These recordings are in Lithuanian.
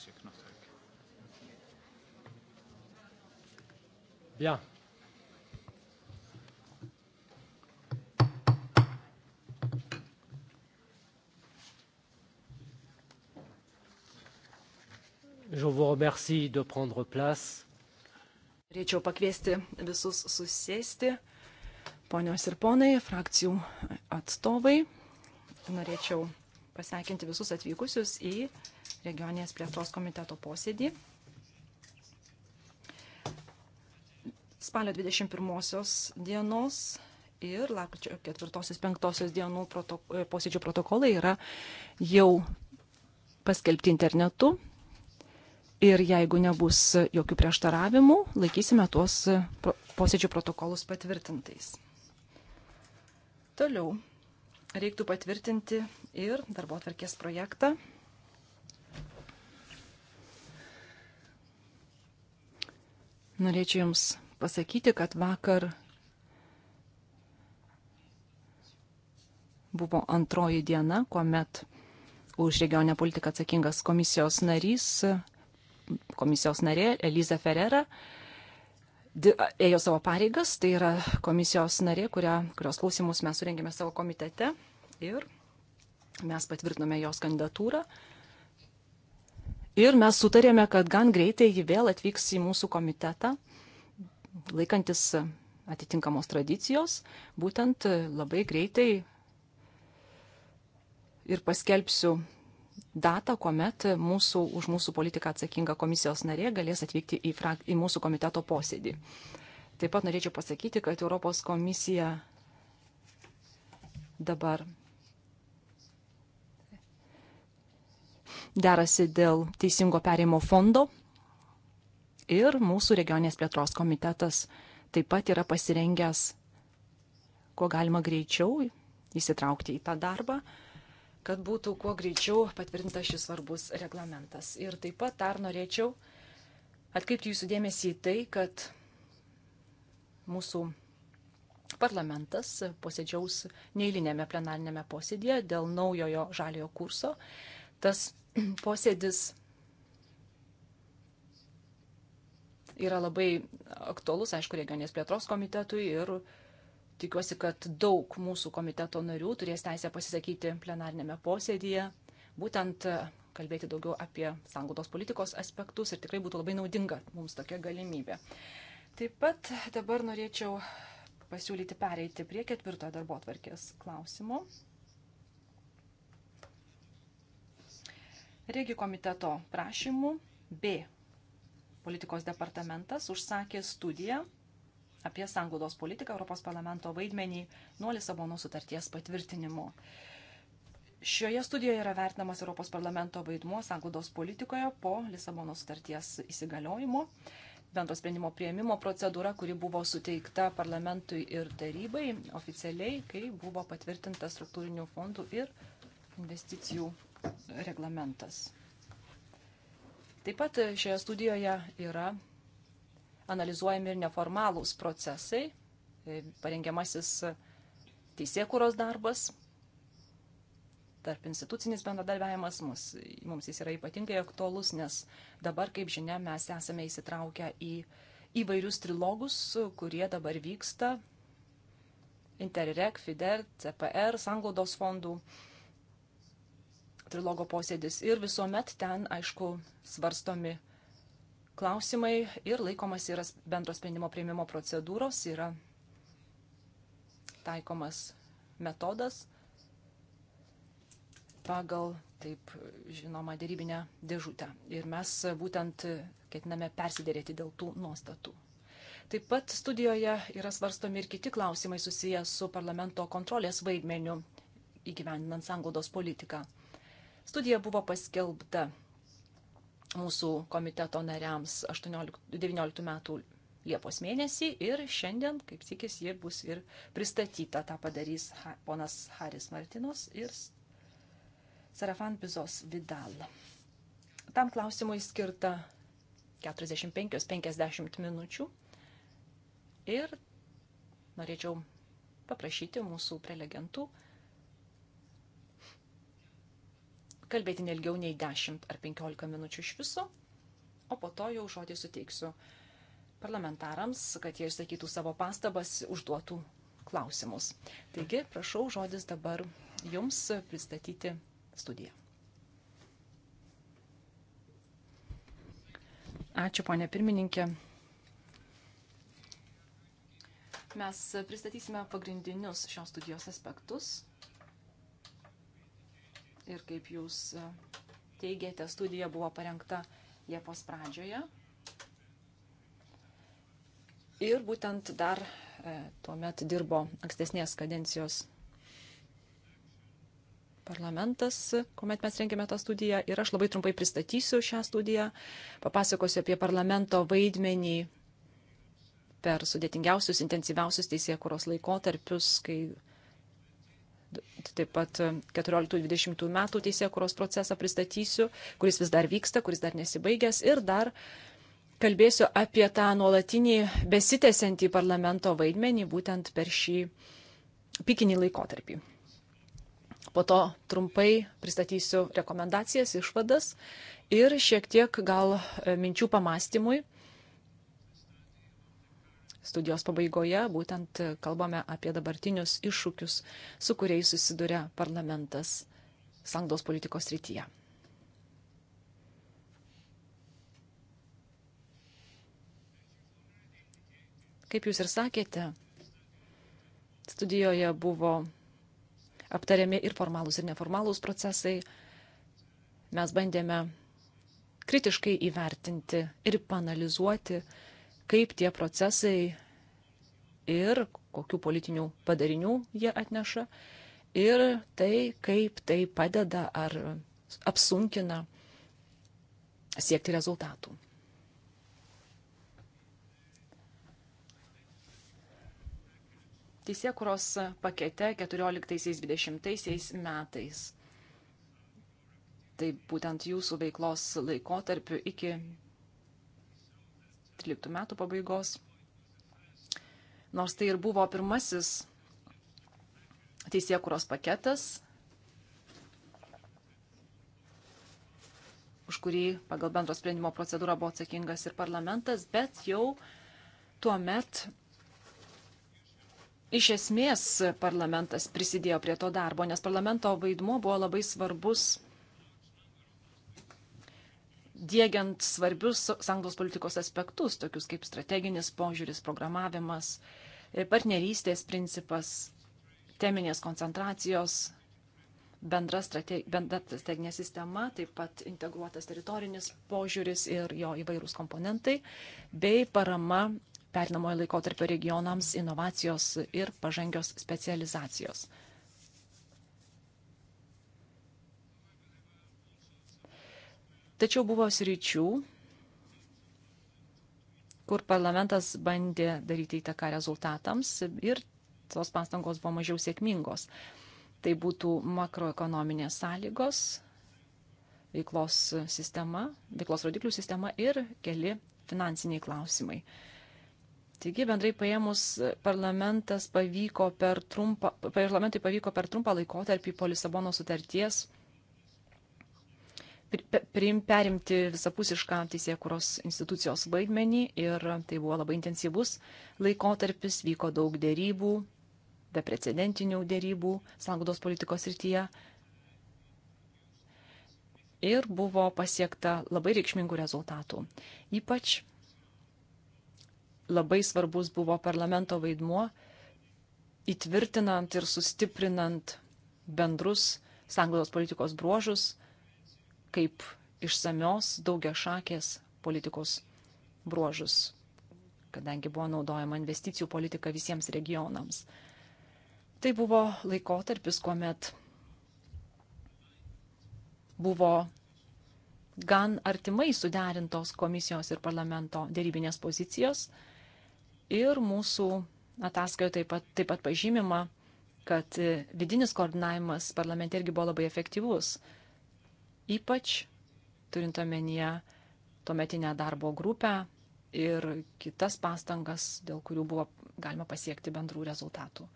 Monsieur Knotek. Bien. Je vous remercie de prendre place. Norėčiau pakviesti visus susėsti. Ponios ir ponai, frakcijų atstovai, norėčiau pasveikinti visus atvykusius į regioninės plėtros komiteto posėdį. Spalio 21 dienos ir lapkričio 4-5 dienų protok posėdžių protokolai yra jau paskelbti internetu. Ir jeigu nebus jokių prieštaravimų, laikysime tuos posėdžių protokolus patvirtintais. Toliau reiktų patvirtinti ir darbo atverkės projektą Norėčiau Jums pasakyti, kad vakar buvo antroji diena, kuomet už regionę politiką atsakingas komisijos narys, komisijos narė Eliza Ferrera ėjo savo pareigas, tai yra komisijos narė, kuria, kurios klausimus mes surengėme savo komitete ir mes patvirtinome jos kandidatūrą. Ir mes sutarėme, kad gan greitai ji vėl atvyks į mūsų komitetą, laikantis atitinkamos tradicijos, būtent labai greitai ir paskelbsiu datą, kuomet mūsų, už mūsų politiką atsakinga komisijos narė galės atvykti į, frak, į mūsų komiteto posėdį. Taip pat norėčiau pasakyti, kad Europos komisija dabar derasi dėl teisingo perėjimo fondo ir mūsų regionės plėtros komitetas taip pat yra pasirengęs kuo galima greičiau įsitraukti į tą darbą, kad būtų kuo greičiau patvirtintas šis svarbus reglamentas. Ir taip pat dar norėčiau atkreipti jūsų dėmesį į tai, kad mūsų parlamentas posėdžiaus neįlinėme plenarinėme posėdėje dėl naujojo žaliojo kurso. Tas posėdis yra labai aktuolus, aišku, regionės plėtros komitetui ir tikiuosi, kad daug mūsų komiteto narių turės teisę pasisakyti plenarnėme posėdėje, būtent e, kalbėti daugiau apie sanglaudos politikos aspektus ir tikrai būtų labai naudinga mums tokia galimybė. Taip pat dabar norėčiau pasiūlyti pereiti prie ketvirtojo darbo atvarkės klausimo. Regi komiteto prašymų B. Politikos departamentas užsakė studiją apie sanglaudos politiką Europos parlamento vaidmenį nuo Lisabono sutarties patvirtinimo. Šioje studijoje yra vertinamas Europos parlamento vaidmuo sanglaudos politikoje po Lisabono sutarties įsigaliojimo. Bendro sprendimo prieimimo procedūra, kuri buvo suteikta parlamentui ir tarybai oficialiai, kai buvo patvirtinta struktūrinių fondų ir investicijų reglamentas. Taip pat šioje studijoje yra analizuojami ir neformalūs procesai, parengiamasis teisėkūros darbas, tarp institucinis bendradarbiavimas mus, mums jis yra ypatingai aktuolus, nes dabar, kaip žinia, mes esame įsitraukę į įvairius trilogus, kurie dabar vyksta Interreg, FIDER, CPR, Sanglaudos fondų trilogo posėdis. Ir visuomet ten, aišku, svarstomi klausimai ir laikomas yra bendro sprendimo prieimimo procedūros, yra taikomas metodas pagal taip žinoma dėrybinę dėžutę. Ir mes būtent ketiname persidėrėti dėl tų nuostatų. Taip pat studijoje yra svarstomi ir kiti klausimai susiję su parlamento kontrolės vaidmeniu įgyvendinant sanglaudos politiką. Studija buvo paskelbta mūsų komiteto nariams 18, 19 metų Liepos mėnesį ir šiandien, kaip tikis, ji bus ir pristatyta. Ta padarys ponas Haris Martinos ir Sarafan Bizos Vidal. Tam klausimui skirta 45-50 minučių ir norėčiau paprašyti mūsų prelegentų kalbėti nelgiau nei 10 ar 15 minučių iš viso, o po to jau žodį suteiksiu parlamentarams, kad jie išsakytų savo pastabas, užduotų klausimus. Taigi, prašau, žodis dabar jums pristatyti studiją. Ačiū, ponė pirmininkė. Mes pristatysime pagrindinius šios studijos aspektus ir kaip jūs e, teigėte, studija buvo parengta Liepos pradžioje. Ir būtent dar e, tuo metu dirbo ankstesnės kadencijos parlamentas, kuomet mes rengėme tą studiją. Ir aš labai trumpai pristatysiu šią studiją, papasakosiu apie parlamento vaidmenį per sudėtingiausius, intensyviausius teisėkuros laikotarpius, kai Tai taip pat 14-20 metų teisėkuros procesą pristatysiu, kuris vis dar vyksta, kuris dar nesibaigęs ir dar kalbėsiu apie tą nuolatinį besitęsiantį parlamento vaidmenį būtent per šį pikinį laikotarpį. Po to trumpai pristatysiu rekomendacijas, išvadas ir šiek tiek gal minčių pamastymui studijos pabaigoje būtent kalbame apie dabartinius iššūkius, su kuriais susiduria parlamentas sanglaus politikos rytyje. Kaip jūs ir sakėte, studijoje buvo aptariami ir formalūs, ir neformalūs procesai. Mes bandėme kritiškai įvertinti ir panalizuoti, uh, kaip tie procesai ir kokių politinių padarinių jie atneša ir tai, kaip tai padeda ar apsunkina siekti rezultatų. Teisėkuros pakete 14-20 metais. Tai būtent jūsų veiklos laikotarpiu iki 13 metų pabaigos. Nors tai ir buvo pirmasis teisėkuros paketas, už kurį pagal bendro sprendimo procedūrą buvo atsakingas ir parlamentas, bet jau tuo met iš esmės parlamentas prisidėjo prie to darbo, nes parlamento vaidmuo buvo labai svarbus dėgiant svarbius sanglos politikos aspektus, tokius kaip strateginis požiūris, programavimas, e, partnerystės principas, teminės koncentracijos, bendra, strate, bendra strateginė sistema, taip pat integruotas teritorinis požiūris ir jo įvairūs komponentai, bei parama perinamojo laikotarpio regionams, inovacijos ir pažangios specializacijos. Tačiau buvo sričių, kur parlamentas bandė daryti įtaką rezultatams ir tos pastangos buvo mažiau sėkmingos. Tai būtų makroekonominės sąlygos, veiklos sistema, veiklos rodiklių sistema ir keli finansiniai klausimai. Taigi, bendrai paėmus, parlamentas pavyko per trumpą, parlamentui pavyko per trumpą laikotarpį po Lisabono sutarties perimti visapusišką teisėkuros institucijos vaidmenį ir tai buvo labai intensyvus laikotarpis, vyko daug dėrybų, beprecedentinių dėrybų sanglaudos politikos rytyje ir buvo pasiekta labai reikšmingų rezultatų. Ypač labai svarbus buvo parlamento vaidmuo įtvirtinant ir sustiprinant bendrus sanglaudos politikos bruožus – kaip išsamios daugia šakės politikos bruožus, kadangi buvo naudojama investicijų politika visiems regionams. Tai buvo laikotarpis, kuomet buvo gan artimai suderintos komisijos ir parlamento dėrybinės pozicijos. Ir mūsų ataskaitoje taip pat, taip pat pažymima, kad vidinis koordinavimas parlamente irgi buvo labai efektyvus ypač turint omenyje tuometinę darbo grupę ir kitas pastangas, dėl kurių buvo galima pasiekti bendrų rezultatų.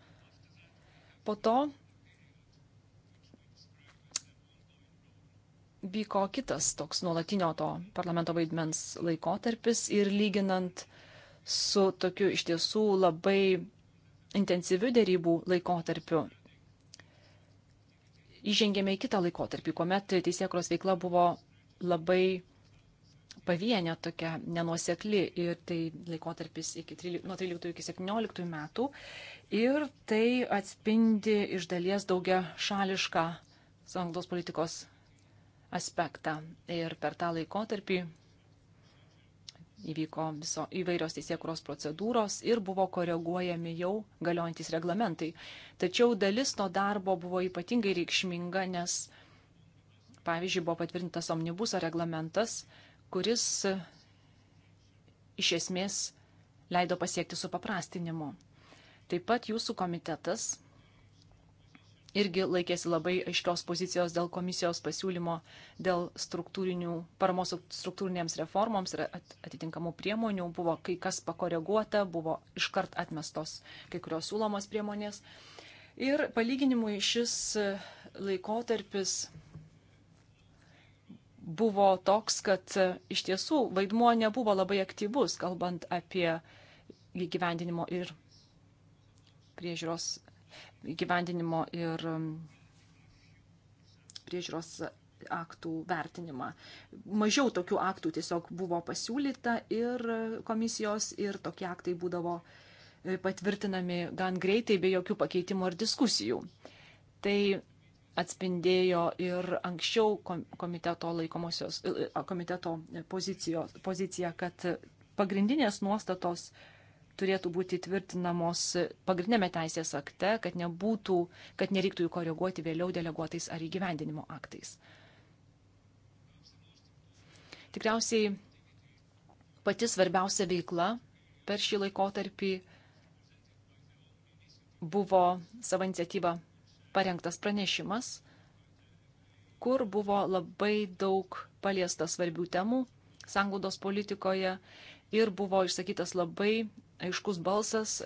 Po to vyko kitas toks nuolatinio to parlamento vaidmens laikotarpis ir lyginant su tokiu iš tiesų labai intensyviu dėrybų laikotarpiu įžengėme į kitą laikotarpį, kuomet teisėkros veikla buvo labai pavienė tokia nenuosekli ir tai laikotarpis iki 13, nuo 13 iki 17 metų ir tai atspindi iš dalies daugia šališką sąjungos politikos aspektą. Ir per tą laikotarpį Įvyko viso, įvairios teisėkuros procedūros ir buvo koreguojami jau galiojantis reglamentai. Tačiau dalis to darbo buvo ypatingai reikšminga, nes, pavyzdžiui, buvo patvirtintas omnibuso reglamentas, kuris iš esmės leido pasiekti supaprastinimu. Taip pat jūsų komitetas irgi laikėsi labai aiškios pozicijos dėl komisijos pasiūlymo dėl struktūrinių paramos struktūrinėms reformoms ir atitinkamų priemonių. Buvo kai kas pakoreguota, buvo iškart atmestos kai kurios siūlomos priemonės. Ir palyginimui šis laikotarpis buvo toks, kad iš tiesų vaidmuo nebuvo labai aktyvus, kalbant apie įgyvendinimo ir priežiūros gyvendinimo ir um, priežiūros aktų vertinimą. Mažiau tokių aktų tiesiog buvo pasiūlyta ir komisijos, ir tokie aktai būdavo e, patvirtinami gan greitai, be jokių pakeitimų ar diskusijų. Tai atspindėjo ir anksčiau komiteto laikomosios, e, e, komiteto pozicijos, pozicija, kad pagrindinės nuostatos turėtų būti tvirtinamos pagrindinėme teisės akte, kad, nebūtų, kad nereiktų jų koreguoti vėliau deleguotais ar įgyvendinimo aktais. Tikriausiai pati svarbiausia veikla per šį laikotarpį buvo savo iniciatyva parengtas pranešimas, kur buvo labai daug paliesta svarbių temų sanglaudos politikoje ir buvo išsakytas labai aiškus balsas,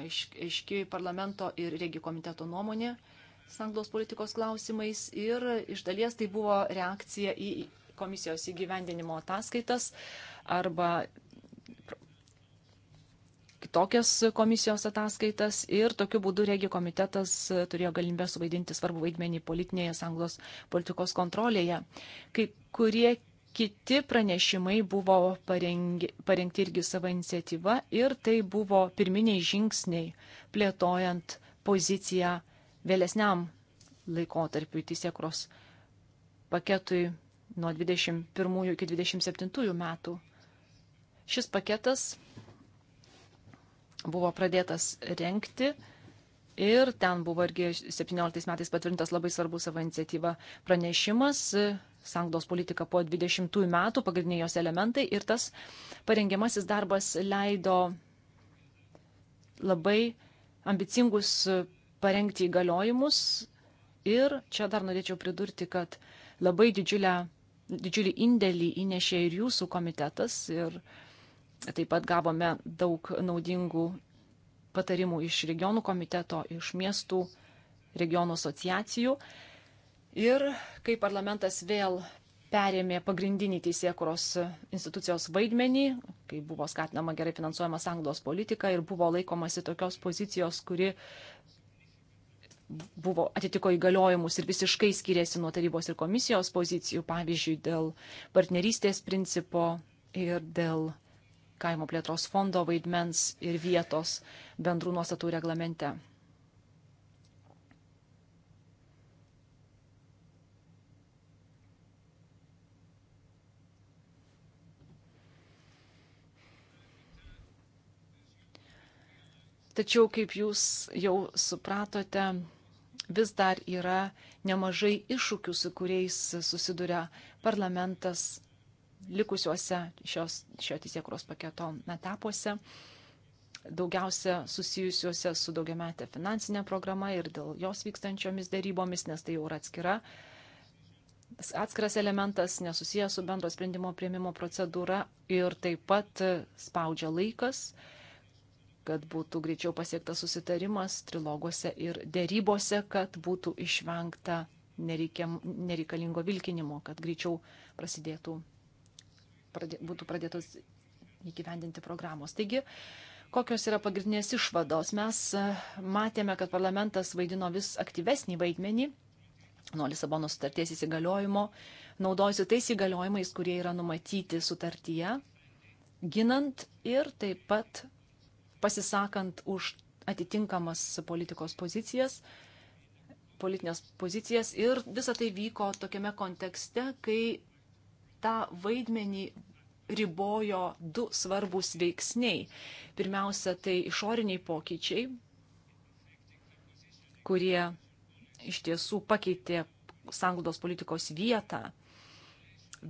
aišk, aiški parlamento ir regi komiteto nuomonė sanglos politikos klausimais ir iš dalies tai buvo reakcija į komisijos įgyvendinimo ataskaitas arba kitokias komisijos ataskaitas ir tokiu būdu regi komitetas turėjo galimybę suvaidinti svarbu vaidmenį politinėje sanglos politikos kontrolėje. Kai kurie Kiti pranešimai buvo parengi, parengti irgi savo iniciatyvą ir tai buvo pirminiai žingsniai plėtojant poziciją vėlesniam laikotarpiu teisėkros paketui nuo 21 iki 27 metų. Šis paketas buvo pradėtas renkti ir ten buvo irgi 17 metais patvirtintas labai svarbus savo iniciatyva pranešimas sanglos politika po 20 metų, pagrindiniai jos elementai ir tas parengiamasis darbas leido labai ambicingus parengti įgaliojimus ir čia dar norėčiau pridurti, kad labai didžiulę, didžiulį indėlį įnešė ir jūsų komitetas ir taip pat gavome daug naudingų patarimų iš regionų komiteto, iš miestų, regionų asociacijų. Ir kai parlamentas vėl perėmė pagrindinį teisėkuros institucijos vaidmenį, kai buvo skatinama gerai finansuojama sanglos politika ir buvo laikomasi tokios pozicijos, kuri buvo atitiko įgaliojimus ir visiškai skiriasi nuo tarybos ir komisijos pozicijų, pavyzdžiui, dėl partnerystės principo ir dėl kaimo plėtros fondo vaidmens ir vietos bendrų nuostatų reglamente. Tačiau, kaip jūs jau supratote, vis dar yra nemažai iššūkių, su kuriais susiduria parlamentas likusiuose šios, šio teisėkros paketo etapuose, daugiausia susijusiuose su daugiametė finansinė programa ir dėl jos vykstančiomis dėrybomis, nes tai jau yra atskira. Atskiras elementas nesusijęs su bendro sprendimo prieimimo procedūra ir taip pat spaudžia laikas, uh, kad būtų greičiau pasiektas susitarimas triloguose ir dėrybose, kad būtų išvengta nereikiam, nereikalingo vilkinimo, kad greičiau prasidėtų, pradė, būtų pradėtos įgyvendinti programos. Taigi, kokios yra pagrindinės išvados? Mes e, matėme, kad parlamentas vaidino vis aktyvesnį vaidmenį nuo Lisabono sutarties įsigaliojimo, naudojasi tais įgaliojimais, kurie yra numatyti sutartyje, ginant ir taip pat pasisakant už atitinkamas politikos pozicijas, politinės pozicijas ir visa tai vyko tokiame kontekste, kai tą vaidmenį ribojo du svarbus veiksniai. Pirmiausia, tai išoriniai pokyčiai, kurie iš tiesų pakeitė sanglaudos politikos vietą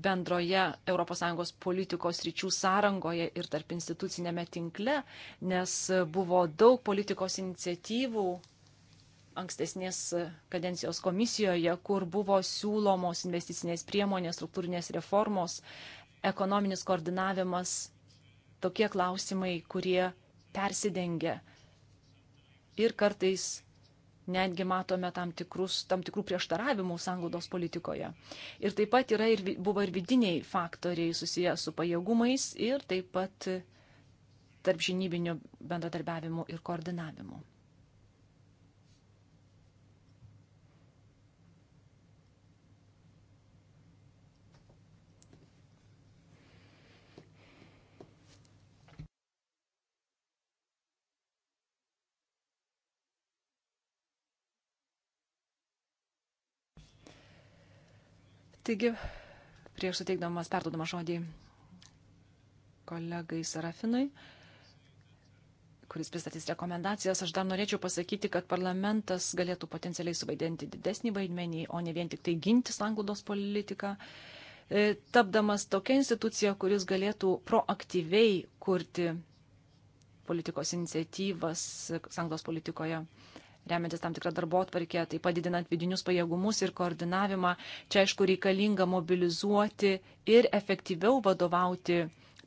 bendroje ES politikos ryčių sąrangoje ir tarp institucinėme tinkle, nes buvo daug politikos iniciatyvų ankstesnės kadencijos komisijoje, kur buvo siūlomos investicinės priemonės, struktūrinės reformos, ekonominis koordinavimas, tokie klausimai, kurie persidengia ir kartais netgi matome tam, tikrus, tam tikrų prieštaravimų sanglaudos politikoje. Ir taip pat yra ir, buvo ir vidiniai faktoriai susiję su pajėgumais ir taip pat tarp žinybinių bendradarbiavimų ir koordinavimų. Taigi, prieš suteikdamas, perduodamas žodį kolegai Sarafinui, kuris pristatys rekomendacijas, aš dar norėčiau pasakyti, kad parlamentas galėtų potencialiai suvaidinti didesnį vaidmenį, o ne vien tik tai ginti sanglaudos politiką, e, tapdamas tokia institucija, kuris galėtų proaktyviai kurti politikos iniciatyvas sanglaudos politikoje remiantis tam tikrą darbo atvarkę, tai padidinant vidinius pajėgumus ir koordinavimą. Čia aišku reikalinga mobilizuoti ir efektyviau vadovauti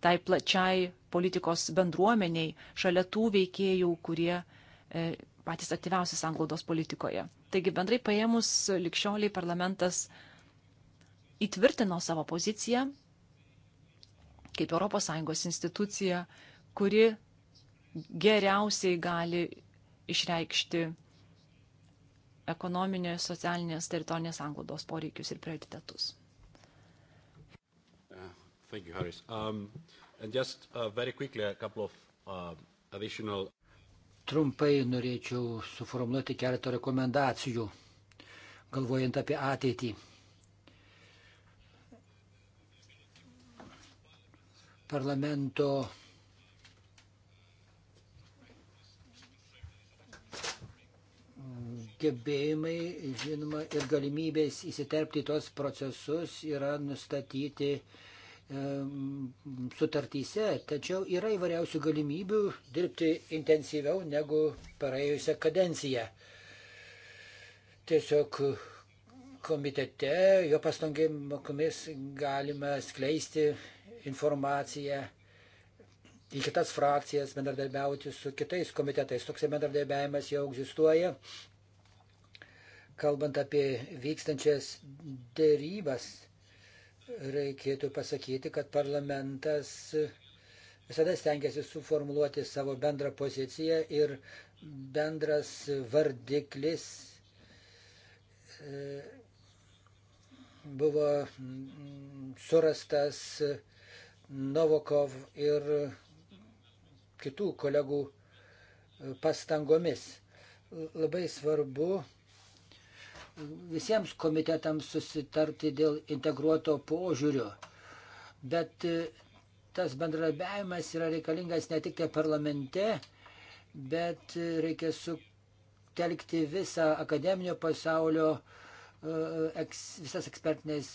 tai plačiai politikos bendruomeniai šalia tų veikėjų, kurie e, patys aktyviausi sanglaudos politikoje. Taigi bendrai paėmus likščioliai parlamentas įtvirtino savo poziciją kaip ES institucija, kuri geriausiai gali išreikšti ekonominės, socialinės, teritorinės anglodos poreikius ir prioritetus. Uh, thank you, Harris. Um, and just uh, very quickly a couple of uh, additional. Trumpai norėčiau suformuoluoti keletą rekomendacijų, galvojant apie ateitį. Parlamento gebėjimai, žinoma, ir galimybės įsiterpti tos procesus yra nustatyti e, sutartyse, tačiau yra įvairiausių galimybių dirbti intensyviau negu praėjusią kadenciją. Tiesiog komitete jo pastangėmis galima skleisti informaciją į kitas frakcijas, bendradarbiauti su kitais komitetais. Toks bendradarbiavimas jau egzistuoja kalbant apie vykstančias dėrybas, reikėtų pasakyti, kad parlamentas visada stengiasi suformuoluoti savo bendrą poziciją ir bendras vardiklis e, buvo mm, surastas Novokov ir kitų kolegų pastangomis. Labai svarbu visiems komitetams susitarti dėl integruoto požiūrio. Bet e, tas bendradarbiavimas yra reikalingas ne tik tai parlamente, bet e, reikia sutelkti visą akademinio pasaulio, e, visas ekspertinės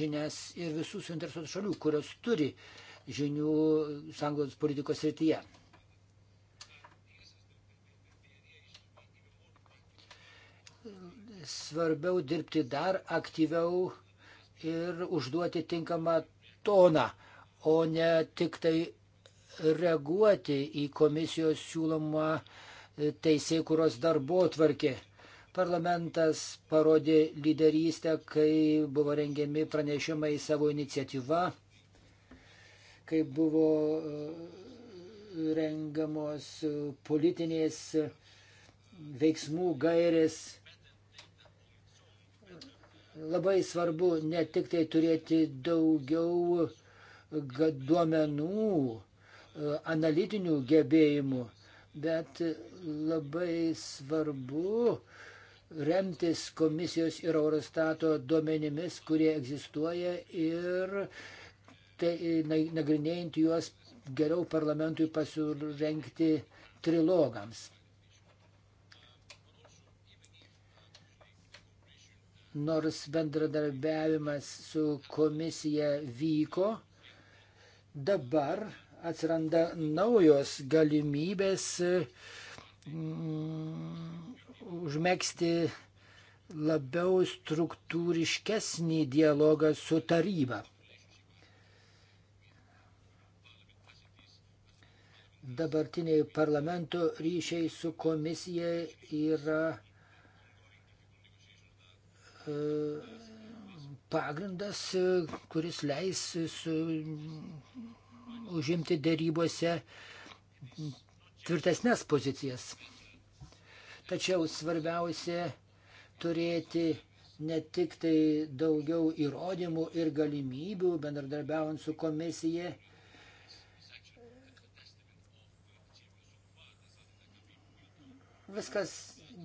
žinias ir visų suinteresuotų šalių, kurios turi žinių sąjungos politikos srityje. svarbiau dirbti dar aktyviau ir užduoti tinkamą toną, o ne tik tai reaguoti į komisijos siūlomą e, teisėkuros darbo tvarkį. Parlamentas parodė lyderystę, kai buvo rengiami pranešimai savo iniciatyva, kai buvo e, rengiamos e, politinės veiksmų gairės Labai svarbu ne tik tai turėti daugiau duomenų, analitinių gebėjimų, bet labai svarbu remtis komisijos ir Eurostato duomenimis, kurie egzistuoja ir tai, nagrinėjant juos geriau parlamentui pasirenkti trilogams. nors bendradarbiavimas su komisija vyko, dabar atsiranda naujos galimybės mm, užmėgsti labiau struktūriškesnį dialogą su taryba. Dabartiniai parlamento ryšiai su komisija yra E, pagrindas, e, kuris leis su, užimti dėrybose tvirtesnės pozicijas. Tačiau svarbiausia turėti ne tik tai daugiau įrodymų ir galimybių bendradarbiaujant su komisija, viskas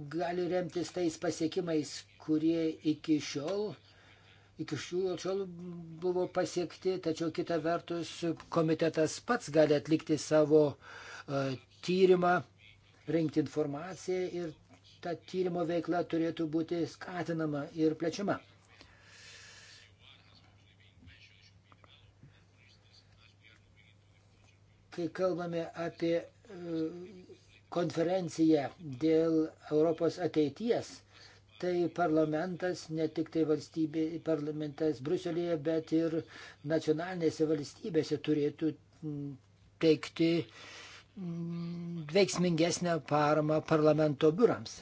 gali remtis tais pasiekimais, kurie iki šiol, iki šiol, šiol buvo pasiekti, tačiau kita vertus komitetas pats gali atlikti savo uh, tyrimą, rinkti informaciją ir ta tyrimo veikla turėtų būti skatinama ir plečiama. Kai kalbame apie uh, konferencija dėl Europos ateities, tai parlamentas, ne tik tai valstybė, parlamentas Bruselėje, bet ir nacionalinėse valstybėse turėtų teikti veiksmingesnę paramą parlamento biurams.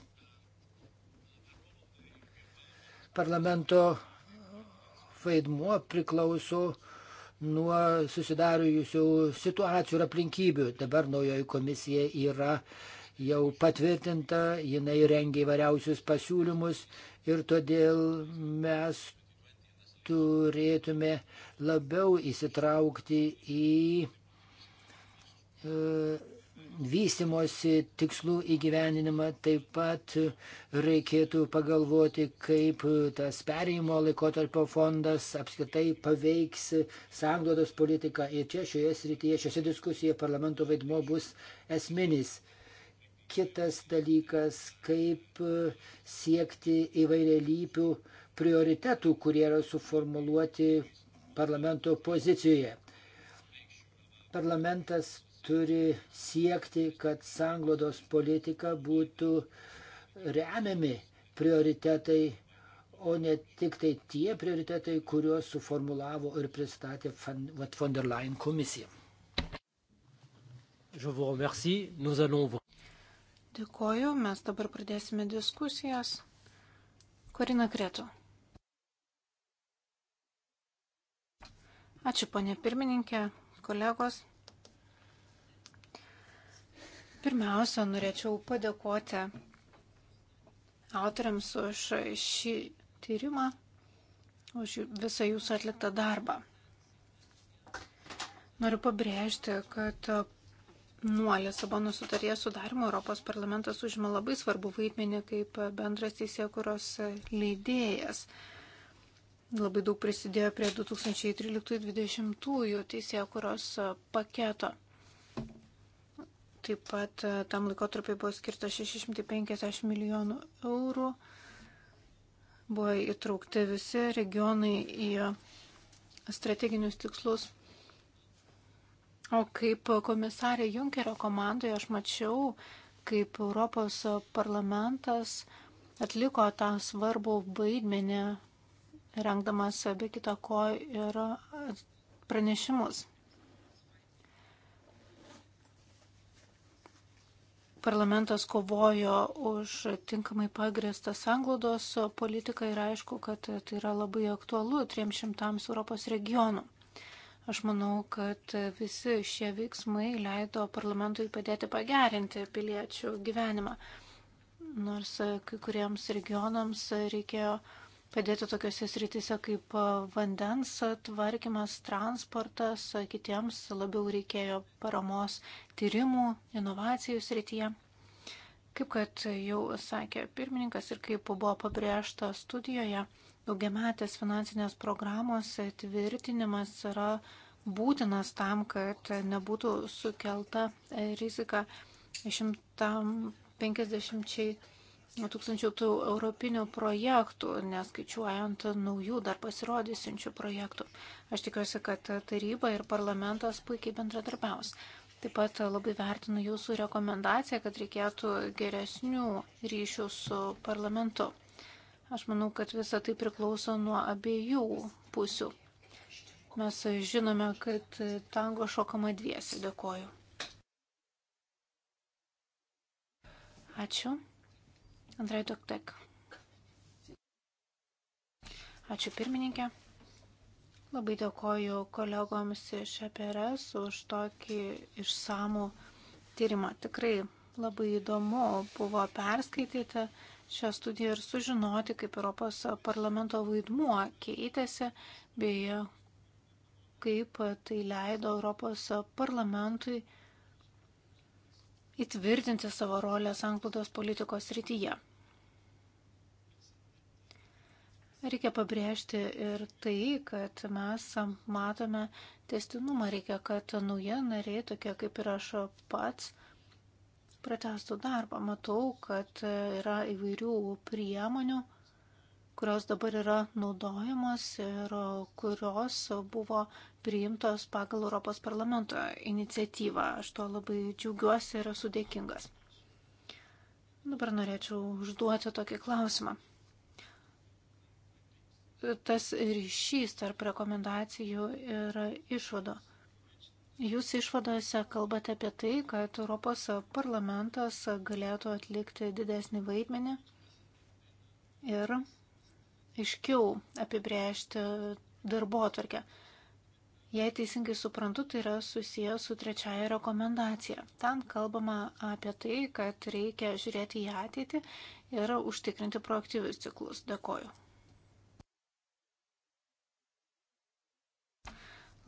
Parlamento vaidmuo priklauso nuo susidariusių situacijų ir aplinkybių. Dabar naujoji komisija yra jau patvirtinta, jinai rengia įvairiausius pasiūlymus ir todėl mes turėtume labiau įsitraukti į e, vystimosi tikslų įgyvendinimą taip pat reikėtų pagalvoti, kaip tas perėjimo laikotarpio fondas apskritai paveiks sąnglodos politiką. Ir čia šioje srityje, šiose diskusijoje parlamento vaidmo bus esminis. Kitas dalykas, kaip siekti įvairialypių prioritetų, kurie yra suformuluoti parlamento pozicijoje. Parlamentas turi siekti, kad sanglodos politika būtų remiami prioritetai, o ne tik tai tie prioritetai, kuriuos suformulavo ir pristatė von der Leyen komisija. Dėkoju, mes dabar pradėsime diskusijas. Korina Kretu. Ačiū, ponė pirmininkė, kolegos. Pirmiausia, norėčiau padėkoti autoriams už šį tyrimą, už visą jūsų atliktą darbą. Noriu pabrėžti, kad nuo Lisabono sutarties sudarimo Europos parlamentas užima labai svarbu vaidmenį kaip bendras teisėkuros leidėjas. Labai daug prisidėjo prie 2013-2020 teisėkuros paketo. Taip pat e, tam laikotarpiai buvo skirta 650 milijonų eurų. Buvo įtraukti visi regionai į strateginius tikslus. O kaip komisarė Junkerio komandoje aš mačiau, kaip Europos parlamentas atliko tą svarbų vaidmenį, rengdamas be kita ko ir pranešimus. parlamentas kovojo už tinkamai pagristą sanglaudos politiką ir aišku, kad tai yra labai aktualu 300 Europos regionų. Aš manau, kad visi šie veiksmai leido parlamentui padėti pagerinti piliečių gyvenimą. Nors kai kuriems regionams reikėjo padėti tokiuose sritise kaip vandens tvarkymas, transportas, kitiems labiau reikėjo paramos tyrimų, inovacijų srityje. Kaip kad jau sakė pirmininkas ir kaip buvo pabrėžta studijoje, daugiametės finansinės programos tvirtinimas yra būtinas tam, kad nebūtų sukelta rizika 150 tūkstančių tų europinių projektų, neskaičiuojant naujų dar pasirodysinčių projektų. Aš tikiuosi, kad taryba ir parlamentas puikiai bendradarbiaus. Taip pat labai vertinu jūsų rekomendaciją, kad reikėtų geresnių ryšių su parlamentu. Aš manau, kad visa tai priklauso nuo abiejų pusių. Mes žinome, kad tango šokama dviesi. Dėkoju. Ačiū. Andrai Tuktek. Ačiū pirmininkė. Labai dėkoju kolegoms iš EPRS už tokį išsamų tyrimą. Tikrai labai įdomu buvo perskaityti šią studiją ir sužinoti, kaip Europos parlamento vaidmuo keitėsi, bei kaip tai leido Europos parlamentui įtvirtinti savo rolę sanklaudos politikos rytyje. Reikia pabrėžti ir tai, kad mes matome testinumą. Reikia, kad nauja nariai, tokie kaip ir aš pats, pratestų darbą. Matau, kad yra įvairių priemonių, kurios dabar yra naudojamos ir kurios buvo priimtos pagal Europos parlamento iniciatyvą. Aš tuo labai džiaugiuosi ir esu dėkingas. Dabar norėčiau užduoti tokį klausimą tas ryšys tarp rekomendacijų ir išvado. Jūs išvadose kalbate apie tai, kad Europos parlamentas galėtų atlikti didesnį vaidmenį ir aiškiau apibrėžti darbo atvarkę. Jei teisingai suprantu, tai yra susijęs su trečiaja rekomendacija. Ten kalbama apie tai, kad reikia žiūrėti į ateitį ir užtikrinti proaktyvius ciklus. Dėkoju.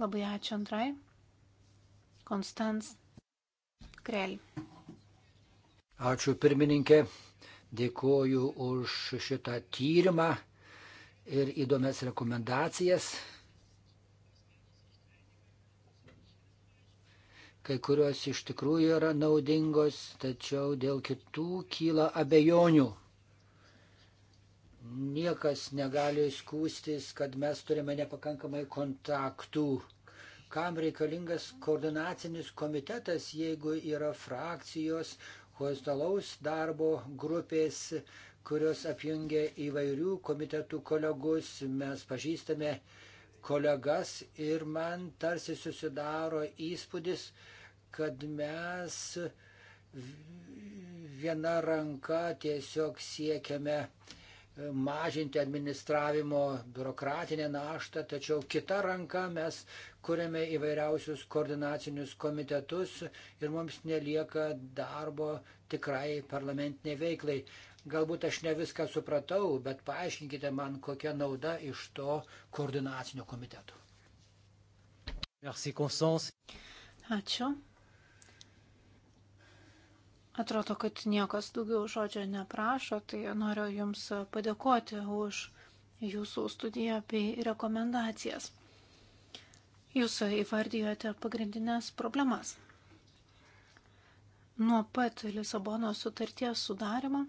Labai ačiū antrai. Konstans Krell. Ačiū pirmininkė. Dėkoju už šitą tyrimą ir įdomias rekomendacijas. Kai kurios iš tikrųjų yra naudingos, tačiau dėl kitų kyla abejonių. Niekas negali skūstis, kad mes turime nepakankamai kontaktų. Kam reikalingas koordinacinis komitetas, jeigu yra frakcijos, horizontalaus darbo grupės, kurios apjungia įvairių komitetų kolegus, mes pažįstame kolegas ir man tarsi susidaro įspūdis, kad mes viena ranka tiesiog siekiame uh, mažinti administravimo biurokratinę naštą, tačiau kita ranka mes kuriame įvairiausius koordinacinius komitetus ir mums nelieka darbo tikrai parlamentiniai veiklai. Galbūt aš ne viską supratau, bet paaiškinkite man, kokia nauda iš to koordinacinio komiteto. Merci, Constance. Ačiū. Atrodo, kad niekas daugiau žodžio neprašo, tai noriu Jums padėkoti už Jūsų studiją bei rekomendacijas. Jūs įvardijote pagrindinės problemas. Nuo pat Lisabono sutarties sudarimo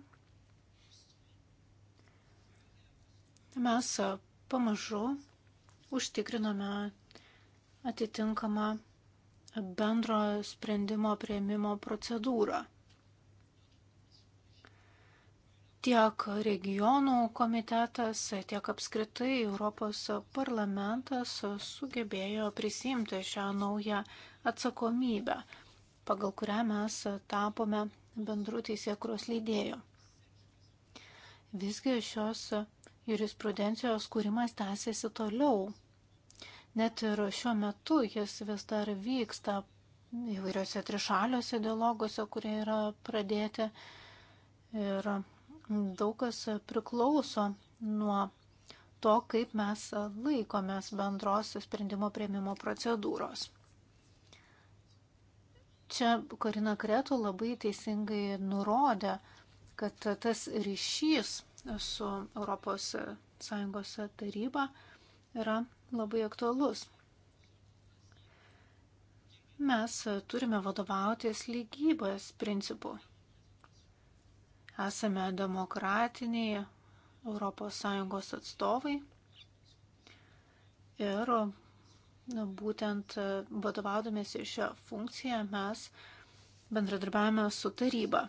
mes pamažu užtikrinome atitinkamą bendro sprendimo prieimimo procedūrą. Tiek regionų komitetas, tiek apskritai Europos parlamentas sugebėjo prisimti šią naują atsakomybę, pagal kurią mes tapome bendrų teisėkros leidėjų. Visgi šios jurisprudencijos kūrimas tęsiasi toliau. Net ir šiuo metu jis vis dar vyksta įvairiose trišaliuose dialoguose, kurie yra pradėti. Ir daug kas priklauso nuo to, kaip mes laikomės bendros sprendimo prieimimo procedūros. Čia Karina Kretų labai teisingai nurodė, kad tas ryšys su ES taryba yra labai aktualus. Mes turime vadovautis lygybės principu. Esame demokratiniai ES atstovai ir būtent e, vadovaudomėsi šią funkciją mes bendradarbiavame su taryba.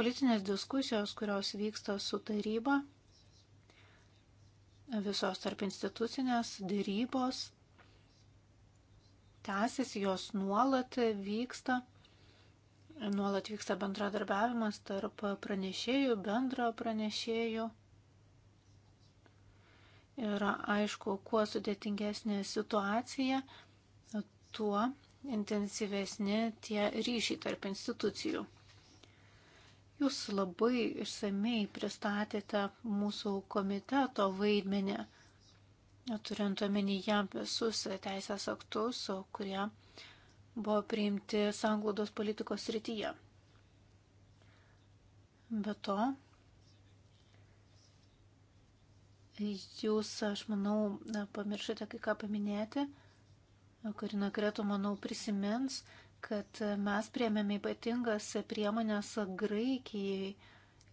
Politinės diskusijos, kurios vyksta su taryba, visos tarp institucinės dėrybos, tęsis jos nuolat vyksta. Nuolat vyksta bendradarbiavimas tarp pranešėjų, bendro pranešėjų. Ir aišku, kuo sudėtingesnė situacija, tuo intensyvesni tie ryšiai tarp institucijų. Jūs labai išsamei pristatėte mūsų komiteto vaidmenį, turint omenyje visus teisės aktus, kurie buvo priimti sanglaudos politikos rytyje. Be to, jūs, aš manau, pamiršote kai ką paminėti. Karina Kretų, manau, prisimins, kad mes priemėme ypatingas priemonės Graikijai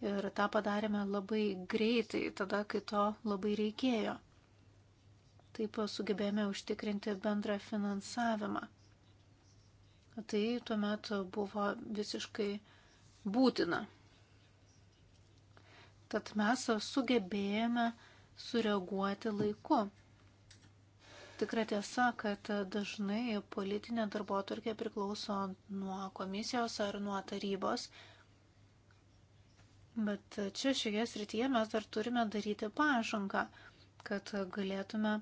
ir tą padarėme labai greitai, tada, kai to labai reikėjo. Taip sugebėjome užtikrinti bendrą finansavimą tai tuomet buvo visiškai būtina. Tad mes sugebėjome sureaguoti laiku. Tikra tiesa, kad dažnai politinė darbo turkė priklauso nuo komisijos ar nuo tarybos, bet čia šioje srityje mes dar turime daryti pažangą, kad galėtume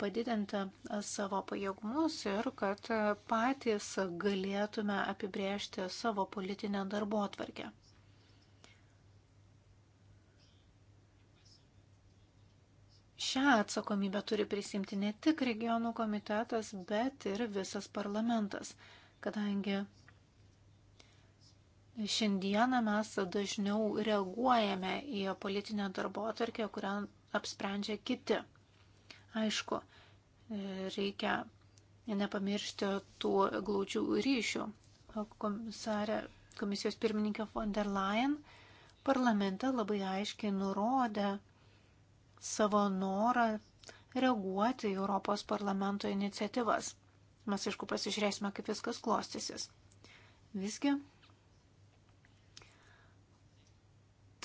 padidinti e, savo pajėgumus ir kad e, patys galėtume apibrėžti savo politinę darbo atvarkę. Šią atsakomybę turi prisimti ne tik regionų komitetas, bet ir visas parlamentas, kadangi šiandieną mes dažniau reaguojame į politinę darbo atvarkę, kurią apsprendžia kiti. Aišku, reikia nepamiršti tų glaudžių ryšių. Komisarė, komisijos pirmininkė von der Leyen parlamente labai aiškiai nurodė savo norą reaguoti į Europos parlamento iniciatyvas. Mes, aišku, pasižiūrėsime, kaip viskas klostysis. Visgi,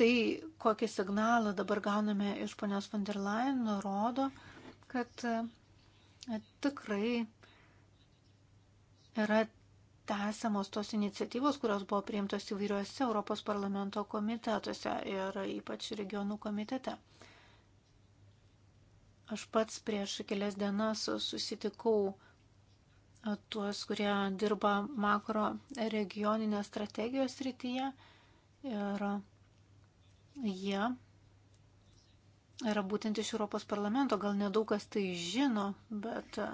tai kokį signalą dabar gauname iš ponios von der Leyen, nurodo, kad e, tikrai yra tęsiamos tos iniciatyvos, kurios buvo priimtos įvairiuose Europos parlamento komitetuose ir ypač regionų komitete. Aš pats prieš kelias dienas susitikau e, tuos, kurie dirba makro regioninės strategijos rytyje ir jie yra būtent iš Europos parlamento. Gal nedaug kas tai žino, bet e,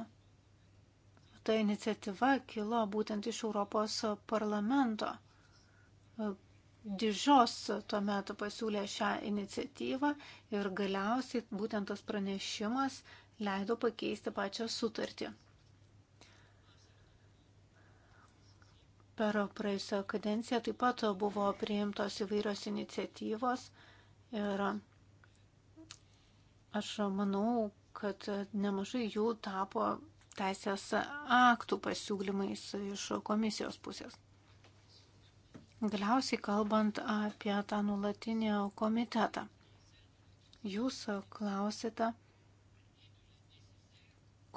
ta iniciatyva kilo būtent iš Europos parlamento. E, Dižos tuo metu pasiūlė šią iniciatyvą ir galiausiai būtent tas pranešimas leido pakeisti pačią sutartį. Per praėjusią kadenciją taip pat buvo priimtos įvairios iniciatyvos ir Aš manau, kad nemažai jų tapo teisės aktų pasiūlymais iš komisijos pusės. Galiausiai kalbant apie tą nulatinį komitetą. Jūs klausite,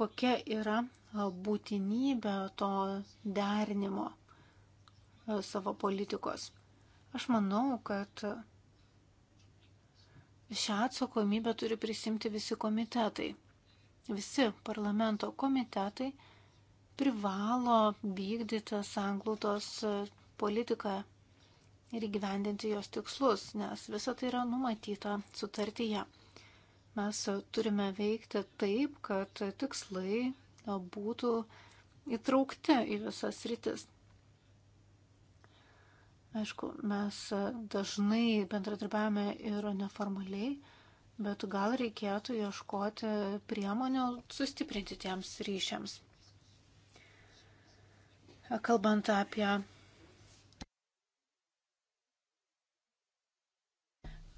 kokia yra būtinybė to derinimo savo politikos. Aš manau, kad Šią atsakomybę turi prisimti visi komitetai. Visi parlamento komitetai privalo vykdyti sanglautos e, politiką ir įgyvendinti jos tikslus, nes visa tai yra numatyta sutartyje. Mes turime veikti taip, kad tikslai e, būtų įtraukti į visas rytis. Aišku, mes dažnai bendradarbiavame ir neformaliai, bet gal reikėtų ieškoti priemonių sustiprinti tiems ryšiams. Kalbant apie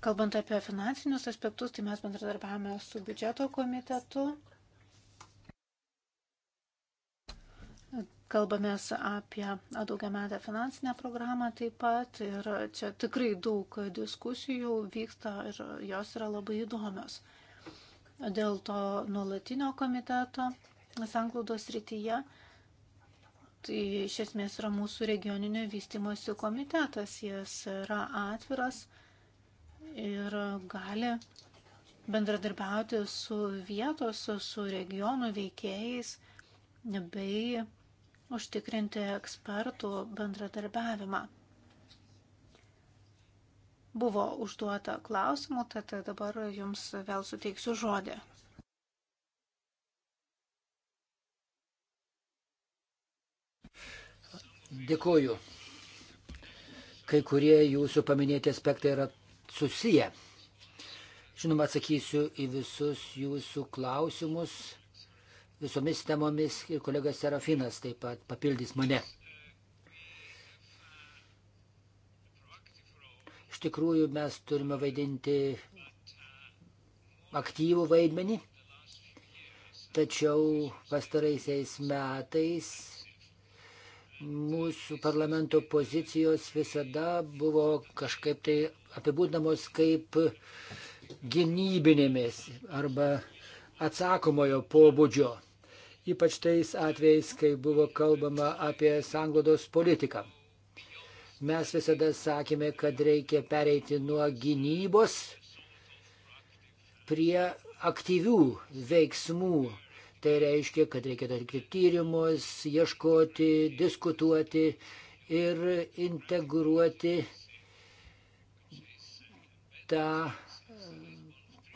Kalbant apie finansinius aspektus, tai mes bendradarbiavame su biudžeto komitetu Kalbame apie daugiametę finansinę programą taip pat ir čia tikrai daug diskusijų vyksta ir jos yra labai įdomios. Dėl to nuolatinio komiteto sanklaudos rytyje, tai iš esmės yra mūsų regioninio vystimosi komitetas, jis yra atviras ir gali bendradarbiauti su vietos, su regionų veikėjais bei užtikrinti ekspertų bendradarbiavimą. Buvo užduota klausimų, tad dabar jums vėl suteiksiu žodį. Dėkuoju. Kai kurie jūsų paminėti aspektai yra susiję. Žinoma, atsakysiu į visus jūsų klausimus visomis temomis ir kolega Serafinas taip pat papildys mane. Iš tikrųjų mes turime vaidinti aktyvų vaidmenį, tačiau pastaraisiais metais mūsų parlamento pozicijos visada buvo kažkaip tai apibūdamos kaip gynybinėmis arba atsakomojo pobūdžio ypač tais atvejais, kai buvo kalbama apie sanglodos politiką. Mes visada sakėme, kad reikia pereiti nuo gynybos prie aktyvių veiksmų. Tai reiškia, kad reikia atlikti tyrimus, ieškoti, diskutuoti ir integruoti tą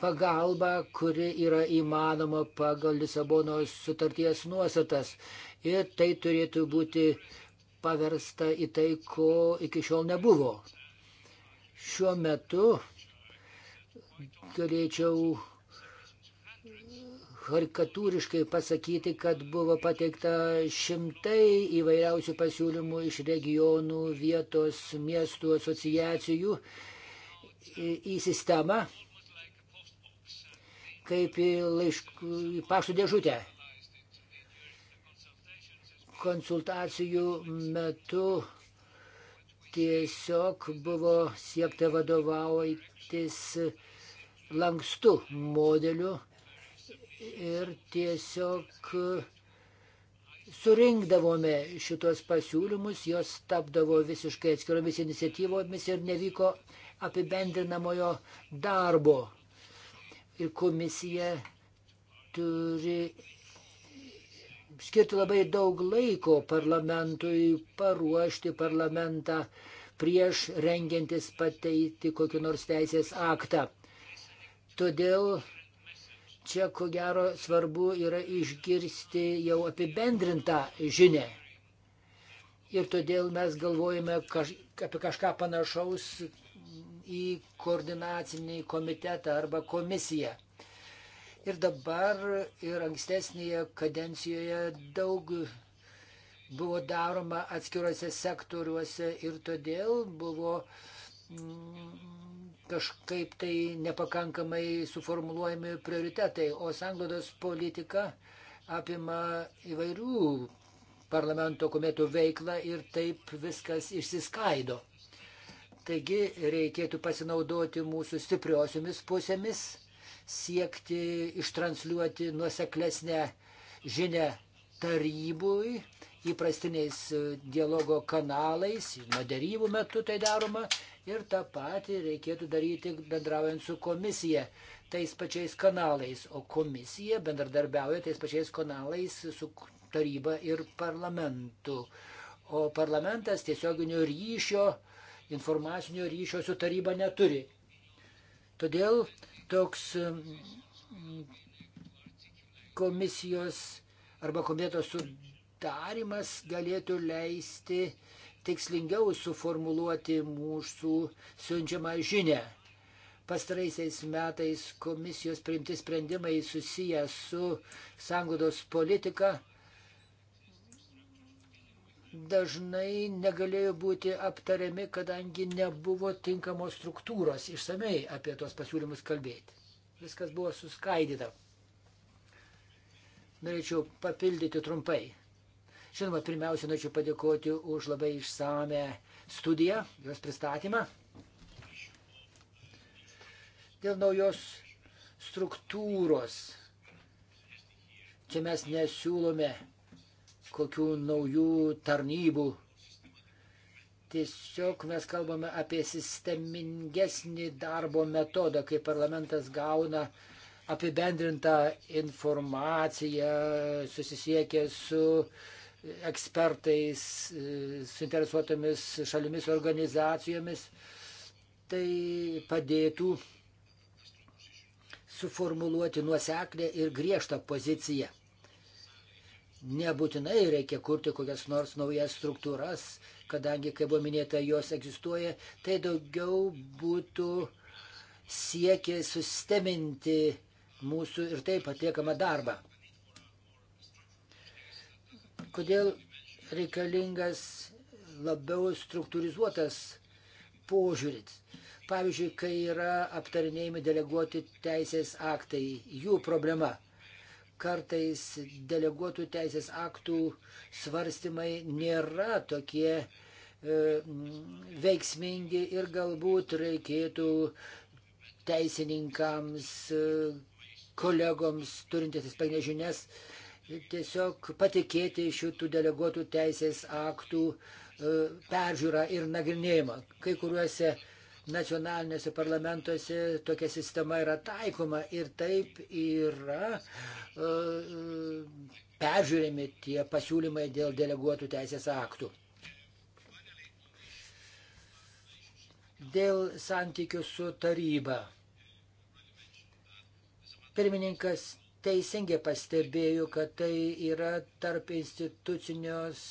pagalbą, kuri yra įmanoma pagal Lisabonos sutarties nuostatas. Ir tai turėtų būti paversta į tai, ko iki šiol nebuvo. Šiuo metu galėčiau karikatūriškai pasakyti, kad buvo pateikta šimtai įvairiausių pasiūlymų iš regionų, vietos, miestų asociacijų į sistemą kaip į, laiškų, į pašto dėžutę. Konsultacijų metu tiesiog buvo siekta vadovautis lankstų modeliu ir tiesiog surinkdavome šitos pasiūlymus, jos tapdavo visiškai atskiromis iniciatyvomis ir nevyko apibendrinamojo darbo ir komisija turi skirti labai daug laiko parlamentui, paruošti parlamentą prieš rengiantis pateikti kokį nors teisės aktą. Todėl čia ko gero svarbu yra išgirsti jau apibendrintą žinę. Ir todėl mes galvojame kaž, apie kažką panašaus, į koordinacinį komitetą arba komisiją. Ir dabar ir ankstesnėje kadencijoje daug buvo daroma atskiruose sektoriuose ir todėl buvo mm, kažkaip tai nepakankamai suformuluojami prioritetai, o sanglodos politika apima įvairių parlamento komitetų veiklą ir taip viskas išsiskaido. Taigi reikėtų pasinaudoti mūsų stipriosiomis pusėmis, siekti ištranšliuoti nuoseklesnę žinę tarybui, įprastiniais e, dialogo kanalais, nuo darybų metu tai daroma ir tą patį reikėtų daryti bendraujant su komisija tais pačiais kanalais, o komisija bendradarbiauja tais pačiais kanalais su taryba ir parlamentu. O parlamentas tiesioginio ryšio informacinio ryšio su taryba neturi. Todėl toks mm, komisijos arba komiteto sudarimas galėtų leisti tikslingiau suformuluoti mūsų siunčiamą žinę. Pastaraisiais metais komisijos priimti sprendimai susiję su sangudos politika dažnai negalėjo būti aptariami, kadangi nebuvo tinkamos struktūros išsamei apie tos pasiūlymus kalbėti. Viskas buvo suskaidyta. Norėčiau papildyti trumpai. Žinoma, pirmiausia, norėčiau padėkoti už labai išsame studiją, jos pristatymą. Dėl naujos struktūros. Čia mes nesiūlome kokių naujų tarnybų. Tiesiog mes kalbame apie sistemingesnį darbo metodą, kai parlamentas gauna apibendrintą informaciją, susisiekia su ekspertais, suinteresuotomis šalimis, organizacijomis. Tai padėtų suformuluoti nuoseklę ir griežtą poziciją. Nebūtinai reikia kurti kokias nors naujas struktūras, kadangi, kaip buvo minėta, jos egzistuoja, tai daugiau būtų siekia susteminti mūsų ir taip atliekamą darbą. Kodėl reikalingas labiau struktūrizuotas požiūris? Pavyzdžiui, kai yra aptarinėjami deleguoti teisės aktai, jų problema kartais deleguotų teisės aktų svarstymai nėra tokie e, veiksmingi ir galbūt reikėtų teisininkams, e, kolegoms turintys aspektinės žinias tiesiog patikėti šitų deleguotų teisės aktų e, peržiūrą ir nagrinėjimą. Kai kuriuose nacionalinėse parlamentuose tokia sistema yra taikoma ir taip yra e, e, peržiūrimi tie pasiūlymai dėl deleguotų teisės aktų. Dėl santykių su taryba. Pirmininkas teisingai pastebėjo, kad tai yra tarp institucinios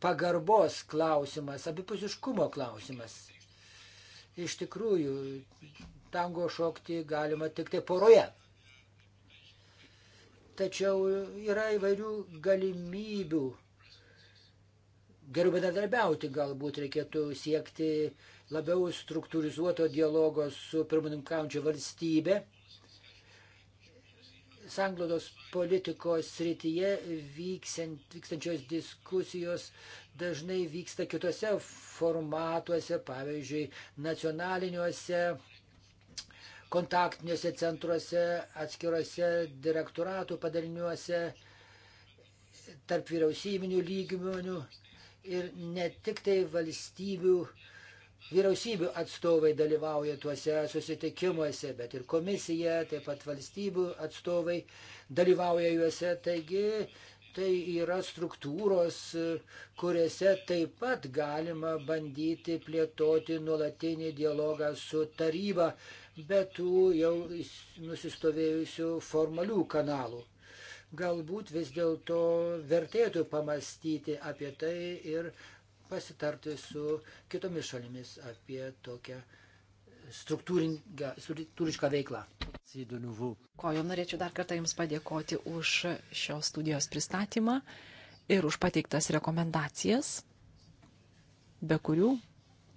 pagarbos klausimas, abipusiškumo klausimas. Iš tikrųjų, tango šokti galima tik tai poroje. Tačiau yra įvairių galimybių. Geriau bendradarbiauti galbūt reikėtų siekti labiau struktūrizuoto dialogo su pirmininkaujančia valstybė sanglodos politikos srityje vykstančios diskusijos dažnai vyksta kitose formatuose, pavyzdžiui, nacionaliniuose kontaktiniuose centruose, atskiruose direktoratų padaliniuose, tarp vyriausybinių lygmenių ir ne tik tai valstybių vyriausybių atstovai dalyvauja tuose susitikimuose, bet ir komisija, taip pat valstybių atstovai dalyvauja juose. Taigi tai yra struktūros, kuriuose taip pat galima bandyti plėtoti nuolatinį dialogą su taryba, bet tų jau nusistovėjusių formalių kanalų. Galbūt vis dėlto vertėtų pamastyti apie tai ir pasitarti su kitomis šalimis apie tokią struktūrišką veiklą. Ko jau norėčiau dar kartą Jums padėkoti už šios studijos pristatymą ir už pateiktas rekomendacijas, be kurių,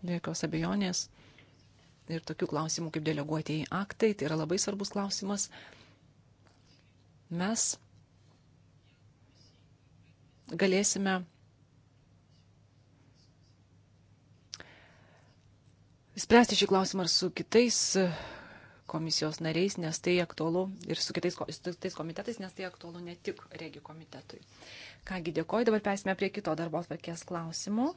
be jokios abejonės, ir tokių klausimų kaip deleguotieji aktai, tai yra labai svarbus klausimas. Mes galėsime spręsti šį klausimą ir su kitais e, komisijos nariais, nes tai aktualu, ir su kitais, su kitais komitetais, nes tai aktualu ne tik regi komitetui. Kągi dėkoju, dabar persime prie kito darbo atvarkės klausimo.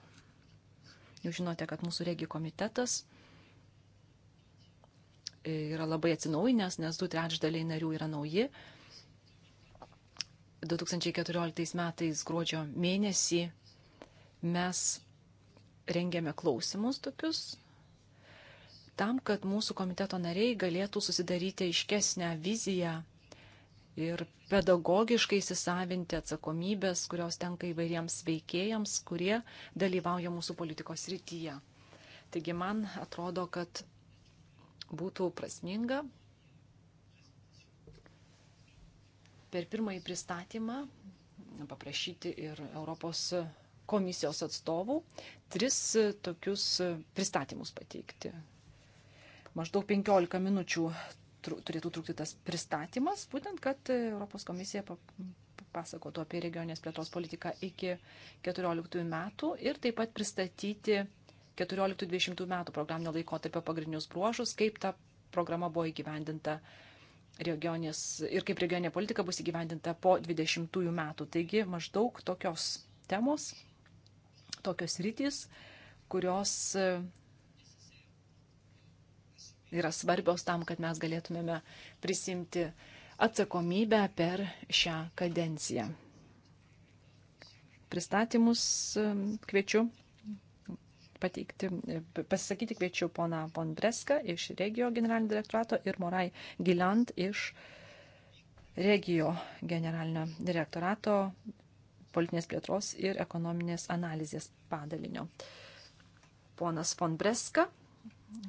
Jūs žinote, kad mūsų regi komitetas e, yra labai atsinaujinęs, nes du trečdaliai narių yra nauji. 2014 metais gruodžio mėnesį mes rengėme klausimus tokius tam, kad mūsų komiteto nariai galėtų susidaryti aiškesnę viziją ir pedagogiškai įsisavinti atsakomybės, kurios tenka įvairiems veikėjams, kurie dalyvauja mūsų politikos rytyje. Taigi man atrodo, kad būtų prasminga per pirmąjį pristatymą paprašyti ir Europos komisijos atstovų tris tokius pristatymus pateikti, maždaug 15 minučių turėtų trukti tas pristatymas, būtent, kad e, Europos komisija papasakotų apie regionės plėtos politiką iki 14 metų ir taip pat pristatyti 14-20 metų programinio laiko tarp pagrindinius bruožus, kaip ta programa buvo įgyvendinta regionės ir kaip regioninė politika bus įgyvendinta po 20 metų. Taigi maždaug tokios temos, tokios rytis, kurios e, yra svarbios tam, kad mes galėtumėme prisimti atsakomybę per šią kadenciją. Pristatymus kviečiu pateikti, pasisakyti kviečiu pona Von Breska iš Regio generalinio direktorato ir Morai Gilant iš Regio generalinio direktorato politinės plėtros ir ekonominės analizės padalinio. Ponas Von Breska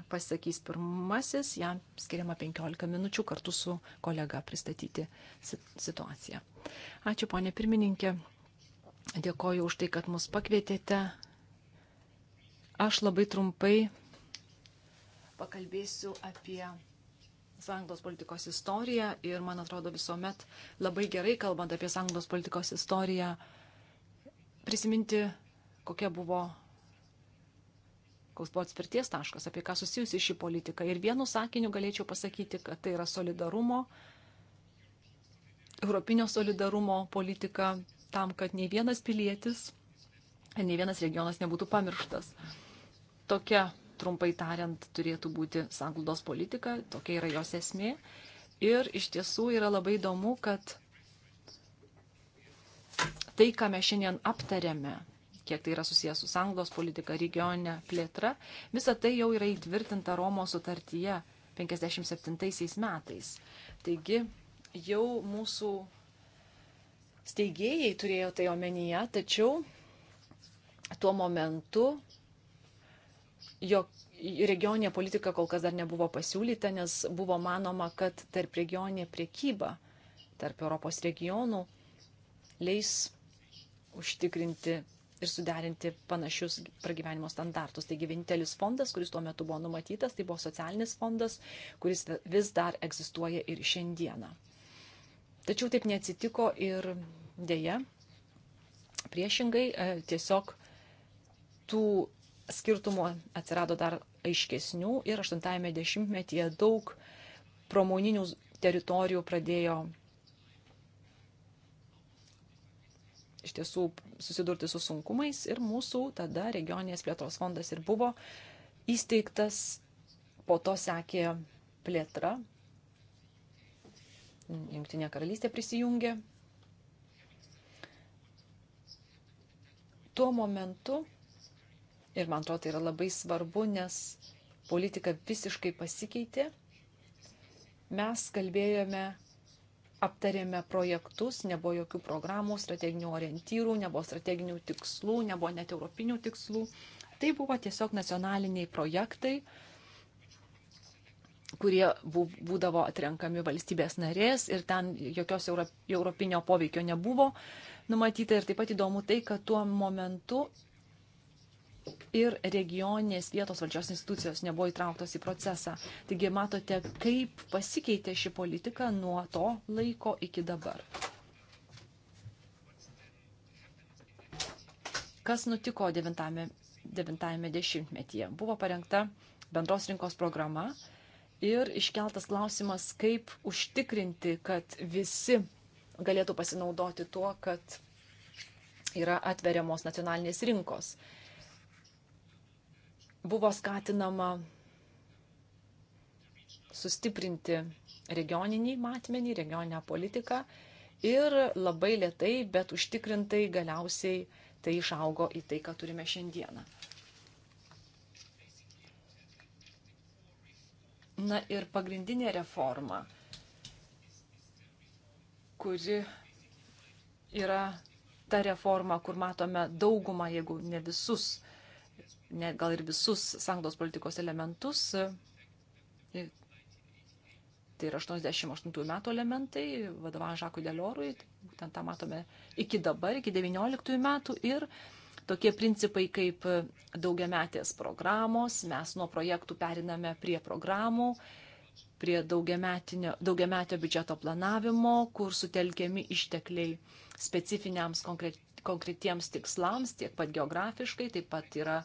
pasakys pirmasis, jam skiriama 15 minučių kartu su kolega pristatyti situaciją. Ačiū, ponė pirmininkė. Dėkoju už tai, kad mus pakvietėte. Aš labai trumpai pakalbėsiu apie sąjungos politikos istoriją ir, man atrodo, visuomet labai gerai, kalbant apie sąjungos politikos istoriją, prisiminti, kokia buvo koks buvo atspirties taškas, apie ką susijusi šį politiką. Ir vienu sakiniu galėčiau pasakyti, kad tai yra solidarumo, europinio solidarumo politika tam, kad nei vienas pilietis, nei vienas regionas nebūtų pamirštas. Tokia, trumpai tariant, turėtų būti sanglaudos politika, tokia yra jos esmė. Ir iš tiesų yra labai įdomu, kad tai, ką mes šiandien aptarėme, kiek tai yra susijęs su sanglos politika, regione plėtra, visa tai jau yra įtvirtinta Romos sutartyje 57 metais. Taigi jau mūsų steigėjai turėjo tai omenyje, tačiau tuo momentu jog regioninė politika kol kas dar nebuvo pasiūlyta, nes buvo manoma, kad tarp regioninė priekyba, tarp Europos regionų leis užtikrinti ir suderinti panašius pragyvenimo standartus. Taigi vienintelis fondas, kuris tuo metu buvo numatytas, tai buvo socialinis fondas, kuris vis dar egzistuoja ir šiandieną. Tačiau taip neatsitiko ir dėja, priešingai, e, tiesiog tų skirtumų atsirado dar aiškesnių ir 80-metyje daug pramoninių teritorijų pradėjo iš tiesų susidurti su sunkumais ir mūsų tada regioninės plėtros fondas ir buvo įsteigtas, po to sekė plėtra, Junktinė karalystė prisijungė. Tuo momentu, ir man atrodo tai yra labai svarbu, nes politika visiškai pasikeitė, mes kalbėjome aptarėme projektus, nebuvo jokių programų, strateginių orientyrų, nebuvo strateginių tikslų, nebuvo net europinių tikslų. Tai buvo tiesiog nacionaliniai projektai, kurie būdavo atrenkami valstybės narės ir ten jokios europinio poveikio nebuvo numatyta. Ir taip pat įdomu tai, kad tuo momentu ir regioninės vietos valdžios institucijos nebuvo įtrauktos į procesą. Taigi matote, kaip pasikeitė ši politika nuo to laiko iki dabar. Kas nutiko 90-ame dešimtmetyje? Buvo parengta bendros rinkos programa ir iškeltas klausimas, kaip užtikrinti, kad visi galėtų pasinaudoti tuo, kad yra atveriamos nacionalinės rinkos buvo skatinama sustiprinti regioninį matmenį, regioninę politiką ir labai lietai, bet užtikrintai galiausiai tai išaugo į tai, ką turime šiandieną. Na ir pagrindinė reforma, kuri yra ta reforma, kur matome daugumą, jeigu ne visus net gal ir visus sanglos politikos elementus. Tai yra 88 metų elementai, vadovavant Žakui Deliorui, tai būtent tą matome iki dabar, iki 19 metų. Ir tokie principai kaip daugiametės programos, mes nuo projektų periname prie programų, prie daugiametio biudžeto planavimo, kur sutelkiami ištekliai specifiniams konkret, konkretiems tikslams, tiek pat geografiškai, taip pat yra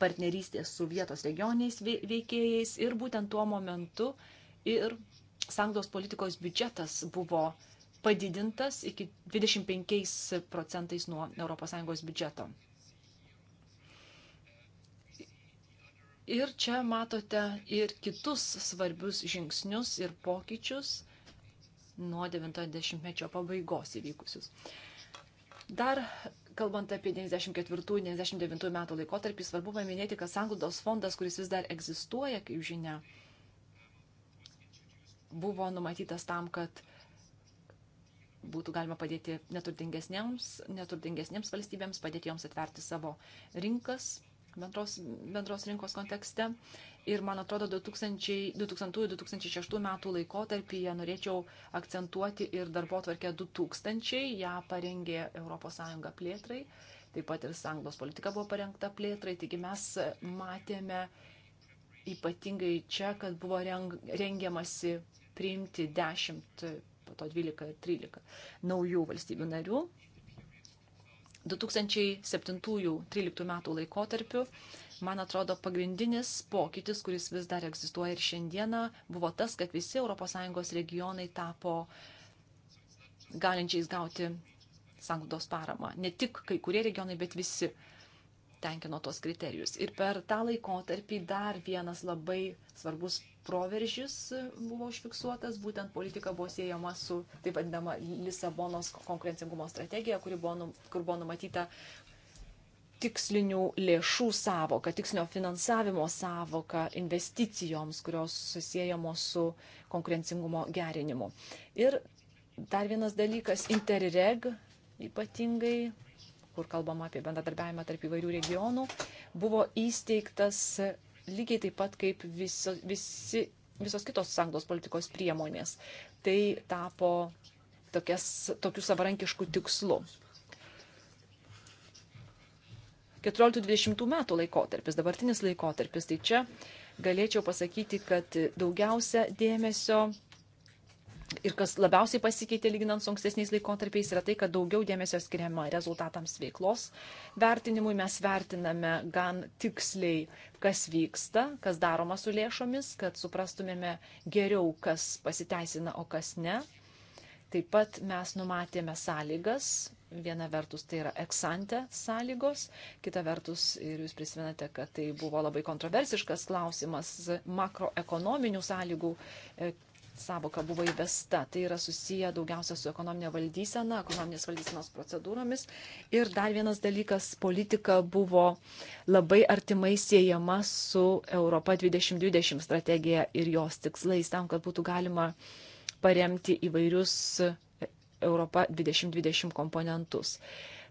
partnerystės su vietos regioniais veikėjais ir būtent tuo momentu ir sanglos politikos biudžetas buvo padidintas iki 25 procentais nuo ES biudžeto. Ir čia matote ir kitus svarbius žingsnius ir pokyčius nuo 90-mečio pabaigos įvykusius. Uh, Dar kalbant apie 94-99 metų laikotarpį, svarbu paminėti, kad sanglaudos fondas, kuris vis dar egzistuoja, kaip žinia, buvo numatytas tam, kad būtų galima padėti neturtingesniems, neturtingesniems valstybėms, padėti joms atverti savo rinkas, bendros, bendros rinkos kontekste. Ir man atrodo, 2000-2006 metų laikotarpyje norėčiau akcentuoti ir darbo tvarkę 2000, ją parengė ES plėtrai, taip pat ir sanglos politika buvo parengta plėtrai, taigi mes matėme ypatingai čia, kad buvo rengiamasi priimti 10, po to 12 ir 13 naujų valstybių narių 2007-2013 metų laikotarpiu, man atrodo, pagrindinis pokytis, kuris vis dar egzistuoja ir šiandieną, buvo tas, kad visi ES regionai tapo galinčiais gauti sanglaudos paramą. Ne tik kai kurie regionai, bet visi tenkino tos kriterijus. Ir per tą laikotarpį dar vienas labai svarbus proveržis buvo užfiksuotas, būtent politika buvo siejama su taip vadinama Lisabonos konkurencingumo strategija, kuri buvo, kur buvo numatyta tikslinių lėšų savoka, tikslinio finansavimo savoka investicijoms, kurios susijęjamos su konkurencingumo gerinimu. Ir dar vienas dalykas - interreg ypatingai kur kalbama apie bendradarbiavimą tarp įvairių regionų, buvo įsteigtas lygiai taip pat kaip viso, visi, visos kitos sanglos politikos priemonės. Tai tapo tokias, tokiu savarankišku tikslu. 14-20 metų laikotarpis, dabartinis laikotarpis, tai čia galėčiau pasakyti, kad daugiausia dėmesio Ir kas labiausiai pasikeitė lyginant su ankstesniais laikotarpiais yra tai, kad daugiau dėmesio skiriama rezultatams veiklos vertinimui. Mes vertiname gan tiksliai, kas vyksta, kas daroma su lėšomis, kad suprastumėme geriau, kas pasiteisina, o kas ne. Taip pat mes numatėme sąlygas. Viena vertus tai yra eksante sąlygos, kita vertus, ir jūs prisimenate, kad tai buvo labai kontroversiškas klausimas makroekonominių sąlygų e, savoka buvo įvesta. Tai yra susiję daugiausia su ekonominė valdysena, ekonominės valdysenos procedūromis. Ir dar vienas dalykas - politika buvo labai artimai siejama su Europa 2020 strategija ir jos tikslais, tam, kad būtų galima paremti įvairius Europa 2020 komponentus.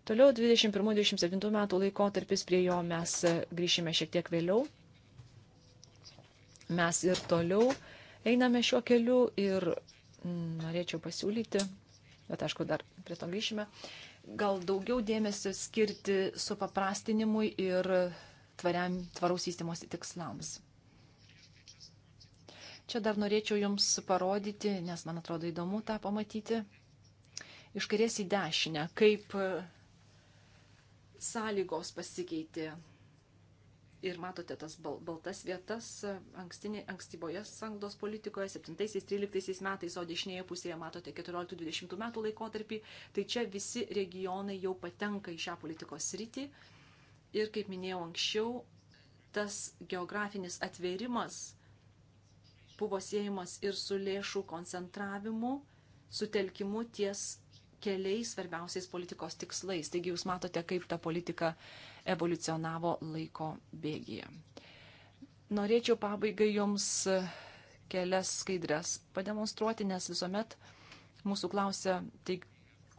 Toliau 21-27 metų laikotarpis prie jo mes grįšime šiek tiek vėliau. Mes ir toliau uh, einame šiuo keliu ir mm, norėčiau pasiūlyti, bet aišku, dar prie to grįšime, gal daugiau dėmesio skirti supaprastinimui ir tvariam, tvaraus įstymosi tikslams. Čia dar norėčiau Jums parodyti, nes man atrodo įdomu tą pamatyti, iš kairės į dešinę, kaip sąlygos pasikeitė ir matote tas bal, baltas vietas e, ankstinė, ankstyvoje sanglos politikoje, 7-13 metais, o dešinėje pusėje matote 14-20 metų laikotarpį, tai čia visi regionai jau patenka į šią politikos sritį. Ir kaip minėjau anksčiau, tas geografinis atvėrimas buvo siejamas ir su lėšų koncentravimu, sutelkimu ties keliais svarbiausiais politikos tikslais. Taigi jūs matote, kaip ta politika uh, evoliucionavo laiko bėgyje. Norėčiau pabaigai Jums kelias skaidres pademonstruoti, nes visuomet mūsų klausia, tai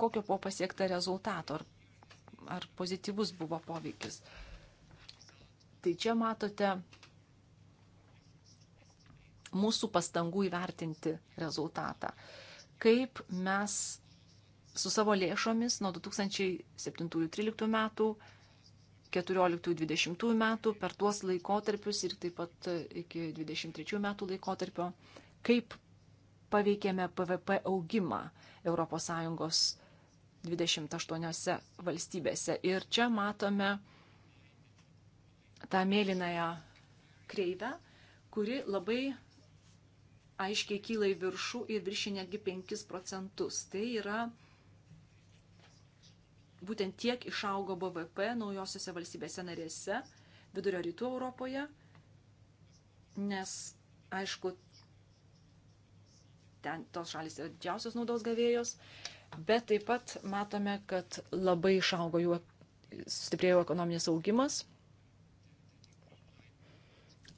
kokio buvo pasiekta rezultato, ar, ar pozityvus buvo poveikis. Tai čia matote mūsų pastangų įvertinti rezultatą. Kaip mes su savo lėšomis nuo 2007-2013 metų 14-20 metų per tuos laikotarpius ir taip pat e, iki 23 metų laikotarpio, kaip paveikėme PVP augimą ES 28 valstybėse. Ir čia matome tą mėlynąją kreivę, kuri labai aiškiai kyla į viršų ir viršė netgi 5 procentus. Tai yra būtent tiek išaugo BVP naujosiose valstybėse narėse, vidurio rytų Europoje, nes, aišku, ten tos šalis yra didžiausios naudos gavėjos, bet taip pat matome, kad labai išaugo jų, sustiprėjo ekonominis augimas,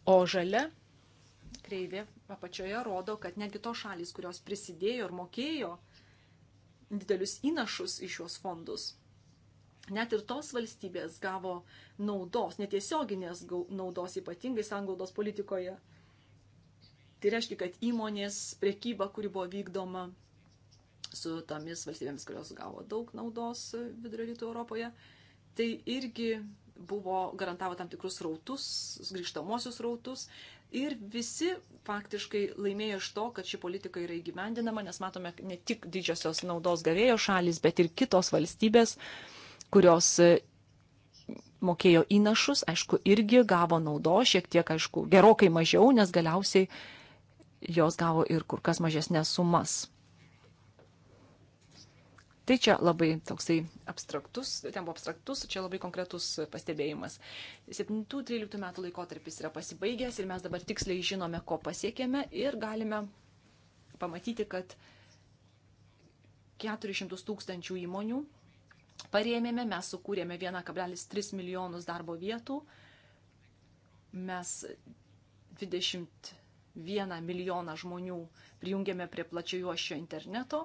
o žalia kreivė apačioje rodo, kad netgi tos šalis, kurios prisidėjo ir mokėjo didelius įnašus į šios fondus, Net ir tos valstybės gavo naudos, netiesioginės naudos, ypatingai sanglaudos politikoje. Tai reiškia, kad įmonės prekyba, kuri buvo vykdoma su tomis valstybėmis, kurios gavo daug naudos vidurio rytų Europoje, tai irgi buvo garantavo tam tikrus rautus, grįžtamosius rautus. Ir visi faktiškai laimėjo iš to, kad ši politika yra įgyvendinama, nes matome ne tik didžiosios naudos gavėjo šalis, bet ir kitos valstybės, uh, kurios e, mokėjo įnašus, aišku, irgi gavo naudo, šiek tiek, aišku, gerokai mažiau, nes galiausiai jos gavo ir kur kas mažesnės sumas. Tai čia labai toksai abstraktus, ten buvo abstraktus, čia labai konkretus pastebėjimas. 7-13 metų laikotarpis yra pasibaigęs ir mes dabar tiksliai žinome, ko pasiekėme ir galime pamatyti, kad 400 tūkstančių įmonių parėmėme, mes sukūrėme 1,3 milijonus darbo vietų, mes 21 milijoną žmonių prijungėme prie plačiojuošio interneto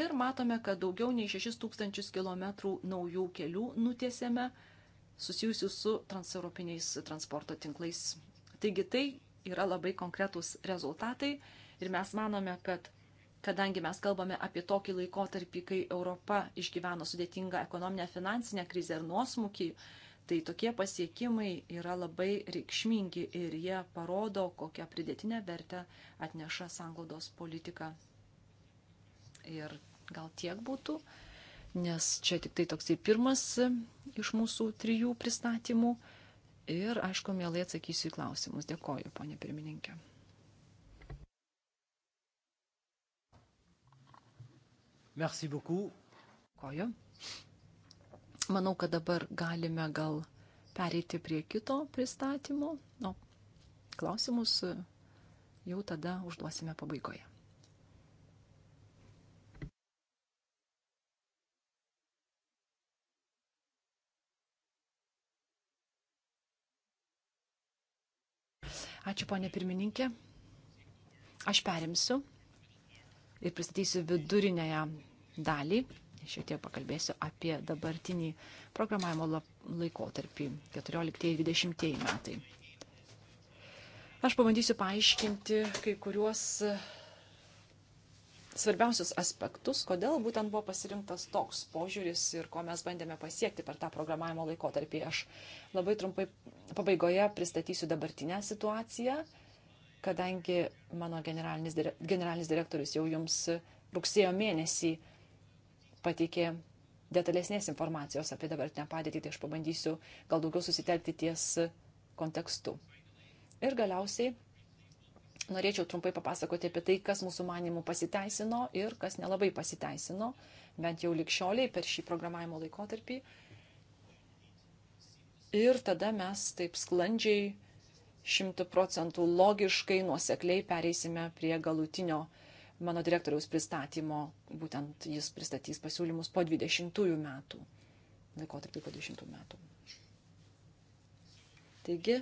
ir matome, kad daugiau nei 6 tūkstančius kilometrų naujų kelių nutiesėme susijusių su transeuropiniais transporto tinklais. Taigi tai yra labai konkretūs rezultatai ir mes manome, kad kadangi mes kalbame apie tokį laikotarpį, kai Europa išgyveno sudėtingą ekonominę finansinę krizę ir nuosmukį, tai tokie pasiekimai yra labai reikšmingi ir jie parodo, kokią pridėtinę vertę atneša sanglaudos politika. Ir gal tiek būtų, nes čia tik tai toksai pirmas iš mūsų trijų pristatymų. Ir, aišku, mielai atsakysiu į klausimus. Dėkoju, ponė pirmininkė. Merci beaucoup. Koju. Manau, kad dabar galime gal pereiti prie kito pristatymo. No, klausimus jau tada užduosime pabaigoje. Ačiū, ponė pirmininkė. Aš perimsiu ir pristatysiu vidurinėją dalį. Šiek tiek pakalbėsiu apie dabartinį programavimo laikotarpį 14-20 metai. Aš pabandysiu paaiškinti kai kuriuos svarbiausius aspektus, kodėl būtent buvo pasirinktas toks požiūris ir ko mes bandėme pasiekti per tą programavimo laikotarpį. Aš labai trumpai pabaigoje pristatysiu dabartinę situaciją kadangi mano generalinis, generalinis direktorius jau jums rugsėjo mėnesį pateikė detalesnės informacijos apie dabartinę padėtį, tai aš pabandysiu gal daugiau susitelkti ties kontekstu. Ir galiausiai norėčiau trumpai papasakoti apie tai, kas mūsų manimų pasiteisino ir kas nelabai pasiteisino, bent jau likščioliai per šį programavimo laikotarpį. Ir tada mes taip sklandžiai šimtų procentų logiškai, nuosekliai pereisime prie galutinio mano direktoriaus pristatymo. Būtent jis pristatys pasiūlymus po 20 metų, laikotarpį po 20 metų. Taigi,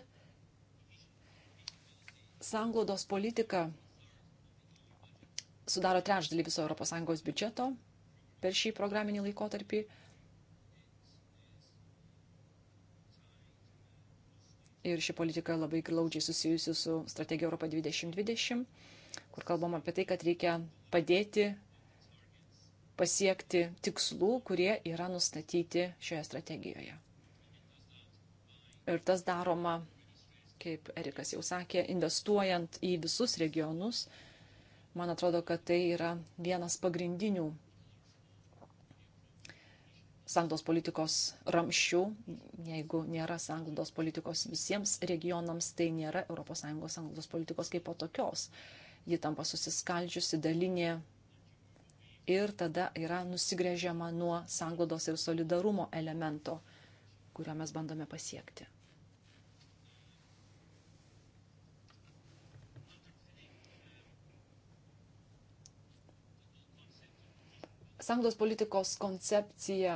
sanglaudos politika sudaro trečdalį viso ES biudžeto per šį programinį laikotarpį, ir ši politika labai glaudžiai susijusi su strategija Europa 2020, kur kalbam apie tai, kad reikia padėti pasiekti tikslų, kurie yra nustatyti šioje strategijoje. Ir tas daroma, kaip Erikas jau sakė, investuojant į visus regionus. Man atrodo, kad tai yra vienas pagrindinių sanglos politikos ramščių. Jeigu nėra sanglos politikos visiems regionams, tai nėra ES sanglos politikos kaip po tokios. Ji tampa susiskaldžiusi dalinė ir tada yra nusigrėžiama nuo sanglodos ir solidarumo elemento, kurio mes bandome pasiekti. sanglos politikos koncepcija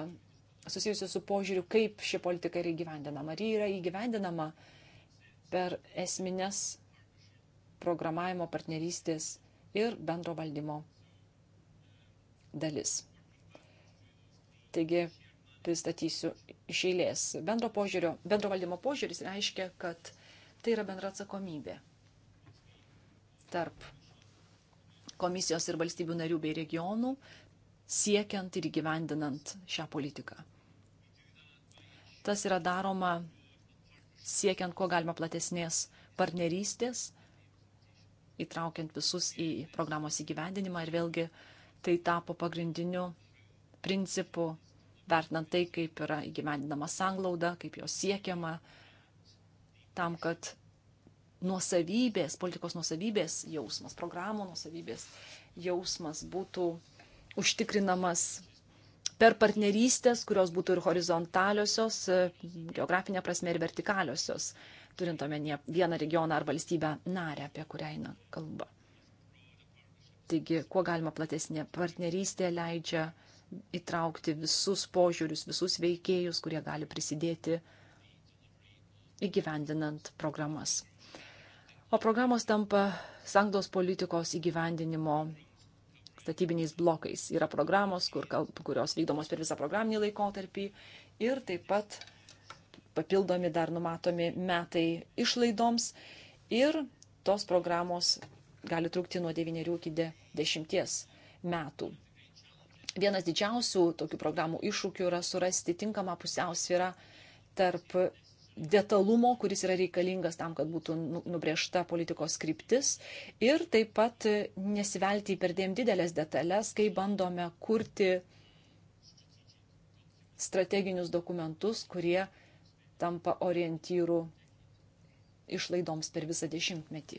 susijusi su požiūriu, kaip ši politika yra įgyvendinama. Ar ji yra įgyvendinama per esminės programavimo partnerystės ir bendro valdymo dalis. Taigi pristatysiu iš eilės. Bendro, požiūrio, bendro valdymo požiūris reiškia, kad tai yra bendra atsakomybė tarp komisijos ir valstybių narių bei regionų, siekiant ir gyvendinant šią politiką tas yra daroma siekiant kuo galima platesnės partnerystės, įtraukiant visus į programos įgyvendinimą ir vėlgi tai tapo pagrindiniu principu, vertinant tai, kaip yra įgyvendinama sanglauda, kaip jos siekiama, tam, kad nuosavybės, politikos nuosavybės jausmas, programų nuosavybės jausmas būtų užtikrinamas per partnerystės, kurios būtų ir horizontaliosios, e, geografinė prasme ir vertikaliosios, turint omenyje vieną regioną ar valstybę narę, apie kurią eina kalba. Taigi, kuo galima platesnė partnerystė leidžia įtraukti visus požiūrius, visus veikėjus, kurie gali prisidėti įgyvendinant programas. O programos tampa sanglos politikos įgyvendinimo statybiniais blokais. Yra programos, kur, kurios vykdomos per visą programinį laikotarpį ir taip pat papildomi dar numatomi metai išlaidoms ir tos programos gali trukti nuo 9 iki 10 metų. Vienas didžiausių tokių programų iššūkių yra surasti tinkamą pusiausvyrą tarp detalumo, kuris yra reikalingas tam, kad būtų nu, nubriežta politikos kryptis ir taip pat nesivelti į perdėm didelės detalės, kai bandome kurti strateginius dokumentus, kurie tampa orientyrų išlaidoms per visą dešimtmetį.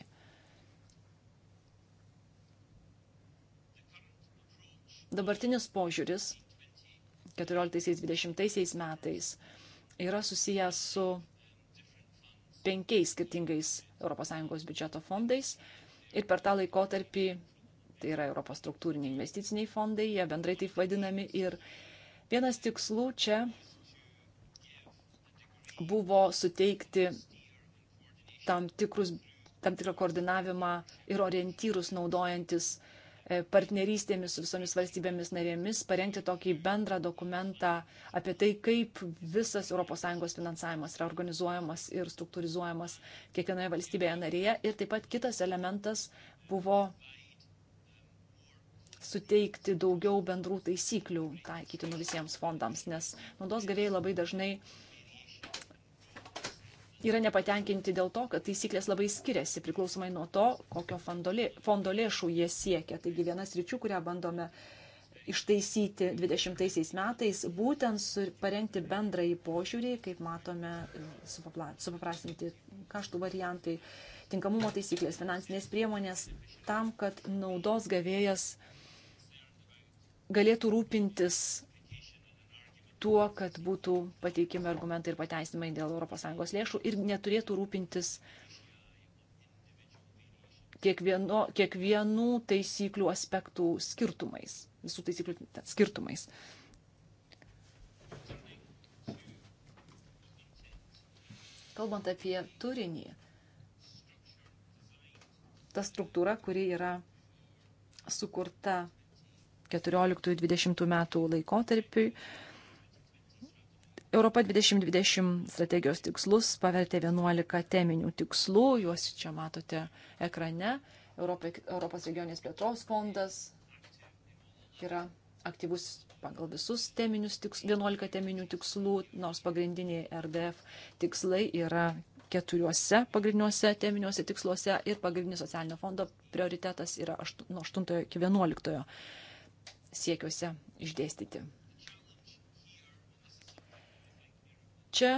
Dabartinis požiūris 14-20 metais yra susijęs su penkiais skirtingais ES biudžeto fondais ir per tą laikotarpį tai yra Europos struktūriniai investiciniai fondai, jie bendrai taip vadinami. Ir vienas tikslų čia buvo suteikti tam, tikrus, tam tikrą koordinavimą ir orientyrus naudojantis uh, E, partnerystėmis su visomis valstybėmis narėmis parengti tokį bendrą dokumentą apie tai, kaip visas ES finansavimas yra organizuojamas ir struktūrizuojamas kiekvienoje valstybėje narėje. Ir taip pat kitas elementas buvo suteikti daugiau bendrų taisyklių taikytinų nu visiems fondams, nes naudos gavėjai labai dažnai uh, yra nepatenkinti dėl to, kad taisyklės labai skiriasi priklausomai nuo to, kokio fondo lėšų jie siekia. Taigi vienas ryčių, kurią bandome ištaisyti 20 metais, būtent parengti bendrąjį požiūrį, kaip matome, supaprastinti kaštų variantai, tinkamumo taisyklės, finansinės priemonės, tam, kad naudos gavėjas galėtų rūpintis tuo, kad būtų pateikimi argumentai ir pateisinimai dėl ES lėšų ir neturėtų rūpintis kiekvieno, kiekvienų taisyklių aspektų skirtumais, visų taisyklių skirtumais. Kalbant apie turinį, ta struktūra, kuri yra sukurta 14-20 metų laikotarpiui, Europa 2020 strategijos tikslus pavertė 11 teminių tikslų, juos čia matote ekrane. Europa, Europos regionės plėtros fondas yra aktyvus pagal visus teminius tiks, 11 teminių tikslų, nors pagrindiniai RDF tikslai yra keturiuose pagrindiniuose teminiuose tiksluose ir pagrindinis socialinio fondo prioritetas yra aštu, nuo 8 iki 11 siekiuose išdėstyti. Čia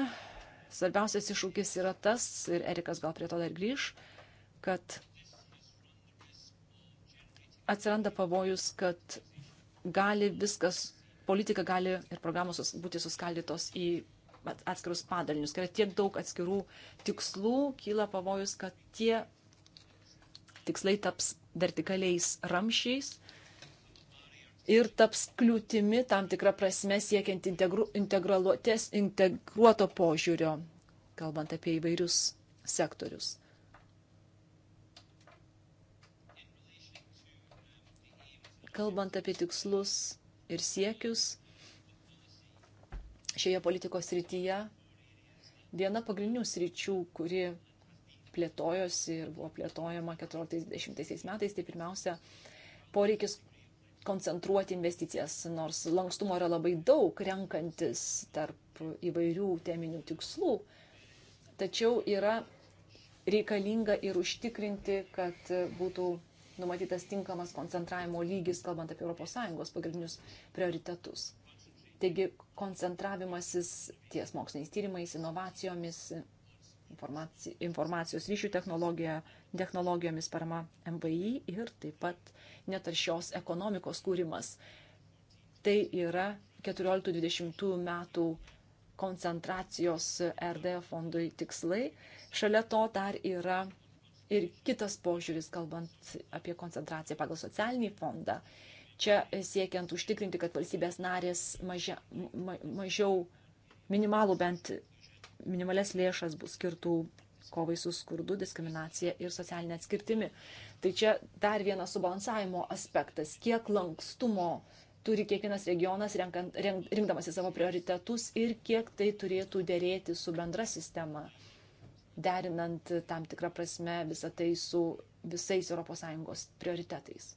svarbiausias iššūkis yra tas, ir Erikas gal prie to dar grįž, kad atsiranda pavojus, kad gali viskas, politika gali ir programos būti suskaldytos į atskirus padalinius. Kai yra tiek daug atskirų tikslų, kyla pavojus, kad tie tikslai taps vertikaliais ramšiais ir taps kliūtimi tam tikrą prasme siekiant integru, integruoto požiūrio, kalbant apie įvairius sektorius. Kalbant apie tikslus ir siekius šioje politikos rytyje, viena pagrindinių sričių, kuri plėtojosi ir buvo plėtojama 14-20 metais, tai pirmiausia, poreikis koncentruoti investicijas, nors lankstumo yra labai daug renkantis tarp įvairių teminių tikslų, tačiau yra reikalinga ir užtikrinti, kad būtų numatytas tinkamas koncentravimo lygis, kalbant apie ES pagrindinius prioritetus. Taigi koncentravimasis ties moksliniais tyrimais, inovacijomis, informacijos ryšių technologijomis parama MVI ir taip pat netaršios ekonomikos kūrimas. Tai yra 14-20 metų koncentracijos RD fondui tikslai. Šalia to dar yra ir kitas požiūris, kalbant apie koncentraciją pagal socialinį fondą. Čia siekiant užtikrinti, kad valstybės narės mažia, ma, mažiau minimalų bent minimales lėšas bus skirtų kovai su skurdu, diskriminacija ir socialinė atskirtimi. Tai čia dar vienas subalansavimo aspektas, kiek lankstumo turi kiekvienas regionas renkant, renk, rinkdamasi savo prioritetus ir kiek tai turėtų dėrėti su bendra sistema, derinant tam tikrą prasme visą tai su visais ES prioritetais.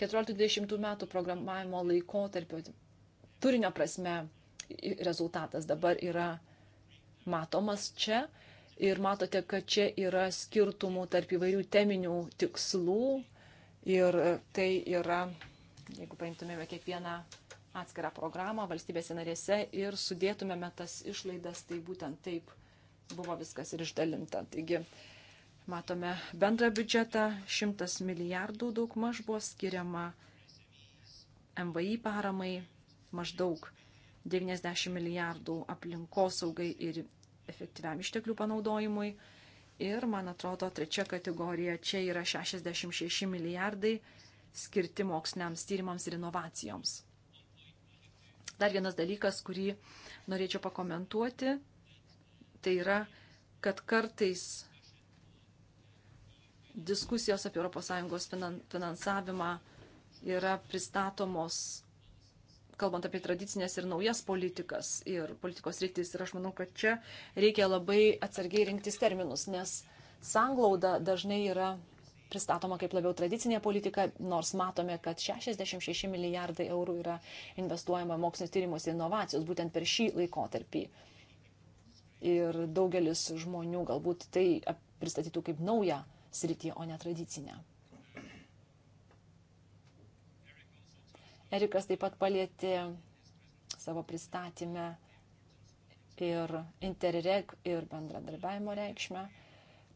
14-20 metų programavimo laikotarpio turinio prasme rezultatas dabar yra matomas čia ir matote, kad čia yra skirtumų tarp įvairių teminių tikslų ir tai yra, jeigu paimtumėme kiekvieną atskirą programą valstybėse narėse ir sudėtumėme tas išlaidas, tai būtent taip buvo viskas ir išdalinta. Taigi, uh, Matome bendrą biudžetą, 100 milijardų daug maž buvo skiriama MVI paramai, maždaug 90 milijardų aplinkosaugai ir efektyviam išteklių panaudojimui. Ir, man atrodo, trečia kategorija čia yra 66 milijardai skirti moksliniams tyrimams ir inovacijoms. Dar vienas dalykas, kurį norėčiau pakomentuoti, tai yra, kad kartais diskusijos apie ES finansavimą yra pristatomos, kalbant apie tradicinės ir naujas politikas ir politikos rytis. Ir aš manau, kad čia reikia labai atsargiai rinktis terminus, nes sanglauda dažnai yra pristatoma kaip labiau tradicinė politika, nors matome, kad 66 milijardai eurų yra investuojama mokslinio tyrimus ir inovacijos būtent per šį laikotarpį. Ir daugelis žmonių galbūt tai pristatytų kaip naują srityje, o ne tradicinę. Erikas taip pat palėtė savo pristatymę ir interreg ir bendradarbiavimo reikšmę.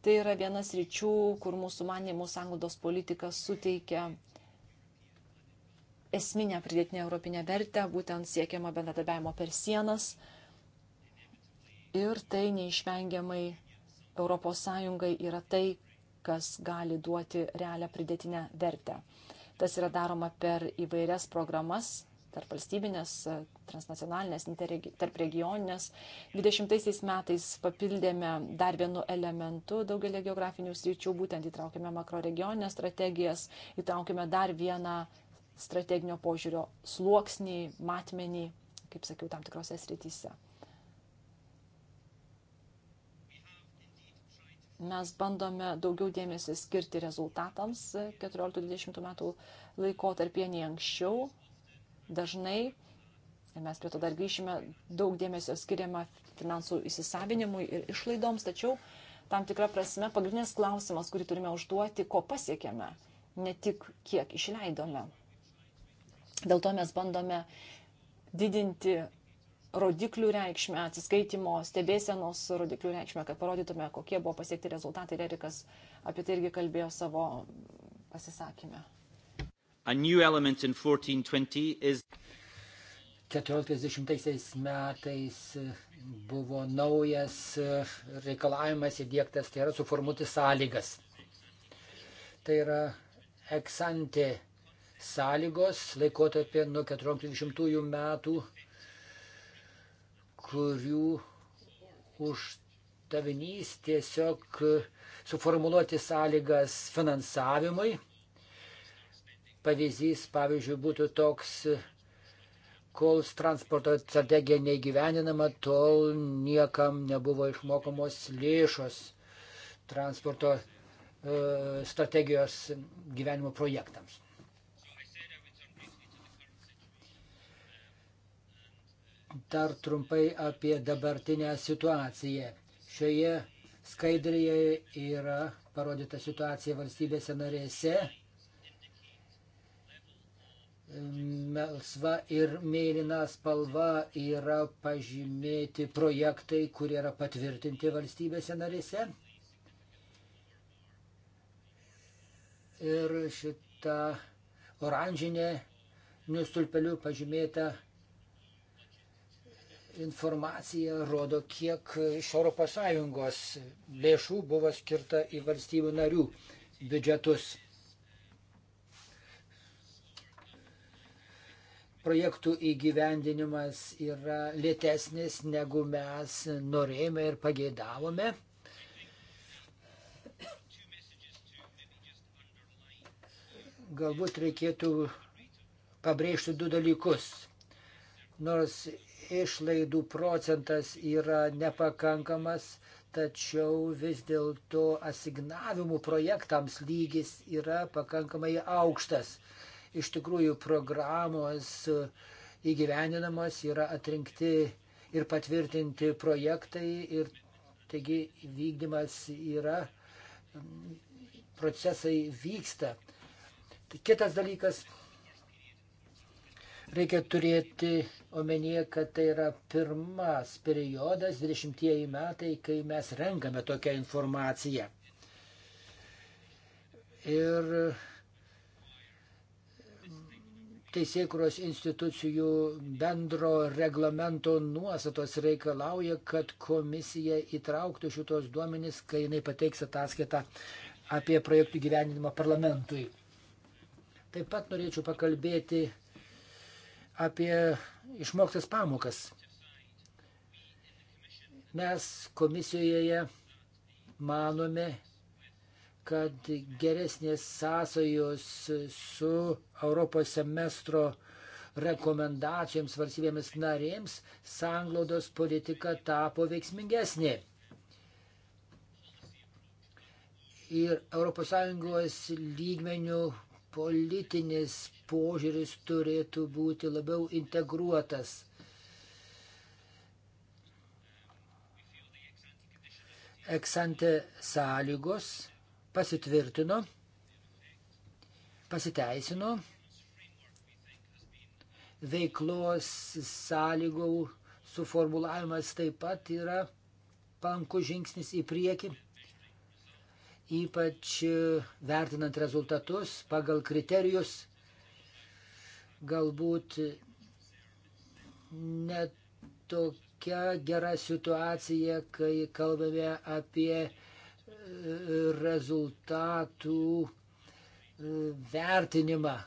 Tai yra vienas ryčių, kur mūsų manimų sanglaudos politika suteikia esminę pridėtinę europinę vertę, būtent siekiama bendradarbiavimo per sienas. Ir tai neišvengiamai ES yra tai, kas gali duoti realią pridėtinę vertę. Tas yra daroma per įvairias programas, tarp valstybinės, transnacionalinės, tarp regioninės. 20 metais papildėme dar vienu elementu daugelį geografinių sričių, būtent įtraukėme makroregioninės strategijas, įtraukėme dar vieną strateginio požiūrio sluoksnį, matmenį, kaip sakiau, tam tikrose srityse. mes bandome daugiau dėmesį skirti rezultatams 14-20 metų laikotarpie nei anksčiau. Dažnai, ir mes prie to dar grįšime, daug dėmesio skiriama finansų įsisavinimui ir išlaidoms, tačiau tam tikrą prasme pagrindinis klausimas, kurį turime užduoti, ko pasiekėme, ne tik kiek išleidome. Dėl to mes bandome didinti rodiklių reikšmę, atsiskaitimo, stebėsenos rodiklių reikšmę, kad parodytume, kokie buvo pasiekti rezultatai. Ir Erikas apie tai irgi kalbėjo savo pasisakymę. 1420 is... 14 metais buvo naujas reikalavimas įdėktas, tai yra suformuoti sąlygas. Tai yra eksante sąlygos laikotarpė nuo 1420 metų kurių uždavinys tiesiog suformuluoti sąlygas finansavimui. Pavyzdys, pavyzdžiui, būtų toks, kol transporto strategija neįgyveninama, tol niekam nebuvo išmokomos lėšos transporto e, strategijos gyvenimo projektams. dar trumpai apie dabartinę situaciją. Šioje skaidrėje yra parodyta situacija valstybėse narėse. Melsva ir mėlyna spalva yra pažymėti projektai, kurie yra patvirtinti valstybėse narėse. Ir šita oranžinė nustulpeliu pažymėta informacija rodo, kiek iš ES lėšų buvo skirta į valstybių narių biudžetus. Projektų įgyvendinimas yra lėtesnis, negu mes norėjome ir pageidavome. Galbūt reikėtų pabrėžti du dalykus nors išlaidų procentas yra nepakankamas, tačiau vis dėlto asignavimų projektams lygis yra pakankamai aukštas. Iš tikrųjų, programos įgyveninamos yra atrinkti ir patvirtinti projektai ir taigi vykdymas yra, procesai vyksta. Kitas dalykas Reikia turėti omenyje, kad tai yra pirmas periodas, 20-ieji metai, kai mes renkame tokią informaciją. Ir teisėkuros institucijų bendro reglamento nuostatos reikalauja, kad komisija įtrauktų šitos duomenys, kai jinai pateiks ataskaitą apie projektų gyvenimą parlamentui. Taip pat norėčiau pakalbėti apie išmoktas pamokas. Mes komisijoje manome, kad geresnės sąsajos su Europos semestro rekomendacijoms valstybėmis narėms sanglaudos politika tapo veiksmingesnė. Ir ES lygmenių politinis požiūris turėtų būti labiau integruotas. Eksante sąlygos pasitvirtino, pasiteisino, veiklos sąlygų suformulavimas taip pat yra palankus žingsnis į priekį ypač e, vertinant rezultatus pagal kriterijus, galbūt netokia gera situacija, kai kalbame apie e, rezultatų e, vertinimą.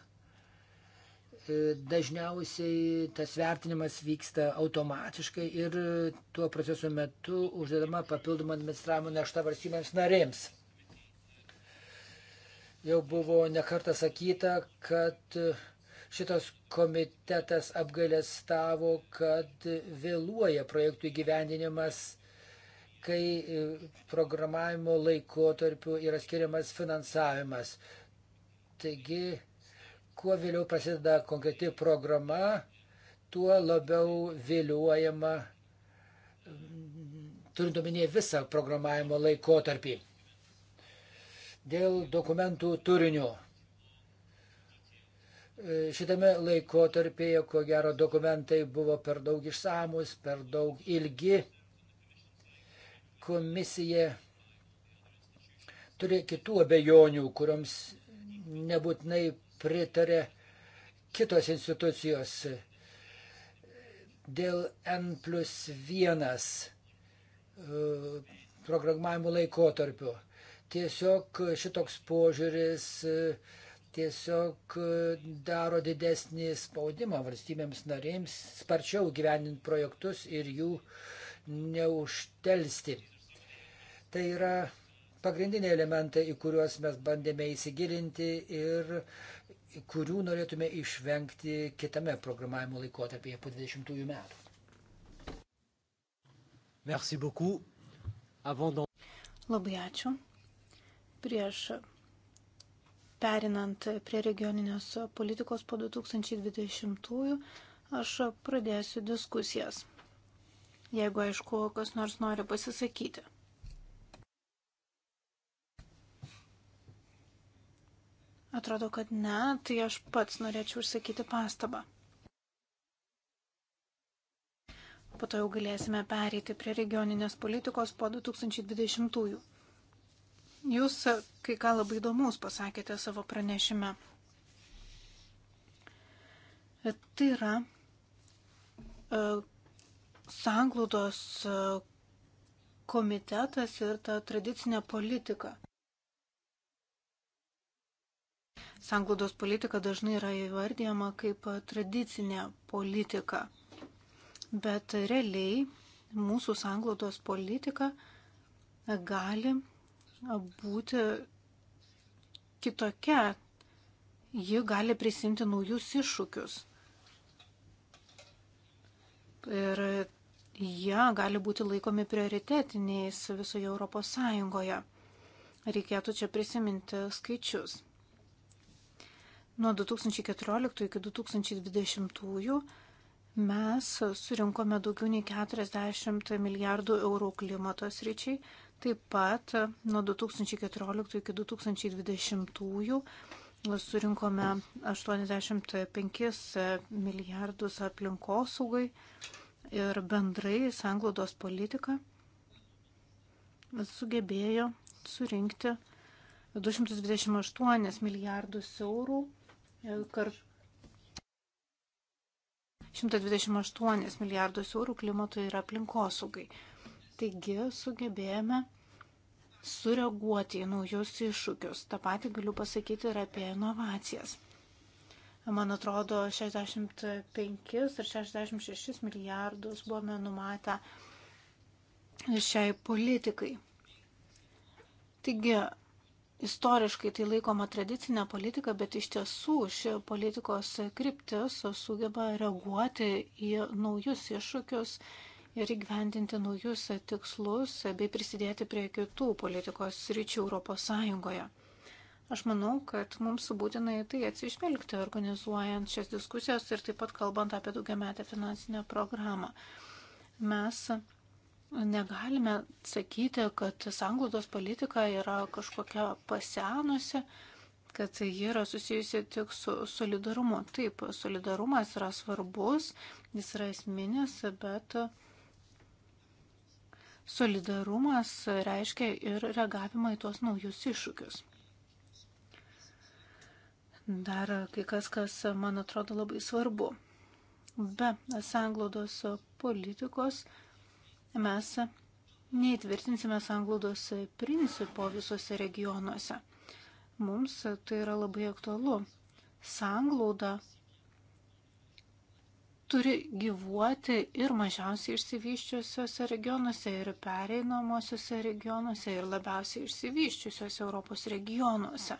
Dažniausiai tas vertinimas vyksta automatiškai ir tuo proceso metu uždedama papildoma administravimo našta valstybėms narėms. Jau buvo nekartą sakyta, kad šitas komitetas apgailestavo, kad vėluoja projektų įgyvendinimas, kai e, programavimo laikotarpiu yra skiriamas finansavimas. Taigi, kuo vėliau prasideda konkreti programa, tuo labiau vėliuojama, turint omenyje visą programavimo laikotarpį. Dėl dokumentų turinio. E, šitame laikotarpėje, ko gero, dokumentai buvo per daug išsamus, per daug ilgi. Komisija turi kitų abejonių, kuriams nebūtinai pritarė kitos institucijos. Dėl N plus 1 e, programavimo laikotarpio Tiesiog šitoks požiūris tiesiog daro didesnį spaudimą valstybėms narėms sparčiau gyvenint projektus ir jų neužtelsti. Tai yra pagrindiniai elementai, į kuriuos mes bandėme įsigilinti ir kurių norėtume išvengti kitame programavimo laikotarpyje po 20 metų. Merci beaucoup. Avant Labai ačiū prieš perinant prie regioninės politikos po 2020-ųjų, aš pradėsiu diskusijas, jeigu aišku, kas nors nori pasisakyti. Atrodo, kad ne, tai aš pats norėčiau užsakyti pastabą. Po to jau galėsime pereiti prie regioninės politikos po 2020-ųjų. Jūs kai ką labai įdomus pasakėte savo pranešime. Tai yra e, sanglaudos e, komitetas ir ta tradicinė politika. Sanglaudos politika dažnai yra įvardyjama kaip tradicinė politika, bet realiai mūsų sanglaudos politika gali būti kitokia. Ji gali prisimti naujus iššūkius. Ir jie gali būti laikomi prioritetiniais visoje Europos Sąjungoje. Reikėtų čia prisiminti skaičius. Nuo 2014 iki 2020 mes surinkome daugiau nei 40 milijardų eurų klimatos ryčiai, Taip pat e, nuo 2014 iki 2020 e, surinkome 85 e, milijardus aplinkosaugai ir bendrai sanglaudos politika sugebėjo surinkti 228 milijardus eurų kartu. 128 milijardus eurų klimatui ir aplinkosaugai. Taigi sugebėjome sureaguoti į naujus iššūkius. Ta pati galiu pasakyti ir apie inovacijas. Man atrodo, 65 ar 66 milijardus buvome numatę šiai politikai. Taigi, istoriškai tai laikoma tradicinė politika, bet iš tiesų ši politikos kryptis sugeba reaguoti į naujus iššūkius ir įgyvendinti naujus tikslus bei prisidėti prie kitų politikos ryčių ES. Aš manau, kad mums būtina į tai atsižvelgti, organizuojant šias diskusijas ir taip pat kalbant apie daugiametę finansinę programą. Mes negalime sakyti, kad sanglaudos politika yra kažkokia pasenusi kad ji yra susijusi tik su solidarumu. Taip, solidarumas yra svarbus, jis yra esminis, bet Solidarumas reiškia ir reagavimą į tuos naujus iššūkius. Dar kai kas, kas man atrodo labai svarbu. Be sanglaudos politikos mes neįtvirtinsime sanglaudos principo visose regionuose. Mums tai yra labai aktualu. Sanglauda turi gyvuoti ir mažiausiai išsivyščiusiuose regionuose, ir pereinamosiuose regionuose, ir labiausiai išsivyščiusiuose Europos regionuose.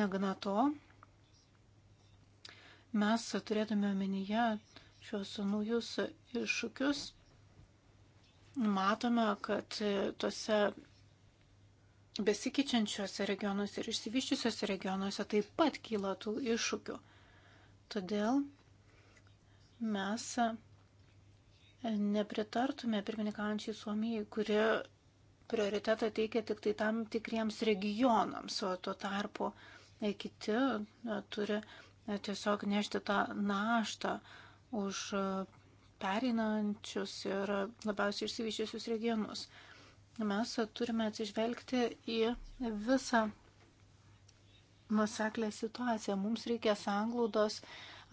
Negana to, mes turėtume omenyje šios naujus iššūkius, matome, kad tose besikeičiančiuose regionuose ir išsivyščiusiuose regionuose taip pat kyla tų iššūkių. Todėl mes nepritartume pirmininkaujančiai Suomijai, kuri prioritetą teikia tik tai tam tikriems regionams, o tuo tarpu kiti turi tiesiog nešti tą naštą už pereinančius ir labiausiai išsivyščiusius regionus. Mes turime atsižvelgti į visą nuseklę situaciją. Mums reikia sanglaudos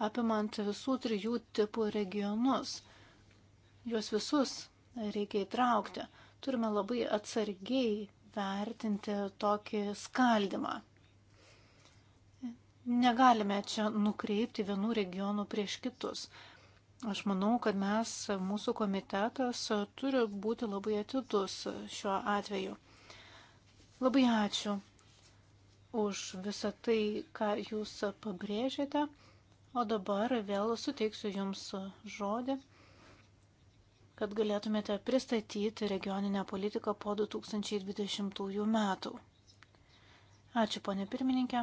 apimant visų trijų tipų regionus. Juos visus reikia įtraukti. Turime labai atsargiai vertinti tokį skaldimą. Negalime čia nukreipti vienų regionų prieš kitus. Aš manau, kad mes, mūsų komitetas, turi būti labai atidus šiuo atveju. Labai ačiū už visą tai, ką jūs pabrėžėte. O dabar vėl suteiksiu Jums žodį, kad galėtumėte pristatyti regioninę politiką po 2020 metų. Ačiū, ponė pirmininkė.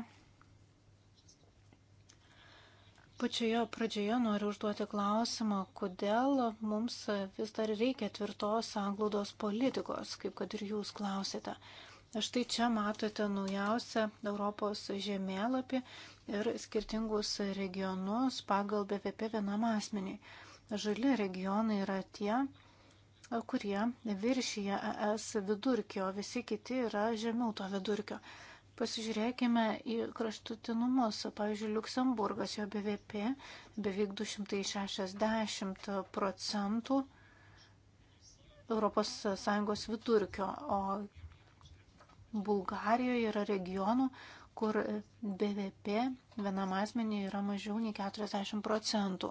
Pačioje pradžioje noriu užduoti klausimą, kodėl mums vis dar reikia tvirtos anglaudos politikos, kaip kad ir jūs klausėte. Štai čia matote naujausią Europos žemėlapį ir skirtingus regionus pagal BVP vienam asmeniai. Žali regionai yra tie, kurie viršyje ES vidurkio, o visi kiti yra žemiau to vidurkio. Pasižiūrėkime į kraštutinumus. Pavyzdžiui, Luksemburgas, jo BVP beveik 260 procentų ES vidurkio, o Bulgarijoje yra regionų, kur BVP vienam asmeniui yra mažiau nei 40 procentų.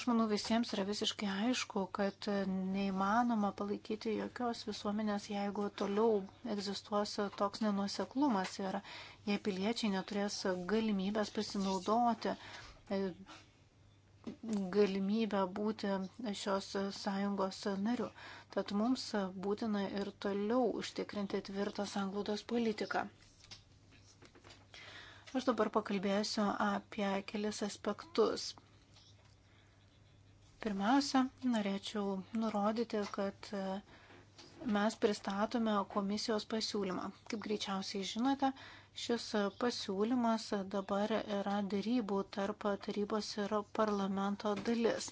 Aš manau, visiems yra visiškai aišku, kad neįmanoma palaikyti jokios visuomenės, jeigu toliau egzistuos toks nenuoseklumas ir jei piliečiai neturės galimybės pasinaudoti galimybę būti šios sąjungos nariu. Tad mums būtina ir toliau užtikrinti tvirtą sanglaudos politiką. Aš dabar pakalbėsiu apie kelis aspektus. Pirmiausia, norėčiau nurodyti, kad mes pristatome komisijos pasiūlymą. Kaip greičiausiai žinote, Šis pasiūlymas dabar yra dėrybų tarp tarybos ir parlamento dalis.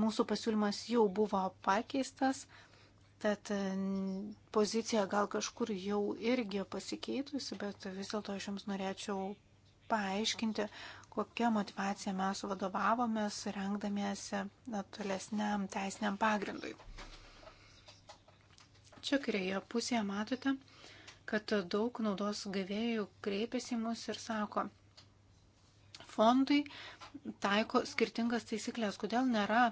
Mūsų pasiūlymas jau buvo pakeistas, tad pozicija gal kažkur jau irgi pasikeitusi, bet vis dėlto aš jums norėčiau paaiškinti, kokią motivaciją mes vadovavomės, rengdamiesi tolesniam teisiniam pagrindui. Čia kairėje pusėje matote, kad daug naudos gavėjų kreipiasi į mus ir sako, fondui taiko skirtingas taisyklės, kodėl nėra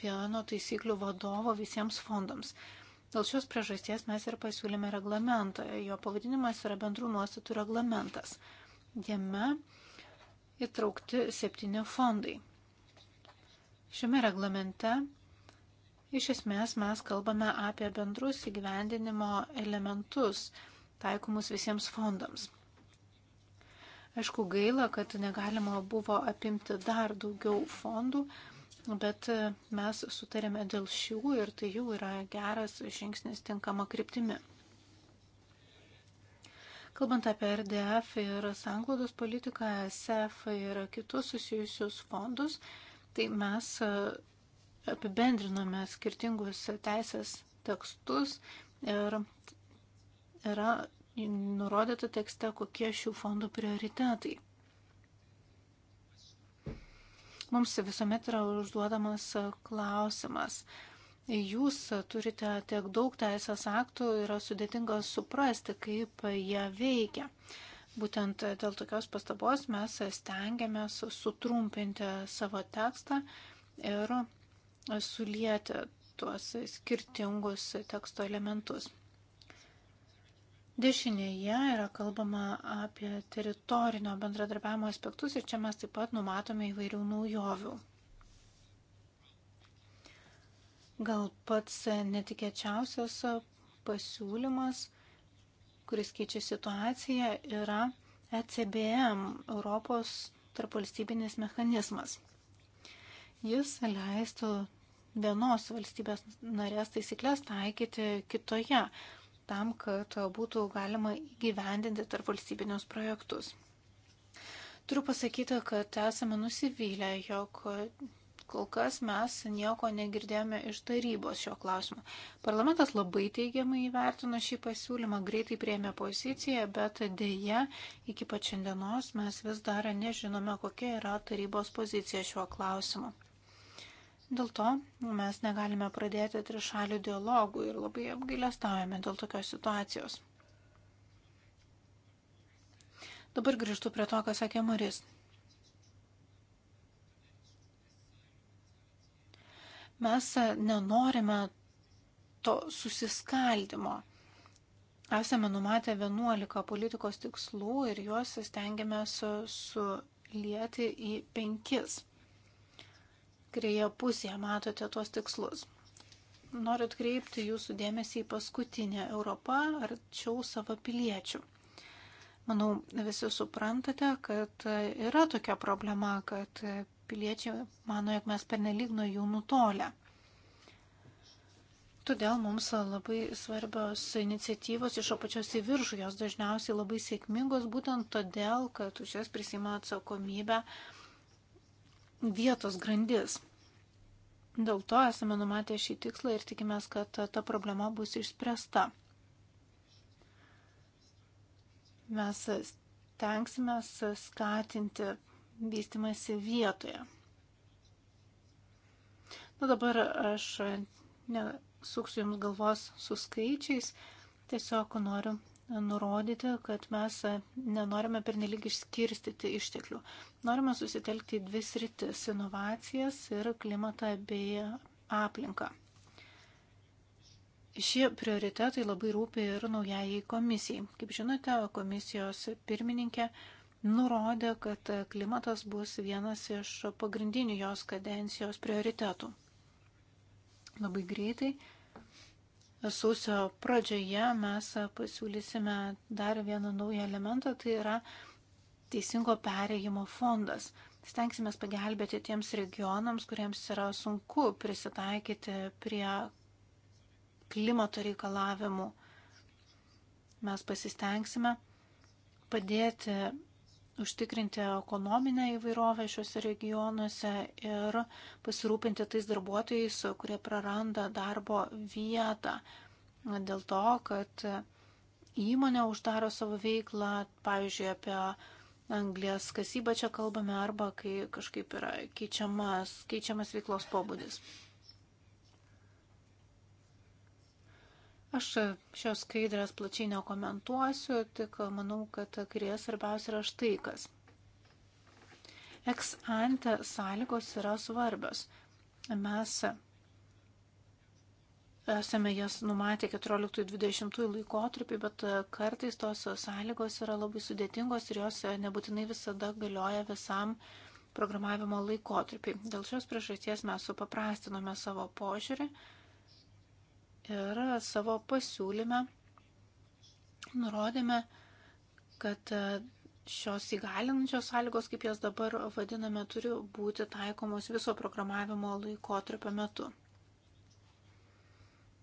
vieno taisyklių vadovo visiems fondams. Dėl šios priežasties mes ir pasiūlėme reglamentą. Jo pavadinimas yra bendrų nuostatų reglamentas. Jame įtraukti septyni fondai. Šiame reglamente iš esmės mes kalbame apie bendrus įgyvendinimo elementus taikomus visiems fondams. Aišku, gaila, kad negalima buvo apimti dar daugiau fondų, bet e, mes sutarėme dėl šių ir tai jau yra geras žingsnis tinkama kryptimi. Kalbant apie RDF ir sanglaudos politiką, SF ir kitus susijusius fondus, tai mes e, apibendrinome skirtingus teisės tekstus ir yra nurodyta tekste, kokie šių fondų prioritetai. Mums visuomet yra užduodamas klausimas. Jūs turite tiek daug teisės aktų, yra sudėtinga suprasti, kaip jie veikia. Būtent dėl tokios pastabos mes stengiamės sutrumpinti savo tekstą ir sulieti tuos skirtingus teksto elementus. Dešinėje yra kalbama apie teritorinio bendradarbiavimo aspektus ir čia mes taip pat numatome įvairių naujovių. Gal pats netikėčiausias pasiūlymas, kuris keičia situaciją, yra ECBM, Europos tarpvalstybinis mechanizmas. Jis leistų vienos valstybės narės taisyklės taikyti kitoje tam, kad būtų galima įgyvendinti tarp valstybinius projektus. Turiu pasakyti, kad esame nusivylę, jog kol kas mes nieko negirdėjome iš tarybos šio klausimo. Parlamentas labai teigiamai įvertino šį pasiūlymą, greitai prieėmė poziciją, bet dėje iki pat šiandienos mes vis dar nežinome, kokia yra tarybos pozicija šiuo klausimu. Dėl to mes negalime pradėti trišalių dialogų ir labai apgailestavome dėl tokios situacijos. Dabar grįžtu prie to, ką sakė Maris. Mes nenorime to susiskaldimo. Esame numatę 11 politikos tikslų ir juos stengiamės sulieti į penkis kairėje pusėje matote tuos tikslus. Noriu atkreipti jūsų dėmesį į paskutinę Europą arčiau savo piliečių. Manau, visi suprantate, kad yra tokia problema, kad piliečiai mano, jog mes pernelyg nuo jų nutolę. Todėl mums labai svarbios iniciatyvos iš apačios į viršų, jos dažniausiai labai sėkmingos, būtent todėl, kad už jas prisima atsakomybę vietos grandis. Dėl to esame numatę šį tikslą ir tikimės, kad ta problema bus išspręsta. Mes tenksime skatinti vystimasi vietoje. Na dabar aš nesuksiu jums galvos su skaičiais, tiesiog noriu nurodyti, kad mes nenorime pernelyg išskirstyti išteklių. Norime susitelkti į dvi sritis - inovacijas ir klimatą bei aplinką. Šie prioritetai labai rūpi ir naujajai komisijai. Kaip žinote, komisijos pirmininkė nurodė, kad klimatas bus vienas iš pagrindinių jos kadencijos prioritetų. Labai greitai sausio pradžioje mes pasiūlysime dar vieną naują elementą, tai yra teisingo perėjimo fondas. Stengsime pagelbėti tiems regionams, kuriems yra sunku prisitaikyti prie klimato reikalavimų. Mes pasistengsime padėti užtikrinti ekonominę įvairovę šiuose regionuose ir pasirūpinti tais darbuotojais, kurie praranda darbo vietą dėl to, kad įmonė uždaro savo veiklą, pavyzdžiui, apie anglės kasybą čia kalbame arba kai kažkaip yra keičiamas, keičiamas veiklos pobūdis. Aš šios skaidrės plačiai nekomentuosiu, tik manau, kad kairėje svarbiausia yra štai kas. Eks ante sąlygos yra svarbios. Mes esame jas numatę 14-20 laikotarpį, bet kartais tos sąlygos yra labai sudėtingos ir jos nebūtinai visada galioja visam programavimo laikotarpį. Dėl šios priežasties mes supaprastinome savo požiūrį ir savo pasiūlyme nurodėme, kad e, šios įgalinančios sąlygos, kaip jas dabar vadiname, turi būti taikomos viso programavimo laikotarpio metu.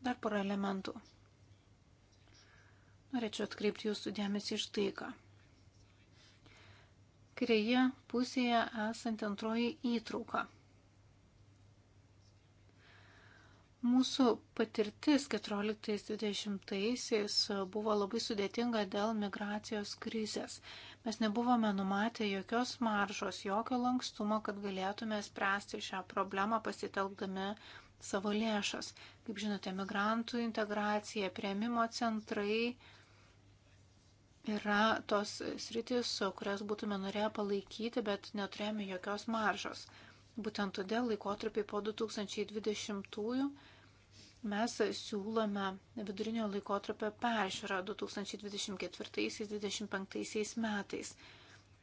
Dar pora elementų. Norėčiau atkreipti jūsų dėmesį iš tai, ką. Kairėje pusėje esanti antroji įtrauka. Mūsų patirtis 14-20-aisiais buvo labai sudėtinga dėl migracijos krizės. Mes nebuvome numatę jokios maržos, jokio lankstumo, kad galėtume spręsti šią problemą pasitelkdami savo lėšas. Kaip žinote, migrantų integracija, prieimimo centrai yra tos sritis, kurias būtume norėję palaikyti, bet neturėjome jokios maržos. Būtent todėl laikotarpiai po 2020 mes siūlome vidurinio laikotarpio peržiūrą 2024-2025 metais.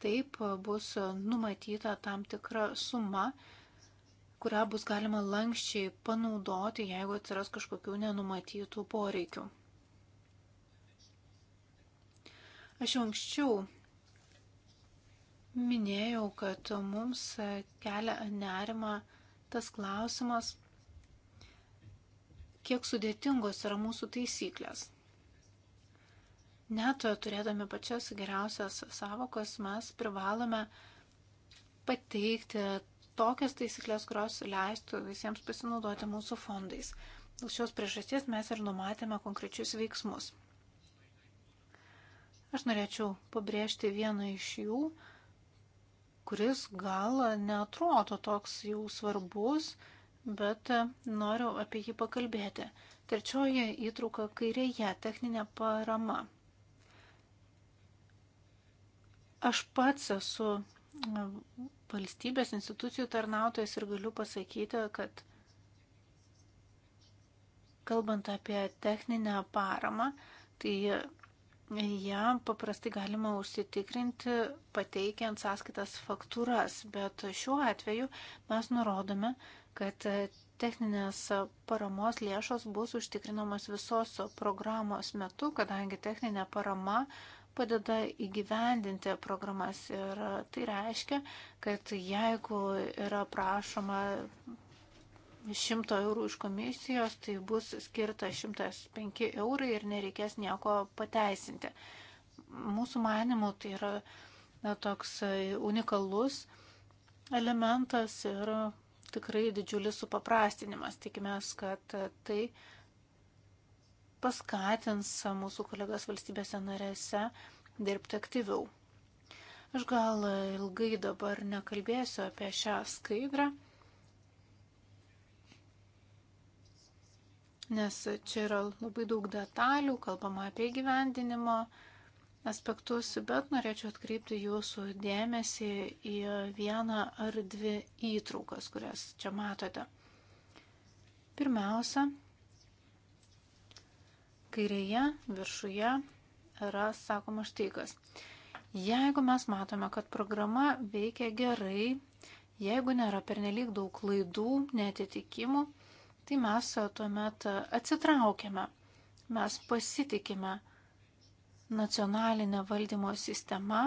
Taip bus numatyta tam tikra suma, kurią bus galima lankščiai panaudoti, jeigu atsiras kažkokių nenumatytų poreikių. Aš jau anksčiau minėjau, kad mums kelia nerima tas klausimas, kiek sudėtingos yra mūsų taisyklės. Net turėdami pačias geriausias savokas, mes privalome pateikti tokias taisyklės, kurios leistų visiems pasinaudoti mūsų fondais. Dėl šios priežasties mes ir numatėme konkrečius veiksmus. Aš norėčiau pabrėžti vieną iš jų, kuris gal netrodo toks jau svarbus, bet e, noriu apie jį pakalbėti. Trečioji įtrauka kairėje - techninė parama. Aš pats esu e, valstybės institucijų tarnautojas ir galiu pasakyti, kad kalbant apie techninę paramą, tai e, ją paprastai galima užsitikrinti pateikiant sąskaitas faktūras, bet šiuo atveju mes nurodome, kad e, techninės paramos lėšos bus užtikrinamos visos programos metu, kadangi techninė parama padeda įgyvendinti programas ir e, tai reiškia, kad jeigu yra prašoma 100 eurų iš komisijos, tai bus skirta 105 eurai ir nereikės nieko pateisinti. Mūsų manimų tai yra na, toks unikalus elementas ir tikrai didžiulis supaprastinimas. Tikimės, kad tai paskatins mūsų kolegas valstybėse narėse dirbti aktyviau. Aš gal ilgai dabar nekalbėsiu apie šią skaidrą, nes čia yra labai daug detalių, kalbama apie gyvendinimo aspektus, bet norėčiau atkreipti jūsų dėmesį į vieną ar dvi įtraukas, kurias čia matote. Pirmiausia, kairėje viršuje yra sakoma štai kas. Jeigu mes matome, kad programa veikia gerai, jeigu nėra pernelyg daug klaidų, netitikimų, tai mes tuomet atsitraukiame, mes pasitikime nacionalinė valdymo sistema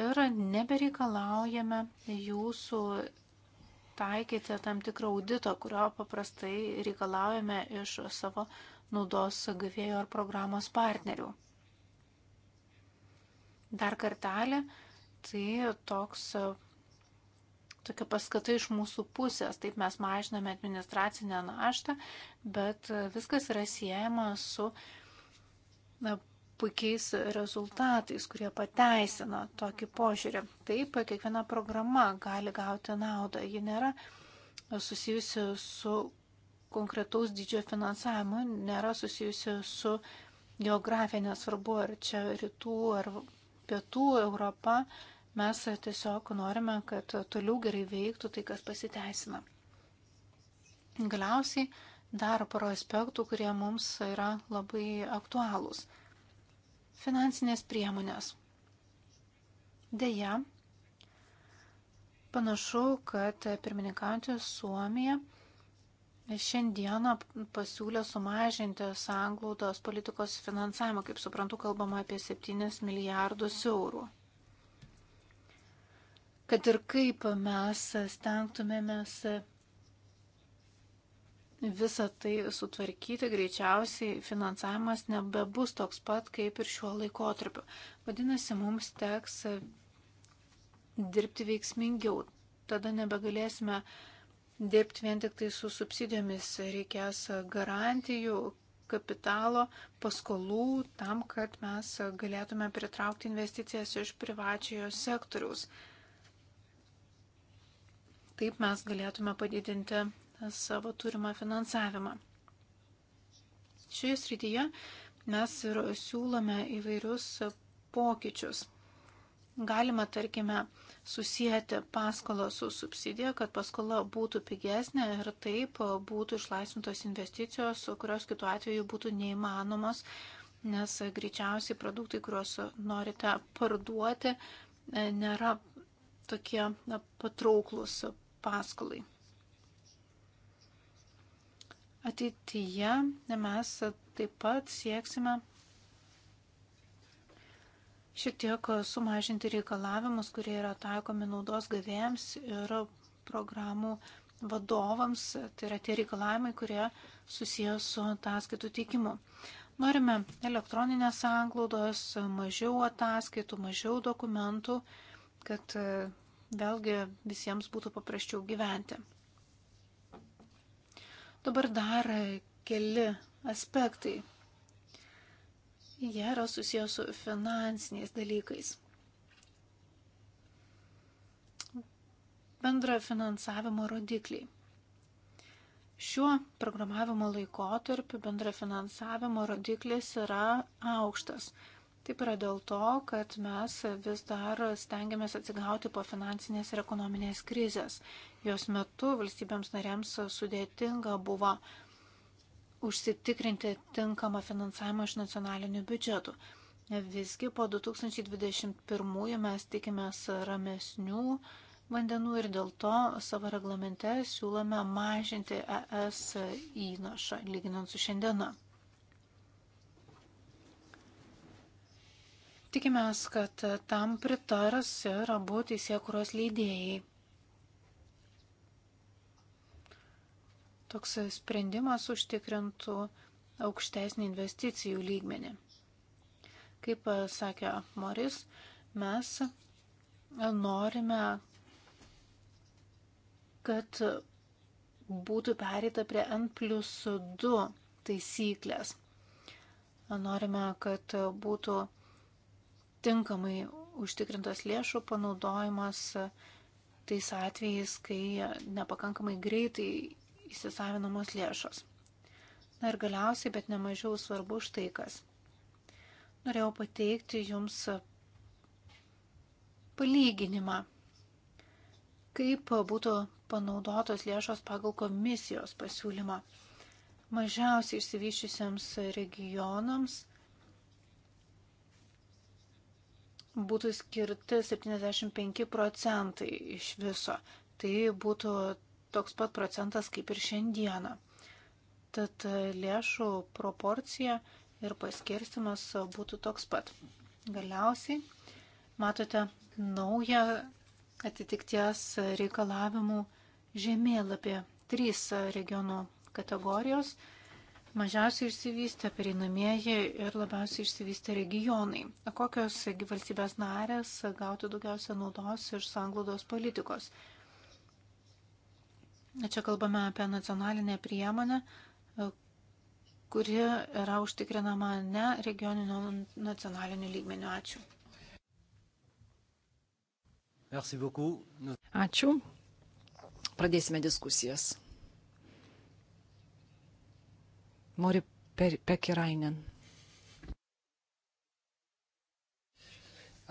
ir nebereikalaujame jūsų taikyti tam tikrą audito, kurio paprastai reikalaujame iš savo naudos gavėjo ar programos partnerių. Dar kartelį, tai toks tokia paskata iš mūsų pusės. Taip mes mažiname administracinę naštą, bet viskas yra siejama su uh, na, puikiais rezultatais, kurie pateisina tokį požiūrį. Taip, kiekviena programa gali gauti naudą. Ji nėra susijusi su konkretaus dydžio finansavimu, nėra susijusi su geografinė svarbu, ar čia rytų ar pietų Europa. Mes tiesiog norime, kad toliau gerai veiktų tai, kas pasiteisina. Galiausiai dar pora aspektų, kurie mums yra labai aktualūs. Finansinės priemonės. Deja, panašu, kad pirmininkantė Suomija šiandieną pasiūlė sumažinti sanglaudos politikos finansavimą. Kaip suprantu, kalbama apie 7 milijardus eurų. Kad ir kaip mes stengtumėmės visą tai sutvarkyti, greičiausiai finansavimas nebebus toks pat kaip ir šiuo laikotarpiu. Vadinasi, mums teks dirbti veiksmingiau. Tada nebegalėsime dirbti vien tik tai su subsidijomis, reikės garantijų, kapitalo, paskolų tam, kad mes galėtume pritraukti investicijas iš privačiojo sektoriaus. Taip mes galėtume padidinti savo turimą finansavimą. Šioje srityje mes ir siūlome įvairius pokyčius. Galima, tarkime, susijęti paskolą su subsidija, kad paskola būtų pigesnė ir taip būtų išlaisvintos investicijos, kurios kitu atveju būtų neįmanomos, nes greičiausiai produktai, kuriuos norite parduoti, nėra tokie patrauklus paskolai. Ateityje mes taip pat sieksime šiek tiek sumažinti reikalavimus, kurie yra taikomi naudos gavėjams ir programų vadovams. Tai yra tie reikalavimai, kurie susijęs su ataskaitų teikimu. Norime elektroninės anglaudos, mažiau ataskaitų, mažiau dokumentų, kad vėlgi visiems būtų paprasčiau gyventi. Dabar dar keli aspektai. Jie yra susijęs su finansiniais dalykais. Bendra finansavimo rodikliai. Šiuo programavimo laikotarpiu bendra finansavimo rodiklis yra aukštas. Taip yra dėl to, kad mes vis dar stengiamės atsigauti po finansinės ir ekonominės krizės jos metu valstybėms nariams sudėtinga buvo užsitikrinti tinkamą finansavimą iš nacionalinių biudžetų. Visgi po 2021 mes tikimės ramesnių vandenų ir dėl to savo reglamente siūlome mažinti ES įnašą lyginant su šiandiena. Tikimės, kad tam pritars ir abu teisėkuros leidėjai. Toks sprendimas užtikrintų aukštesnį investicijų lygmenį. Kaip e, sakė Moris, mes e, norime, kad būtų pereita prie N plus 2 taisyklės. Norime, kad būtų tinkamai užtikrintas lėšų panaudojimas e, tais atvejais, kai nepakankamai greitai įsisavinamos lėšos. Na ir galiausiai, bet nemažiau svarbu štai kas. Norėjau pateikti jums palyginimą, kaip būtų panaudotos lėšos pagal komisijos pasiūlymą. Mažiausiai išsivyščiusiems regionams būtų skirti 75 procentai iš viso. Tai būtų toks pat procentas kaip ir šiandieną. Tad lėšų proporcija ir paskirstimas būtų toks pat. Galiausiai matote naują atitikties reikalavimų žemėlapį. Trys regionų kategorijos - mažiausiai išsivystę, pereinamieji ir labiausiai išsivystę regionai. Kokios valstybės narės gautų daugiausia naudos iš sanglaudos politikos? Čia kalbame apie nacionalinę priemonę, e, kuri yra užtikrinama ne regioninio nacionaliniu lygmeniu. Ačiū. Ačiū. Pradėsime diskusijas. Mori Pekirainen.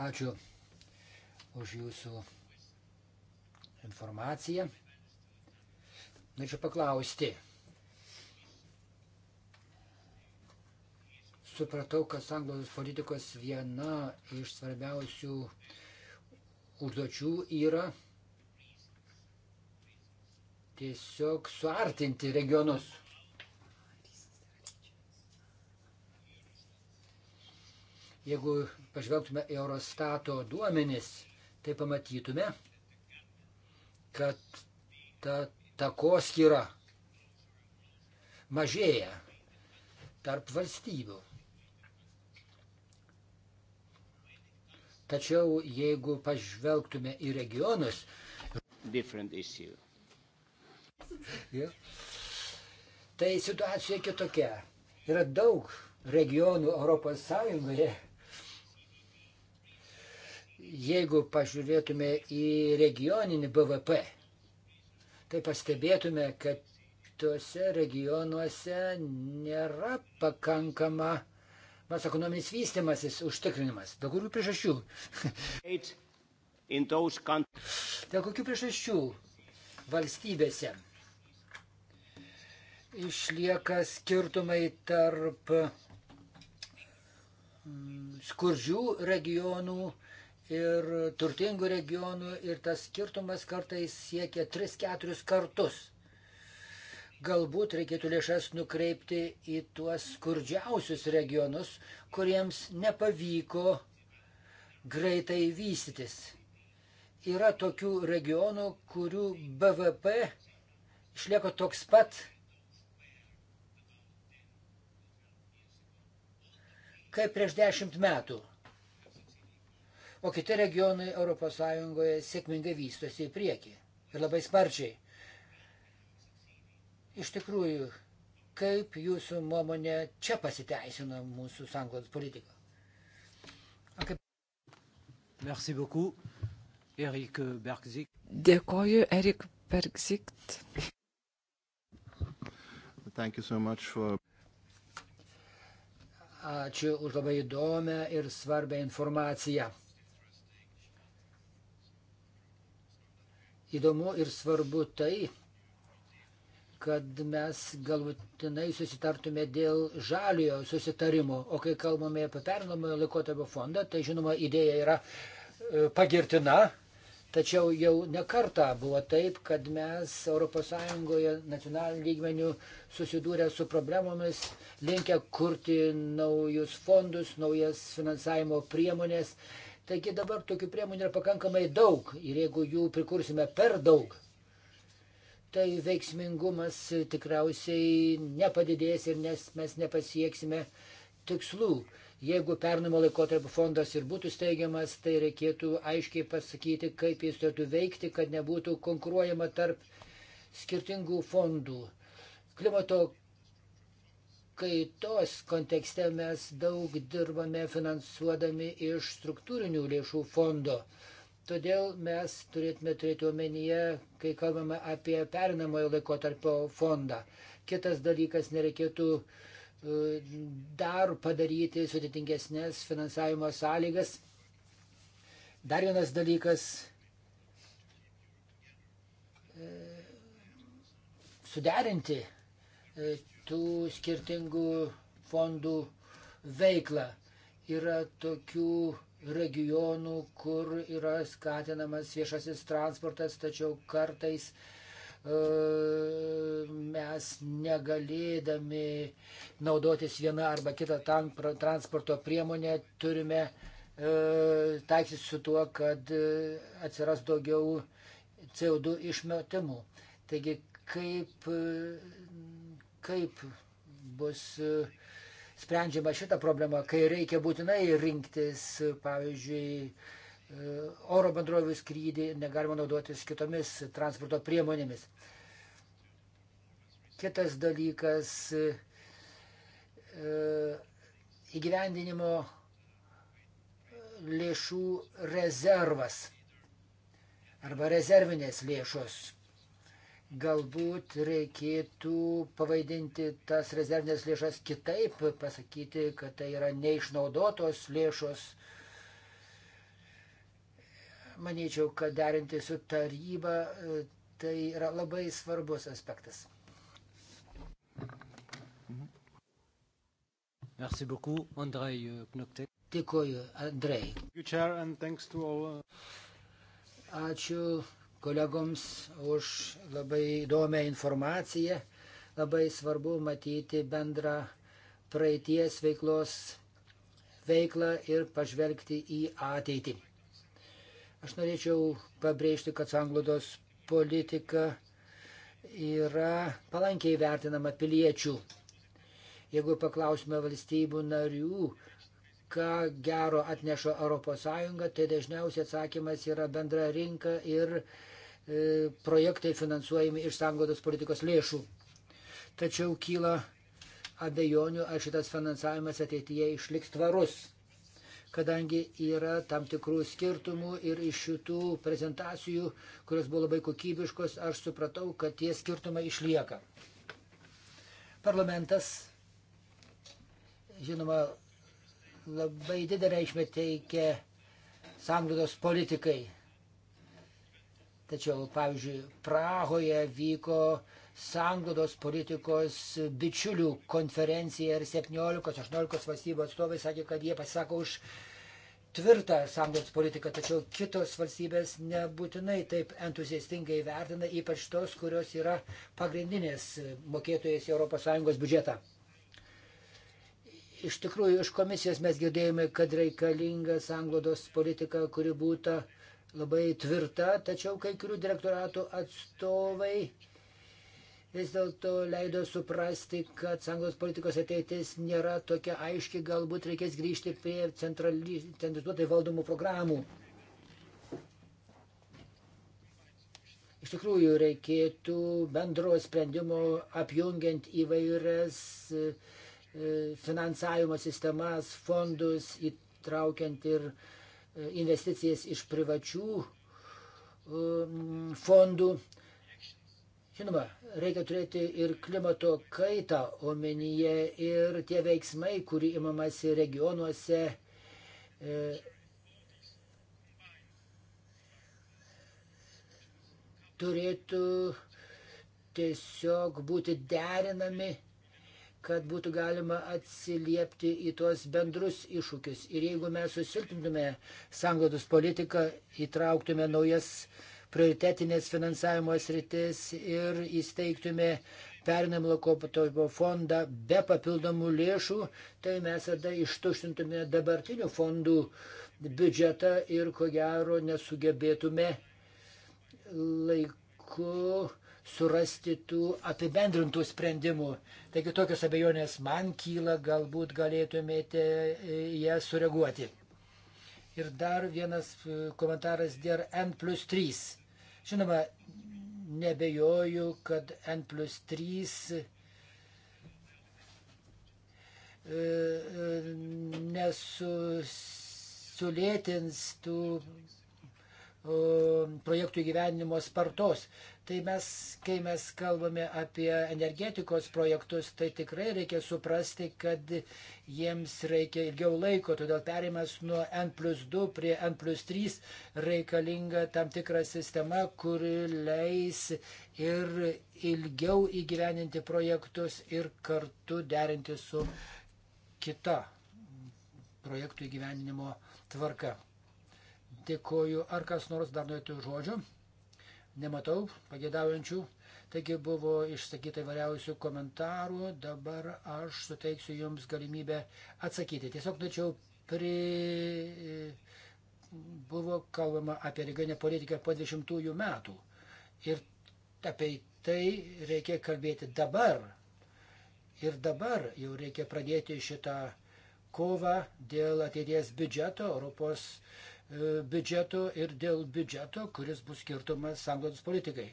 Ačiū už jūsų informaciją. Norėčiau paklausti. Supratau, kad anglos politikos viena iš svarbiausių užduočių yra tiesiog suartinti regionus. Jeigu pažvelgtume Eurostato duomenis, tai pamatytume, kad ta takoskyra mažėja tarp valstybių. Tačiau jeigu pažvelgtume į regionus, ja, tai situacija kitokia. Yra daug regionų Europos Sąjungoje. Jeigu pažiūrėtume į regioninį BVP, tai pastebėtume, kad tuose regionuose nėra pakankama mas ekonominis vystimasis užtikrinimas. Dėl kurių priežasčių? Dėl kokių priežasčių valstybėse išlieka skirtumai tarp mm, skurdžių regionų ir turtingų regionų ir tas skirtumas kartais siekia 3-4 kartus. Galbūt reikėtų lėšas nukreipti į tuos skurdžiausius regionus, kuriems nepavyko greitai vystytis. Yra tokių regionų, kurių BVP išlieka toks pat kaip prieš dešimt metų o kiti regionai ES sėkmingai vystosi į priekį ir labai sparčiai. Iš tikrųjų, kaip jūsų nuomonė čia pasiteisina mūsų sanglos politika? Kaip... Merci beaucoup, Erik Bergzik. Dėkoju, Erik Bergzik. Thank you so much for Ačiū už labai įdomią ir svarbę informaciją. Įdomu ir svarbu tai, kad mes galutinai susitartume dėl žaliojo susitarimo. O kai kalbame apie pernamojo laikotarpio fondą, tai žinoma, idėja yra e, pagirtina. Tačiau jau nekarta buvo taip, kad mes ES nacionaliniu lygmeniu susidūrę su problemomis, linkę kurti naujus fondus, naujas finansavimo priemonės Taigi dabar tokių priemonių yra pakankamai daug ir jeigu jų prikursime per daug, tai veiksmingumas tikriausiai nepadidės ir nes mes nepasieksime tikslų. Jeigu pernamo laikotarpio fondas ir būtų steigiamas, tai reikėtų aiškiai pasakyti, kaip jis turėtų veikti, kad nebūtų konkuruojama tarp skirtingų fondų. Klimato kaitos kontekste mes daug dirbame finansuodami iš struktūrinių lėšų fondo. Todėl mes turėtume turėti omenyje, kai kalbame apie perinamojo laikotarpio fondą. Kitas dalykas, nereikėtų e, dar padaryti sudėtingesnės finansavimo sąlygas. Dar vienas dalykas e, suderinti e, tų skirtingų fondų veiklą. Yra tokių regionų, kur yra skatinamas viešasis transportas, tačiau kartais e, mes negalėdami naudotis vieną arba kitą transporto priemonę turime e, taikyti su tuo, kad e, atsiras daugiau CO2 išmetimų. Taigi, kaip kaip bus e, sprendžiama šita problema, kai reikia būtinai rinktis, pavyzdžiui, e, oro bendrovių skrydį ir negalima naudotis kitomis transporto priemonėmis. Kitas dalykas e, - įgyvendinimo lėšų rezervas arba rezervinės lėšos Galbūt reikėtų pavaidinti tas rezervinės lėšas kitaip, pasakyti, kad tai yra neišnaudotos lėšos. Manyčiau, kad derinti su taryba e, tai yra labai svarbus aspektas. Merci beaucoup, Andrei euh, Knokte. Dėkuoju, Andrei. Uh, Ačiū kolegoms už labai įdomią informaciją. Labai svarbu matyti bendrą praeities veiklos veiklą ir pažvelgti į ateitį. Aš norėčiau pabrėžti, kad sanglodos politika yra palankiai vertinama piliečių. Jeigu paklausime valstybių narių, ką gero atneša ES, tai dažniausiai atsakymas yra bendra rinka ir e, projektai finansuojami iš sanglaudos politikos lėšų. Tačiau kyla abejonių, ar šitas finansavimas ateityje išliks tvarus, kadangi yra tam tikrų skirtumų ir iš šitų prezentacijų, kurios buvo labai kokybiškos, aš supratau, kad tie skirtumai išlieka. Parlamentas, žinoma, labai didelę reikšmę teikia sanglaudos politikai. Tačiau, pavyzdžiui, Prahoje vyko sanglaudos politikos bičiulių konferencija ir 17-18 valstybių atstovai sakė, kad jie pasisako už tvirtą sanglaudos politiką, tačiau kitos valstybės nebūtinai taip entuziastingai vertina, ypač tos, kurios yra pagrindinės mokėtojas ES biudžetą. Iš tikrųjų, iš komisijos mes girdėjome, kad reikalinga sanglodos politika, kuri būtų labai tvirta, tačiau kai kurių direktoratų atstovai vis dėlto leido suprasti, kad sanglos politikos ateitis nėra tokia aiški, galbūt reikės grįžti prie centralizuotai valdomų programų. Iš tikrųjų, reikėtų bendro sprendimo apjungiant įvairias uh, E, finansavimo sistemas, fondus, įtraukiant ir e, investicijas iš privačių e, fondų. Žinoma, reikia turėti ir klimato kaitą omenyje ir tie veiksmai, kurį imamasi regionuose. turėtų tiesiog būti derinami kad būtų galima atsiliepti į tuos bendrus iššūkius. Ir jeigu mes susilpintume sanglodus politiką, įtrauktume naujas prioritetinės finansavimo sritis ir įsteigtume pernam lakopatojimo fondą be papildomų lėšų, tai mes tada ištuštintume dabartinių fondų biudžetą ir ko gero nesugebėtume laiku surasti tų apibendrintų sprendimų. Taigi tokios abejonės man kyla, galbūt galėtumėte e, jas sureaguoti. Ir dar vienas e, komentaras dėl N plus 3. Žinoma, nebejoju, kad N plus 3 e, nesulėtins tų Um, projektų įgyvenimo spartos. Tai mes, kai mes kalbame apie energetikos projektus, tai tikrai reikia suprasti, kad jiems reikia ilgiau laiko, todėl perimas nuo N plus 2 prie N plus 3 reikalinga tam tikra sistema, kuri leis ir ilgiau įgyveninti projektus ir kartu derinti su kita projektų įgyveninimo tvarka. Dėkoju. Ar kas nors dar norėtų žodžio? Nematau pagėdaujančių. Taigi buvo išsakyta įvairiausių komentarų. Dabar aš suteiksiu Jums galimybę atsakyti. Tiesiog norėčiau pri... buvo kalbama apie regionę politiką po 20 metų. Ir apie tai reikia kalbėti dabar. Ir dabar jau reikia pradėti šitą kovą dėl ateities biudžeto Europos uh, E, biudžeto ir dėl biudžeto, kuris bus skirtumas sanglodos politikai.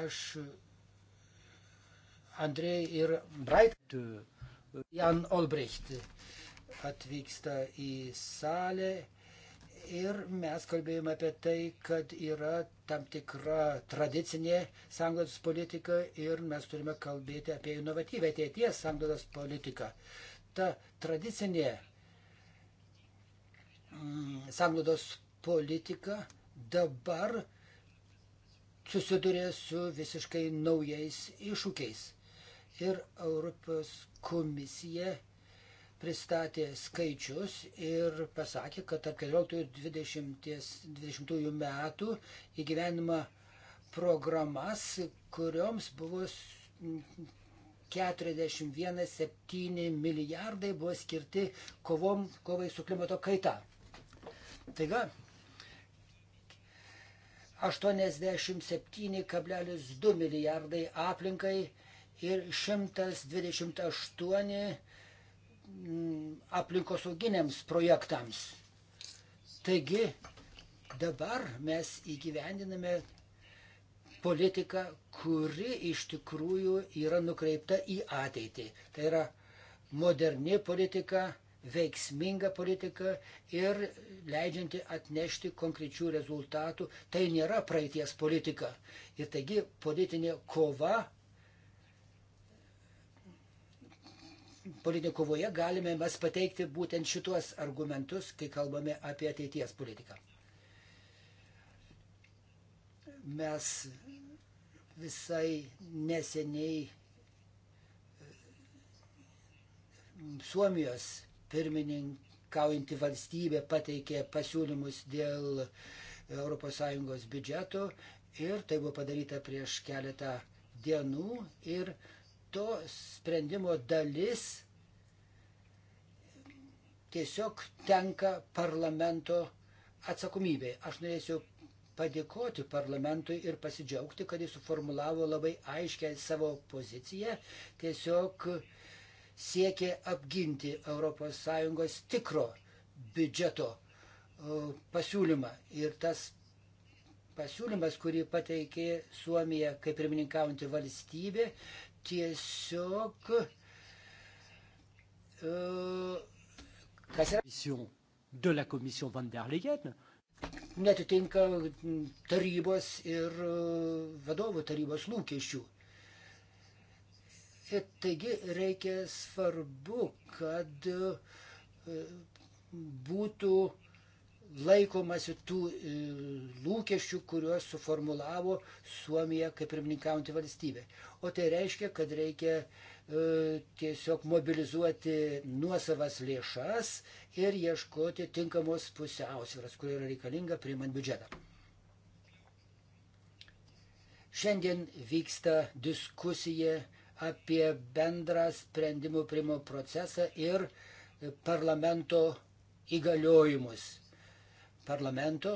Aš Andrei ir Brait, Jan Olbricht atvyksta į salę ir mes kalbėjome apie tai, kad yra tam tikra tradicinė sanglodos politika ir mes turime kalbėti apie inovatyvę ateities sanglodos politiką. Ta tradicinė sanglaudos politika dabar susiduria su visiškai naujais iššūkiais. Ir Europos komisija pristatė skaičius ir pasakė, kad tarp 14-20 metų įgyvenima programas, kurioms buvo 41,7 milijardai buvo skirti kovom, kovai su klimato kaita. Taiga 87,2 milijardai aplinkai ir 128 mm, aplinkosauginiams projektams. Taigi dabar mes įgyvendiname politiką, kuri iš tikrųjų yra nukreipta į ateitį. Tai yra moderni politika, veiksminga politika ir leidžianti atnešti konkrečių rezultatų. Tai nėra praeities politika. Ir taigi politinė kova, politinė kovoje galime mes pateikti būtent šitos argumentus, kai kalbame apie ateities politiką. Mes visai neseniai Suomijos pirmininkaujanti valstybė pateikė pasiūlymus dėl ES biudžeto ir tai buvo padaryta prieš keletą dienų ir to sprendimo dalis tiesiog tenka parlamento atsakomybė. Aš norėsiu padėkoti parlamentui ir pasidžiaugti, kad jis suformulavo labai aiškę savo poziciją. Tiesiog uh, siekė apginti ES tikro biudžeto e, pasiūlymą. Ir tas pasiūlymas, kurį pateikė Suomija kaip pirmininkaujanti valstybė, tiesiog. E, kas yra? De la Commission van der Leyen. Netitinka tarybos ir e, vadovų tarybos lūkesčių. Ir taigi reikia svarbu, kad e, būtų laikomasi tų e, lūkesčių, kuriuos suformulavo Suomija kaip pirmininkaujantį valstybę. O tai reiškia, kad reikia e, tiesiog mobilizuoti nuosavas lėšas ir ieškoti tinkamos pusiausvėros, kuri yra reikalinga priimant biudžetą. Šiandien vyksta diskusija apie bendrą sprendimų primo procesą ir parlamento įgaliojimus. Parlamento,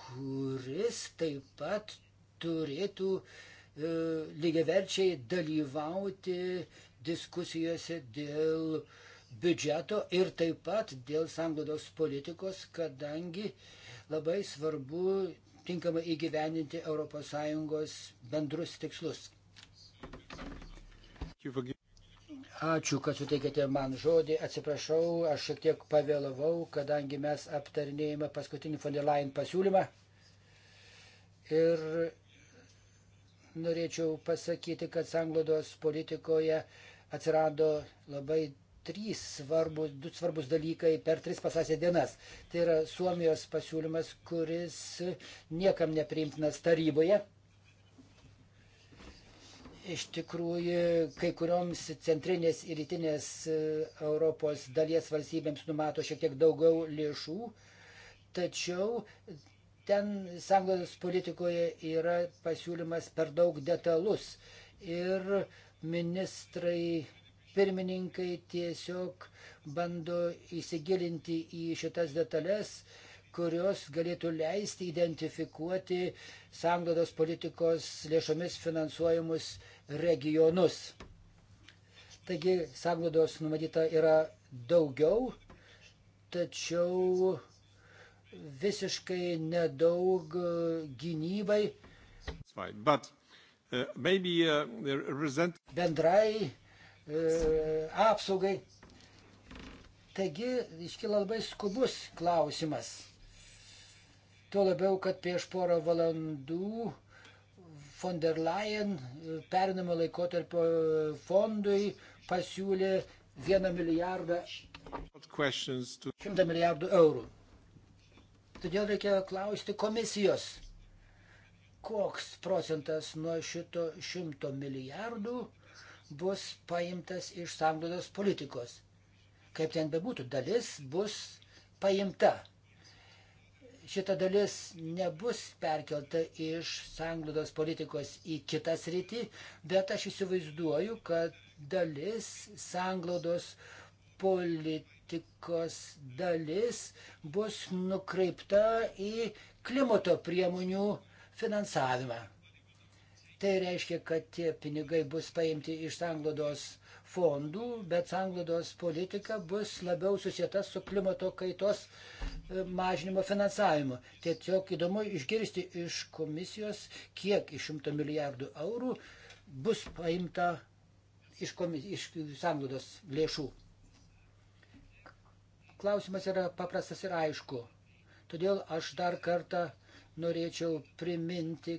kuris taip pat turėtų e, lygiaverčiai dalyvauti diskusijose dėl biudžeto ir taip pat dėl sanglodos politikos, kadangi labai svarbu tinkamai įgyveninti ES bendrus tikslus. Ačiū, kad suteikėte man žodį. Atsiprašau, aš šiek tiek pavėlavau, kadangi mes aptarinėjame paskutinį von der Leyen pasiūlymą. Ir norėčiau pasakyti, kad sanglodos politikoje atsirado labai trys svarbus, du svarbus dalykai per tris pasasė dienas. Tai yra Suomijos pasiūlymas, kuris niekam nepriimtinas taryboje. Iš tikrųjų, kai kurioms centrinės ir rytinės e, Europos dalies valstybėms numato šiek tiek daugiau lėšų, tačiau ten sanglaudos politikoje yra pasiūlymas per daug detalus ir ministrai pirmininkai tiesiog bando įsigilinti į šitas detalės, kurios galėtų leisti identifikuoti sanglados politikos lėšomis finansuojamus regionus. Taigi sanglados numatyta yra daugiau, tačiau visiškai nedaug e, gynybai. But, uh, maybe, uh, resent... Bendrai E, apsaugai. Taigi iškyla labai skubus klausimas. Tuo labiau, kad prieš porą valandų von der Leyen e, perinamo laikotarpio e, fondui pasiūlė 1 milijardą 100 milijardų eurų. Todėl reikia klausti komisijos, koks procentas nuo šito 100 milijardų bus paimtas iš sanglaudos politikos. Kaip ten bebūtų, dalis bus paimta. Šita dalis nebus perkelta iš sanglaudos politikos į kitą sritį, bet aš įsivaizduoju, kad dalis sanglaudos politikos dalis bus nukreipta į klimato priemonių finansavimą. Tai reiškia, kad tie pinigai bus paimti iš sanglodos fondų, bet sanglodos politika bus labiau susieta su klimato kaitos e, mažinimo finansavimu. Tiesiog įdomu išgirsti iš komisijos, kiek iš šimto milijardų eurų bus paimta iš, komis, iš sanglodos lėšų. Klausimas yra paprastas ir aišku. Todėl aš dar kartą norėčiau priminti,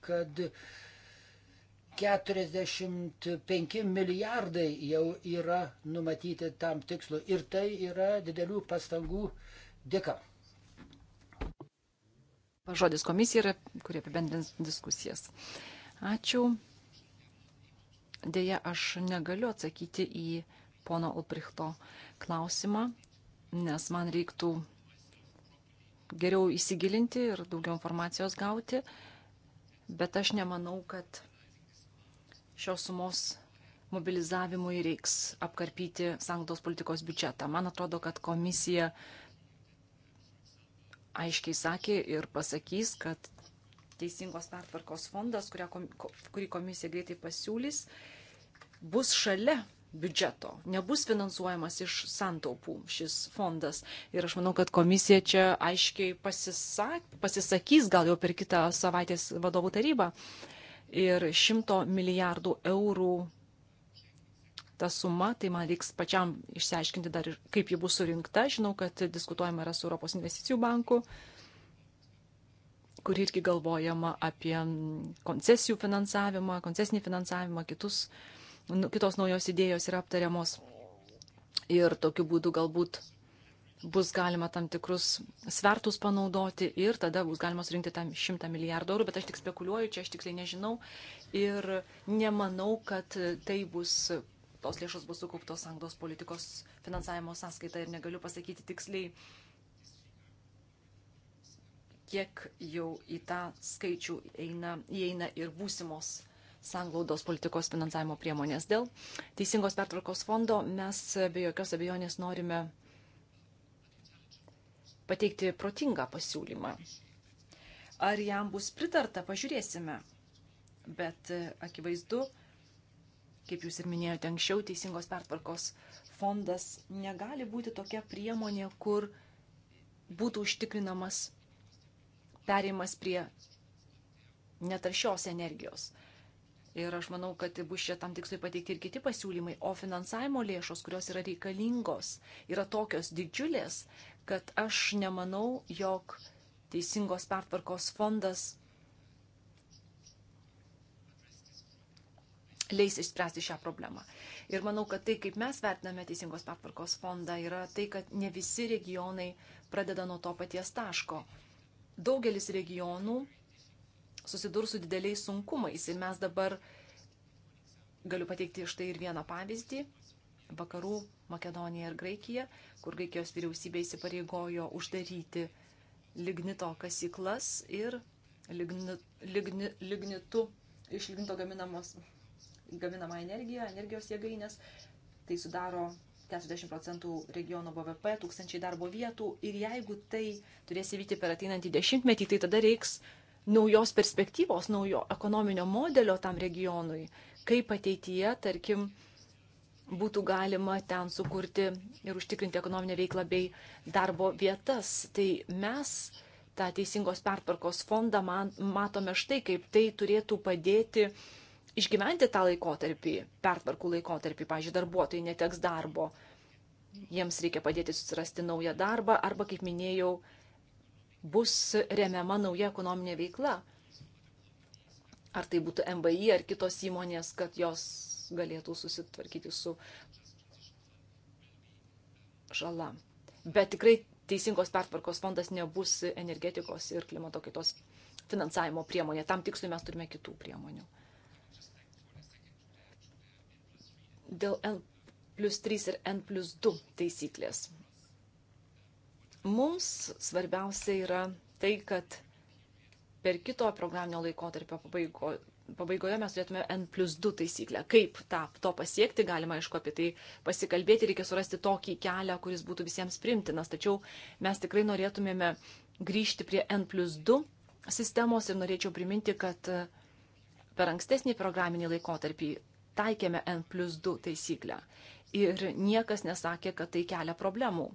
kad 45 milijardai jau yra numatyti tam tikslu ir tai yra didelių pastangų dėka. Žodis komisija yra, kurie apibendrins diskusijas. Ačiū. Deja, aš negaliu atsakyti į pono Ulbrichto klausimą, nes man reiktų geriau įsigilinti ir daugiau informacijos gauti. Uh, bet aš nemanau, kad šios sumos mobilizavimui reiks apkarpyti sanglos politikos biudžetą. Man atrodo, kad komisija aiškiai sakė ir pasakys, kad teisingos pertvarkos fondas, kurį komisija greitai pasiūlys, bus šalia biudžeto, nebus finansuojamas iš santaupų šis fondas. Ir aš manau, kad komisija čia aiškiai pasisak, pasisakys gal jau per kitą savaitės vadovų tarybą. Ir šimto milijardų eurų ta suma, tai man reiks pačiam išsiaiškinti dar ir kaip ji bus surinkta. Žinau, kad diskutuojama yra su Europos investicijų banku, kur irgi galvojama apie koncesijų finansavimą, koncesinį finansavimą, kitus uh, Nu, kitos naujos idėjos yra aptariamos ir tokiu būdu galbūt bus galima tam tikrus svertus panaudoti ir tada bus galima surinkti tam 100 milijardų eurų, bet aš tik spekuliuoju, čia aš tiksliai nežinau ir nemanau, kad tai bus, tos lėšos bus sukauptos anglos politikos finansavimo sąskaita ir negaliu pasakyti tiksliai, kiek jau į tą skaičių eina, įeina ir būsimos sanglaudos politikos finansavimo priemonės. Dėl Teisingos pertvarkos fondo mes be jokios abejonės norime pateikti protingą pasiūlymą. Ar jam bus pritarta, pažiūrėsime. Bet e, akivaizdu, kaip jūs ir minėjote anksčiau, Teisingos pertvarkos fondas negali būti tokia priemonė, kur būtų užtikrinamas perėjimas prie netaršios energijos. Ir aš manau, kad bus čia tam tikslai pateikti ir kiti pasiūlymai, o finansavimo lėšos, kurios yra reikalingos, yra tokios didžiulės, kad aš nemanau, jog teisingos pertvarkos fondas leis išspręsti šią problemą. Ir manau, kad tai, kaip mes vertiname Teisingos pertvarkos fondą, yra tai, kad ne visi regionai pradeda nuo to paties taško. Daugelis regionų susidurs su dideliais sunkumais. Ir mes dabar galiu pateikti štai ir vieną pavyzdį. Vakarų Makedonija ir Graikija, kur Graikijos vyriausybė įsipareigojo uždaryti lignito kasyklas ir ligni, ligni, lignitu, iš lignito gaminamos, gaminama energija, energijos jėgainės. Tai sudaro 40 procentų regiono BVP, tūkstančiai darbo vietų ir jeigu tai turės įvykti per ateinantį dešimtmetį, tai tada reiks naujos perspektyvos, naujo ekonominio modelio tam regionui, kaip ateityje, tarkim, būtų galima ten sukurti ir užtikrinti ekonominę veiklą bei darbo vietas. Tai mes tą teisingos pertvarkos fondą man, matome štai, kaip tai turėtų padėti išgyventi tą laikotarpį, pertvarkų laikotarpį, pažiūrėjau, darbuotojai neteks darbo, jiems reikia padėti susirasti naują darbą arba, kaip minėjau, bus remiama nauja ekonominė veikla. Ar tai būtų MBI ar kitos įmonės, kad jos galėtų susitvarkyti su žala. Bet tikrai teisingos pertvarkos fondas nebus energetikos ir klimato kaitos finansavimo priemonė. Tam tikslui mes turime kitų priemonių. Dėl N plus 3 ir N plus 2 taisyklės. Mums svarbiausia yra tai, kad per kito programinio laikotarpio pabaigo, pabaigoje mes turėtume N plus 2 taisyklę. Kaip tą, to pasiekti, galima aišku apie tai pasikalbėti, reikia surasti tokį kelią, kuris būtų visiems primtinas. Tačiau mes tikrai norėtumėme grįžti prie N plus 2 sistemos ir norėčiau priminti, kad e, per ankstesnį programinį laikotarpį taikėme N plus 2 taisyklę. Ir niekas nesakė, kad tai kelia problemų.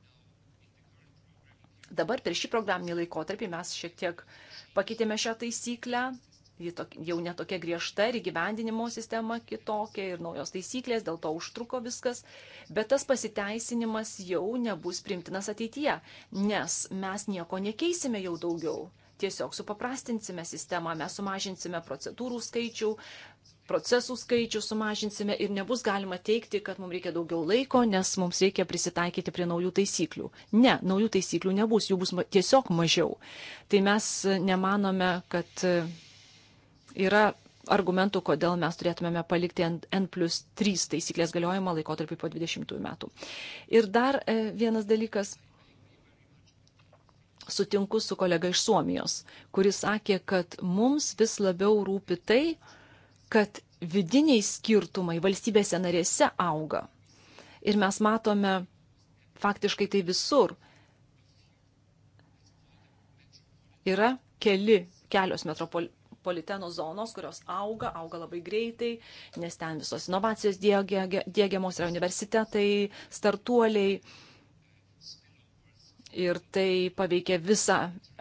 Dabar per šį programinį laikotarpį mes šiek tiek pakeitėme šią taisyklę, ji tok, jau netokia griežta ir gyvendinimo sistema kitokia ir naujos taisyklės, dėl to užtruko viskas, bet tas pasiteisinimas jau nebus primtinas ateityje, nes mes nieko nekeisime jau daugiau. Tiesiog supaprastinsime sistemą, mes sumažinsime procedūrų skaičių, procesų skaičių sumažinsime ir nebus galima teikti, kad mums reikia daugiau laiko, nes mums reikia prisitaikyti prie naujų taisyklių. Ne, naujų taisyklių nebus, jų bus tiesiog mažiau. Tai mes nemanome, kad e, yra argumentų, kodėl mes turėtumėme palikti N plus 3 taisyklės galiojimą laikotarpį po 20 metų. Ir dar e, vienas dalykas. Sutinku su kolega iš Suomijos, kuris sakė, kad mums vis labiau rūpi tai, kad vidiniai skirtumai valstybėse narėse auga. Ir mes matome faktiškai tai visur. Yra keli, kelios metropoliteno zonos, kurios auga, auga labai greitai, nes ten visos inovacijos diegiamos yra universitetai, startuoliai ir tai paveikia visą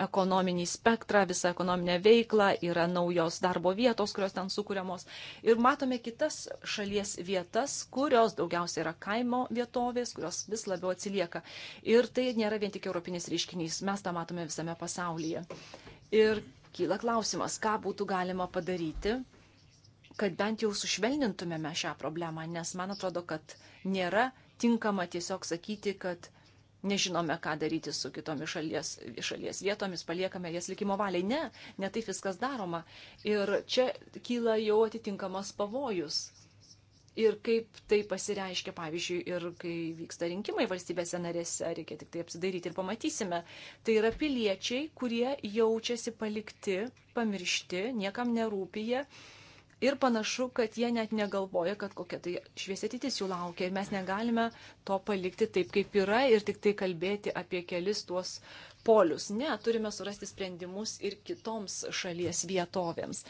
ekonominį spektrą, visą ekonominę veiklą, yra naujos darbo vietos, kurios ten sukūriamos. Ir matome kitas šalies vietas, kurios daugiausia yra kaimo vietovės, kurios vis labiau atsilieka. Ir tai nėra vien tik europinis reiškinys, mes tą matome visame pasaulyje. Ir kyla klausimas, ką būtų galima padaryti kad bent jau sušvelnintumėme šią problemą, nes man atrodo, kad nėra tinkama tiesiog sakyti, kad nežinome, ką daryti su kitomis šalies, šalies vietomis, paliekame jas likimo valiai. Ne, netaip viskas daroma. Ir čia kyla jau atitinkamas pavojus. Ir kaip tai pasireiškia, pavyzdžiui, ir kai vyksta rinkimai valstybėse narėse, reikia tik tai apsidaryti ir pamatysime. Tai yra piliečiai, kurie jaučiasi palikti, pamiršti, niekam nerūpyje ir panašu, kad jie net negalvoja, kad kokia tai šviesi ateitis jų laukia. Ir mes negalime to palikti taip, kaip yra ir tik tai kalbėti apie kelis tuos polius. Ne, turime surasti sprendimus ir kitoms šalies vietovėms.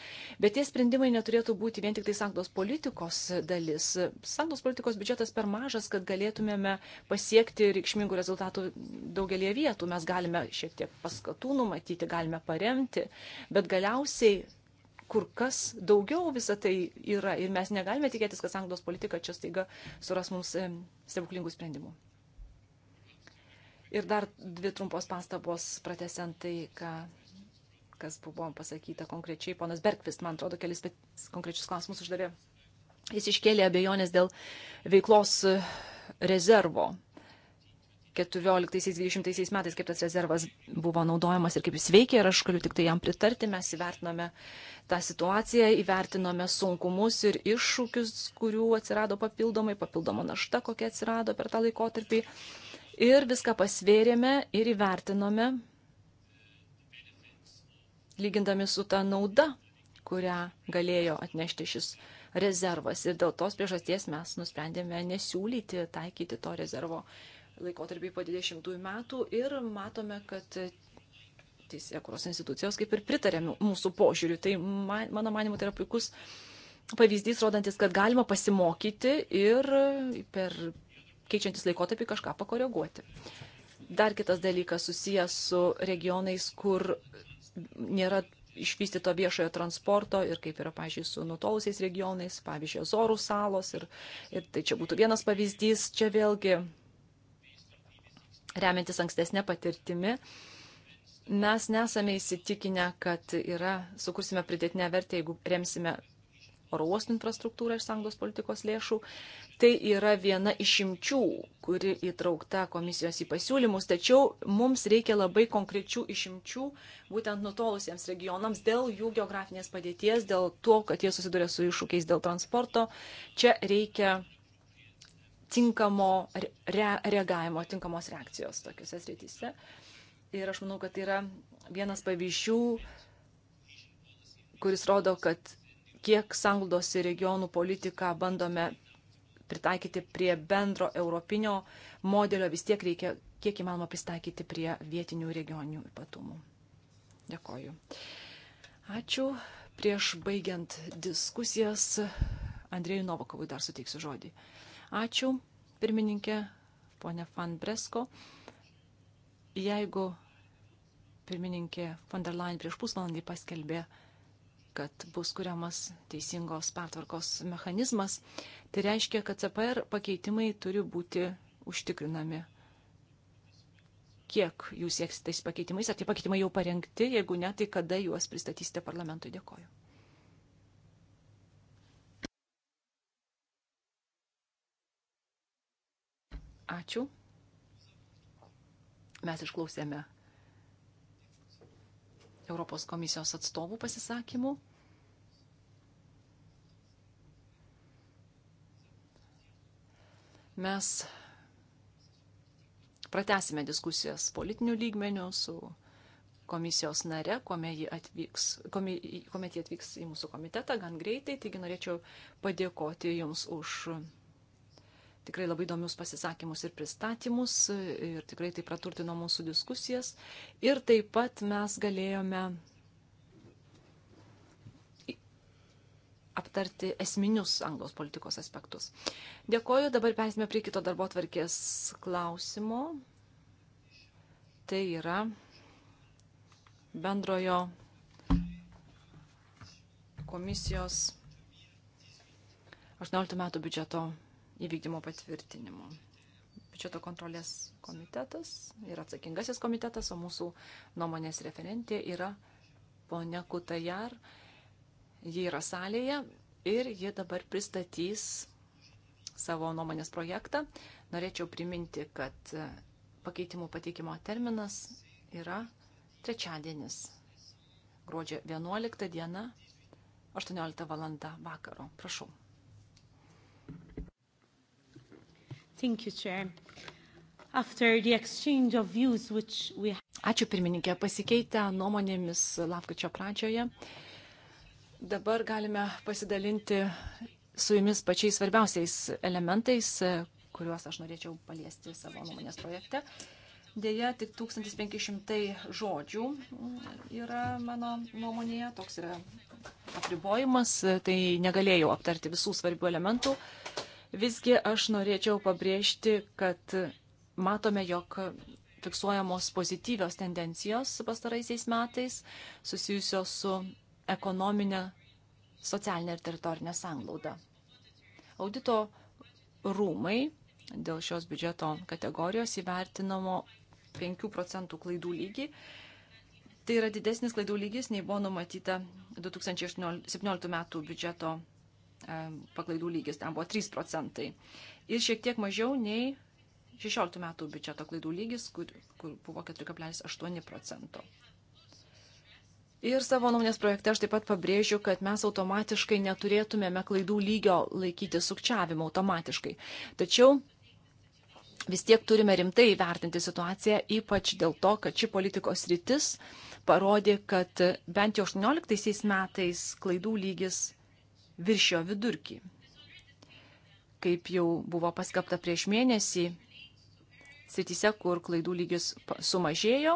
Bet tie sprendimai neturėtų būti vien tik tai sankdos politikos dalis. Sankdos politikos biudžetas per mažas, kad galėtumėme pasiekti reikšmingų rezultatų daugelie vietų. Mes galime šiek tiek paskatų numatyti, galime paremti, bet galiausiai kur kas daugiau visą tai yra ir mes negalime tikėtis, kad sanglos politika čia staiga suras mums stebuklingų sprendimų. Ir dar dvi trumpos pastabos, pratesiant tai, ką, kas buvo pasakyta konkrečiai. Ponas Bergvist, man atrodo, kelis konkrečius klausimus uždavė. Jis iškėlė abejonės dėl veiklos rezervo 14-20 metais, kaip tas rezervas buvo naudojamas ir kaip jis veikia ir aš galiu tik tai jam pritarti, mes įvertinome tą situaciją, įvertinome sunkumus ir iššūkius, kurių atsirado papildomai, papildoma našta, kokia atsirado per tą laikotarpį ir viską pasvėrėme ir įvertinome, lygindami su ta nauda, kurią galėjo atnešti šis rezervas ir dėl tos priežasties mes nusprendėme nesiūlyti taikyti to rezervo laikotarpį po 20 metų ir matome, kad teisėkuros institucijos kaip ir pritarė mūsų požiūriu. Tai man, mano manimu tai yra puikus pavyzdys, rodantis, kad galima pasimokyti ir per keičiantis laikotarpį kažką pakoreguoti. Dar kitas dalykas susijęs su regionais, kur nėra išvystyto viešojo transporto ir kaip yra, pažiūrėjau, su nutolusiais regionais, pavyzdžiui, Zorų salos ir, ir tai čia būtų vienas pavyzdys, čia vėlgi remiantis ankstesnė patirtimi, mes nesame įsitikinę, kad yra, sukursime pridėtinę vertę, jeigu remsime oro uostų infrastruktūrą iš sąjungos politikos lėšų. Tai yra viena išimčių, kuri įtraukta komisijos į pasiūlymus, tačiau mums reikia labai konkrečių išimčių būtent nutolusiems regionams dėl jų geografinės padėties, dėl to, kad jie susiduria su iššūkiais dėl transporto. Čia reikia tinkamo re, reagavimo, tinkamos reakcijos tokiuose srityse. Ir aš manau, kad tai yra vienas pavyzdžių, kuris rodo, kad kiek sanglaudos ir regionų politiką bandome pritaikyti prie bendro europinio modelio, vis tiek reikia kiek įmanoma pristaikyti prie vietinių regioninių ypatumų. Dėkoju. Ačiū. Prieš baigiant diskusijas, Andrėjui Novakovui dar suteiksiu žodį. Uh, Ačiū, pirmininkė, ponė Fan Bresko. Jeigu pirmininkė von der Leyen prieš pusvalandį paskelbė, kad bus kuriamas teisingos pertvarkos mechanizmas, tai reiškia, kad CPR pakeitimai turi būti užtikrinami. Kiek jūs sieksite tais pakeitimais, ar tie pakeitimai jau parengti, jeigu ne, tai kada juos pristatysite parlamentui? Dėkoju. Ačiū. Mes išklausėme Europos komisijos atstovų pasisakymų. Mes pratesime diskusijas politinių lygmenių su komisijos nare, kuomet ji atvyks, kuomet ji atvyks į mūsų komitetą gan greitai. Taigi norėčiau padėkoti Jums už tikrai labai įdomius pasisakymus ir pristatymus ir tikrai tai praturtino mūsų diskusijas. Ir taip pat mes galėjome aptarti esminius anglos politikos aspektus. Dėkoju, dabar persime prie kito darbo tvarkės klausimo. Tai yra bendrojo komisijos 18 metų biudžeto įvykdymo patvirtinimu. Biudžeto kontrolės komitetas yra atsakingasis komitetas, o mūsų nuomonės referentė yra ponia Kutajar. Ji yra salėje ir ji dabar pristatys savo nuomonės projektą. Norėčiau priminti, kad pakeitimų pateikimo terminas yra trečiadienis, gruodžio 11 diena, 18 val. vakaro. Prašau. Thank you, Chair. After the exchange of views which we Ačiū pirmininkė, pasikeitę nuomonėmis lapkričio pradžioje. Dabar galime pasidalinti su jumis pačiais svarbiausiais elementais, kuriuos aš norėčiau paliesti savo nuomonės projekte. Deja, tik 1500 žodžių yra mano nuomonėje, toks yra apribojimas, tai negalėjau aptarti visų svarbių elementų. Uh, Visgi aš norėčiau pabrėžti, kad matome, jog fiksuojamos pozityvios tendencijos pastaraisiais metais susijusios su ekonominė, socialinė ir teritorinė sanglauda. Audito rūmai dėl šios biudžeto kategorijos įvertinamo 5 procentų klaidų lygį. Tai yra didesnis klaidų lygis, nei buvo numatyta 2017 metų biudžeto E, paklaidų lygis, ten buvo 3 procentai. Ir šiek tiek mažiau nei 16 metų biudžeto klaidų lygis, kur, kur buvo 4,8 procento. Ir savo nuomonės projekte aš taip pat pabrėžiu, kad mes automatiškai neturėtumėme klaidų lygio laikyti sukčiavimo automatiškai. Tačiau vis tiek turime rimtai vertinti situaciją, ypač dėl to, kad ši politikos rytis parodė, kad bent jau 18 metais klaidų lygis viršio vidurkį. Kaip jau buvo paskapta prieš mėnesį, srityse, kur klaidų lygis sumažėjo,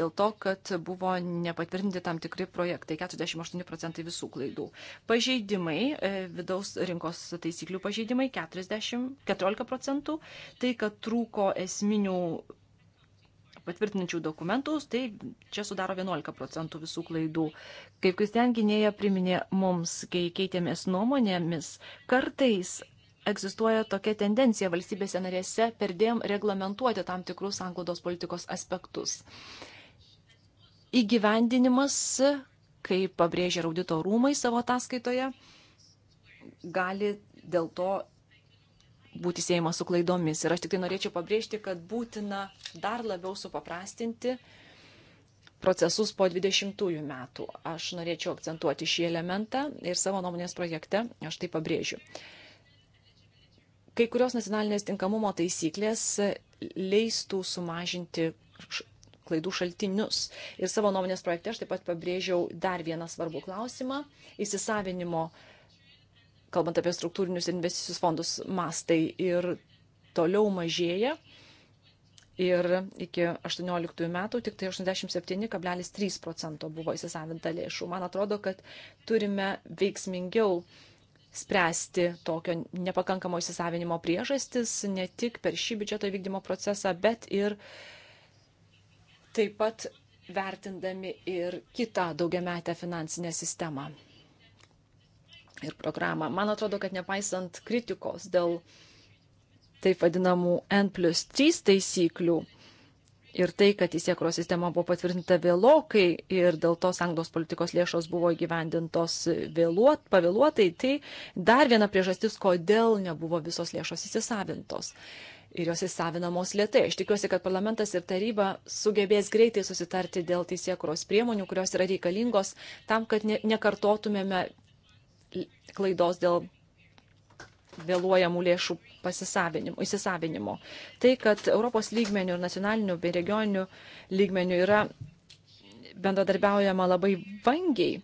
dėl to, kad buvo nepatvirtinti tam tikri projektai, 48 procentai visų klaidų. Pažeidimai, e, vidaus rinkos taisyklių pažeidimai 40, 14 procentų, tai, kad trūko esminių patvirtinančių dokumentus, tai čia sudaro 11 procentų visų klaidų. Kaip Kristian Gynėja priminė mums, kai keitėmės nuomonėmis, kartais egzistuoja tokia tendencija valstybėse narėse perdėm reglamentuoti tam tikrus anglodos politikos aspektus. Įgyvendinimas, kaip pabrėžia audito rūmai savo ataskaitoje, gali dėl to būti siejama su klaidomis. Ir aš tik tai norėčiau pabrėžti, kad būtina dar labiau supaprastinti procesus po 20 metų. Aš norėčiau akcentuoti šį elementą ir savo nuomonės projekte aš tai pabrėžiu. Kai kurios nacionalinės tinkamumo taisyklės leistų sumažinti klaidų šaltinius. Ir savo nuomonės projekte aš taip pat pabrėžiau dar vieną svarbų klausimą - įsisavinimo uh, kalbant apie struktūrinius investicinius fondus, mastai ir toliau mažėja. Ir iki 18 metų tik tai 87,3 procento buvo įsisavinta lėšų. Man atrodo, kad turime veiksmingiau spręsti tokio nepakankamo įsisavinimo priežastis ne tik per šį biudžeto įvykdymo procesą, bet ir taip pat vertindami ir kitą daugiametę finansinę sistemą ir programą. Man atrodo, kad nepaisant kritikos dėl taip vadinamų N plus 3 taisyklių ir tai, kad įsiekros sistema buvo patvirtinta vėlokai ir dėl to sanglos politikos lėšos buvo įgyvendintos vėluot, pavėluotai, tai dar viena priežastis, kodėl nebuvo visos lėšos įsisavintos. Ir jos įsavinamos lietai. Aš tikiuosi, kad parlamentas ir taryba sugebės greitai susitarti dėl teisėkuros priemonių, kurios yra reikalingos tam, kad ne, nekartotumėme klaidos dėl vėluojamų lėšų įsisavinimo. Tai, kad Europos lygmenių ir nacionalinių bei regioninių lygmenių yra bendradarbiaujama labai vangiai,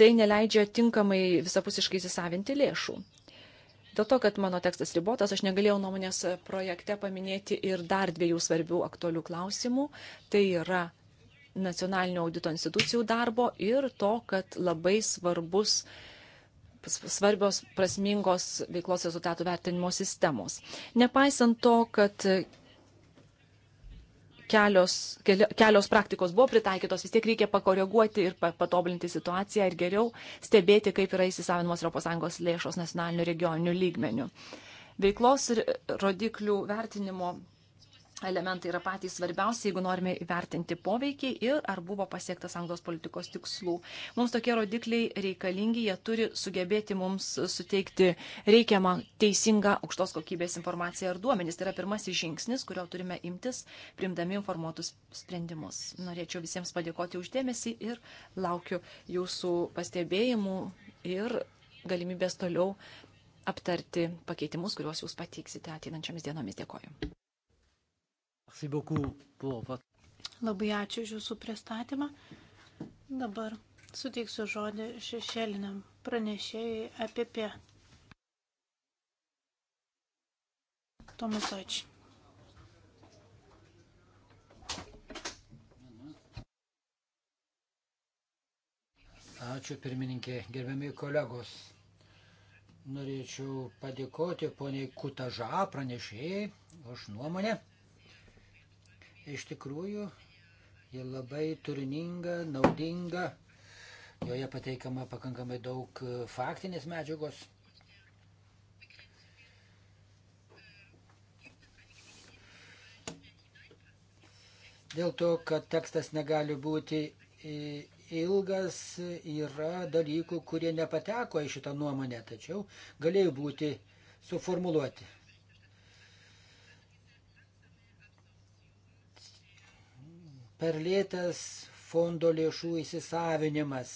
tai neleidžia tinkamai visapusiškai įsisavinti lėšų. Dėl to, kad mano tekstas ribotas, aš negalėjau nuomonės projekte paminėti ir dar dviejų svarbių aktualių klausimų. Tai yra nacionalinio audito institucijų darbo ir to, kad labai svarbus svarbios prasmingos veiklos rezultatų vertinimo sistemos. Nepaisant to, kad kelios, kelios praktikos buvo pritaikytos, vis tiek reikia pakoreguoti ir patobulinti situaciją ir geriau stebėti, kaip yra įsisavinamos ES lėšos nacionaliniu regioniniu lygmeniu. Veiklos rodiklių vertinimo elementai yra patys svarbiausi, jeigu norime įvertinti poveikį ir ar buvo pasiektas anglos politikos tikslų. Mums tokie rodikliai reikalingi, jie turi sugebėti mums suteikti reikiamą teisingą aukštos kokybės informaciją ir duomenys. Tai yra pirmasis žingsnis, kurio turime imtis, primdami informuotus sprendimus. Norėčiau visiems padėkoti uždėmesį ir laukiu jūsų pastebėjimų ir galimybės toliau aptarti pakeitimus, kuriuos jūs pateiksite ateinančiamis dienomis. Dėkoju. Labai ačiū už Jūsų pristatymą. Dabar suteiksiu žodį šešėliniam pranešėjai apie pie. Tomas Ačiū. Ačiū pirmininkė, gerbiami kolegos. Norėčiau padėkoti poniai Kutaža pranešėjai už nuomonę. Iš tikrųjų, ji labai turininga, naudinga, joje pateikama pakankamai daug e, faktinės medžiagos. Dėl to, kad tekstas negali būti ilgas, yra dalykų, kurie nepateko į šitą nuomonę, tačiau galėjo būti suformuluoti. per lėtas fondo lėšų įsisavinimas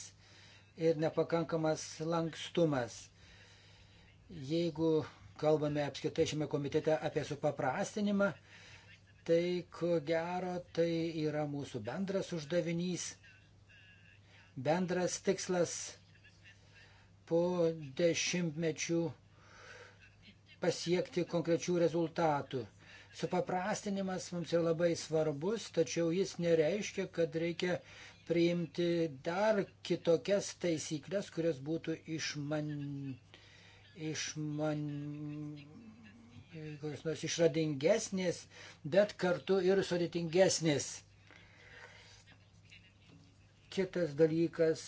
ir nepakankamas lankstumas. Jeigu kalbame apskritai šiame komitete apie supaprastinimą, tai ko gero tai yra mūsų bendras uždavinys, bendras tikslas po dešimtmečių pasiekti konkrečių rezultatų. Supaprastinimas mums yra labai svarbus, tačiau jis nereiškia, kad reikia priimti dar kitokias taisyklės, kurios būtų išman... išman kokios nors išradingesnės, bet kartu ir sudėtingesnės. Kitas dalykas,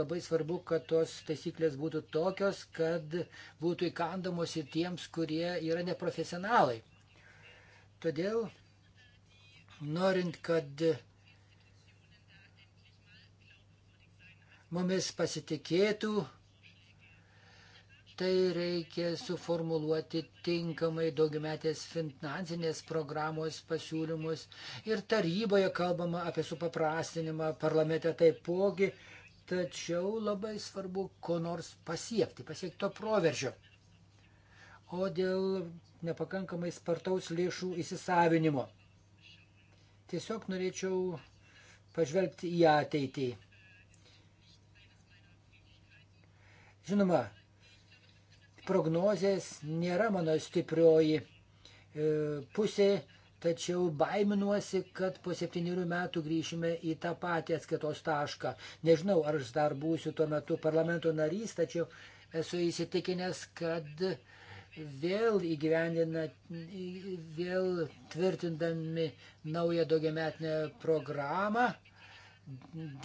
labai svarbu, kad tos taisyklės būtų tokios, kad būtų įkandamos ir tiems, kurie yra neprofesionalai. Todėl, norint, kad mumis pasitikėtų, tai reikia suformuluoti tinkamai daugiametės finansinės programos pasiūlymus. Ir taryboje kalbama apie supaprastinimą, parlamente taipogi, tačiau labai svarbu, ko nors pasiekti, pasiekto proveržio. O dėl nepakankamai spartaus lėšų įsisavinimo. Tiesiog norėčiau pažvelgti į ateitį. Žinoma, prognozės nėra mano stiprioji e, pusė, tačiau baiminuosi, kad po septynių metų grįšime į tą patį atskaitos tašką. Nežinau, ar aš dar būsiu tuo metu parlamento narys, tačiau esu įsitikinęs, kad uh, vėl įgyvendina, vėl tvirtindami naują daugiametinę programą,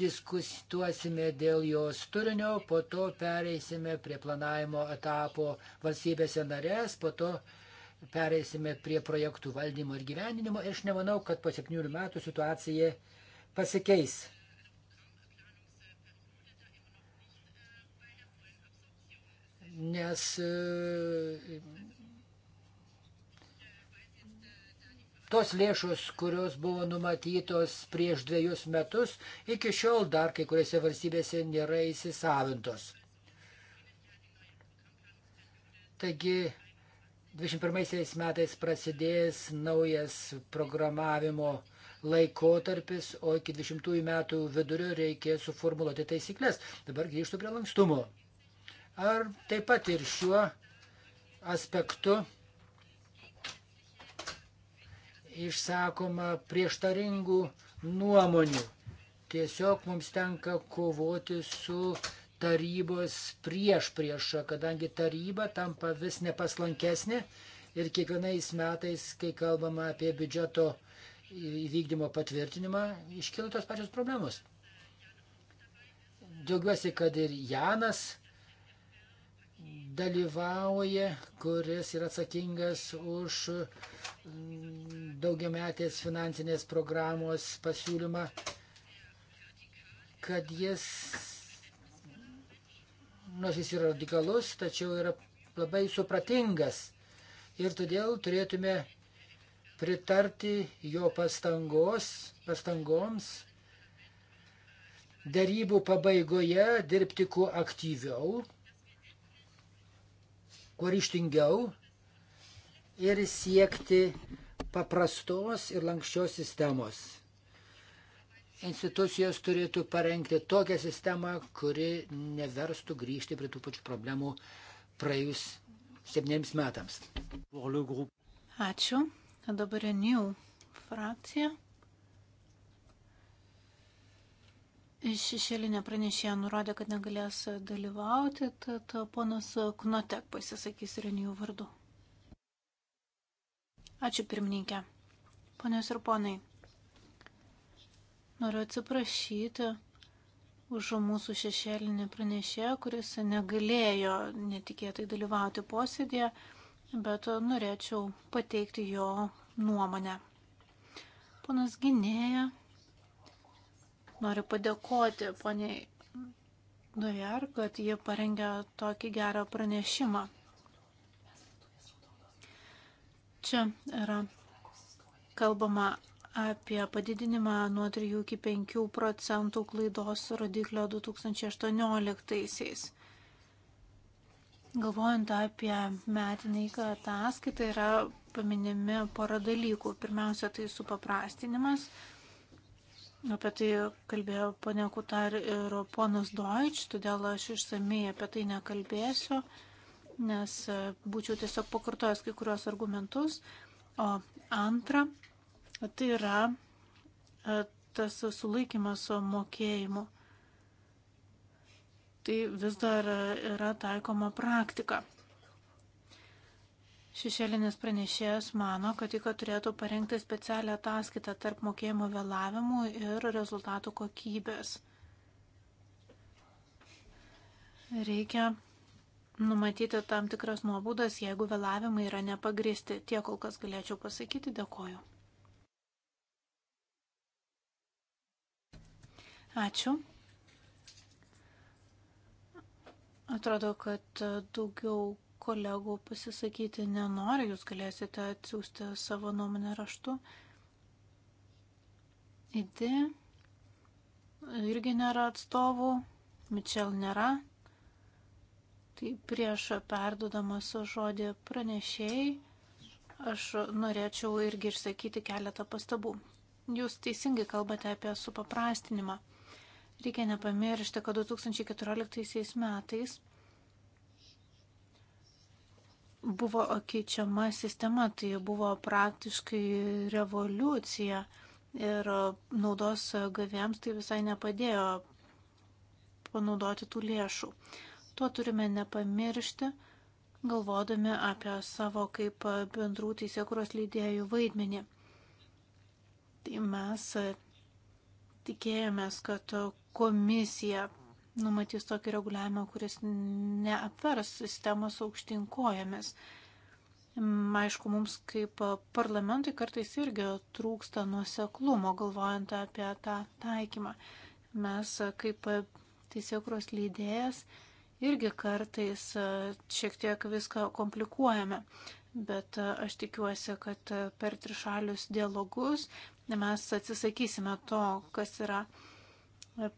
diskutuosime dėl jos turinio, po to pereisime prie planavimo etapo valstybėse narės, po to pereisime prie projektų valdymo ir gyveninimo. Aš nemanau, kad po septynių metų situacija pasikeis. nes e, tos lėšos, kurios buvo numatytos prieš dviejus metus, iki šiol dar kai kuriuose valstybėse nėra įsisavintos. Taigi 21 metais prasidės naujas programavimo laikotarpis, o iki 20 metų vidurio reikės suformuoluoti taisyklės. Dabar grįžtų prie lankstumo. Ar taip pat ir šiuo aspektu išsakoma prieštaringų nuomonių. Tiesiog mums tenka kovoti su tarybos prieš priešą, kadangi taryba tampa vis nepaslankesnė ir kiekvienais metais, kai kalbama apie biudžeto įvykdymo patvirtinimą, iškilo tos pačios problemos. Džiaugiuosi, kad ir Janas dalyvauja, kuris yra atsakingas už daugiametės finansinės programos pasiūlymą, kad jis, nors jis yra radikalus, tačiau yra labai supratingas. Ir todėl turėtume pritarti jo pastangos, pastangoms darybų pabaigoje dirbti kuo aktyviau, kuo ryštingiau ir siekti paprastos ir lankščios sistemos. Institucijos turėtų parengti tokią sistemą, kuri neverstų grįžti prie tų pačių problemų praėjus septyniems metams. Ačiū. Dabar Renew frakcija. Šešėlinė pranešėja nurodė, kad negalės dalyvauti, tad ponas Knotek pasisakys Renijų vardu. Ačiū pirmininkė. Ponios ir ponai, noriu atsiprašyti už mūsų šešėlinį pranešėją, kuris negalėjo netikėtai dalyvauti posėdėje, bet norėčiau pateikti jo nuomonę. Ponas gynėja Noriu padėkoti poniai Dujar, kad ji parengė tokį gerą pranešimą. Čia yra kalbama apie padidinimą nuo 3 iki 5 procentų klaidos rodiklio 2018-aisiais. Galvojant apie metinį ataskaitą, yra paminimi pora dalykų. Pirmiausia, tai supaprastinimas. paprastinimas Apie tai kalbėjo ponia Kutar ir ponas Deutsch, todėl aš išsamei apie tai nekalbėsiu, nes e, būčiau tiesiog pakartojęs kai kurios argumentus. O antra, tai yra e, tas sulaikimas mokėjimu. Tai vis dar e, yra taikoma praktika. Šešėlinis pranešėjas mano, kad IKA turėtų parengti specialią ataskaitą tarp mokėjimo vėlavimų ir rezultatų kokybės. Reikia numatyti tam tikras nuobaudas, jeigu vėlavimai yra nepagristi. Tiek kol kas galėčiau pasakyti. Dėkoju. Ačiū. Atrodo, kad daugiau kolegų pasisakyti nenori, jūs galėsite atsiųsti savo nuomonę raštu. Idi irgi nėra atstovų, Mičel nėra. Tai prieš perdudamas žodį pranešėjai, aš norėčiau irgi išsakyti keletą pastabų. Jūs teisingai kalbate apie supaprastinimą. Reikia nepamiršti, kad 2014 metais buvo keičiama sistema, tai buvo praktiškai revoliucija ir naudos gavėjams tai visai nepadėjo panaudoti tų lėšų. Tuo turime nepamiršti, galvodami apie savo kaip bendrų teisėkuros leidėjų vaidmenį. Tai mes tikėjomės, kad komisija numatys tokį reguliavimą, kuris neapvers sistemos aukštinkojomis. Aišku, mums kaip parlamentui kartais irgi trūksta nuoseklumo, galvojant apie tą taikymą. Mes kaip teisėkros lydėjas irgi kartais šiek tiek viską komplikuojame, bet aš tikiuosi, kad per trišalius dialogus mes atsisakysime to, kas yra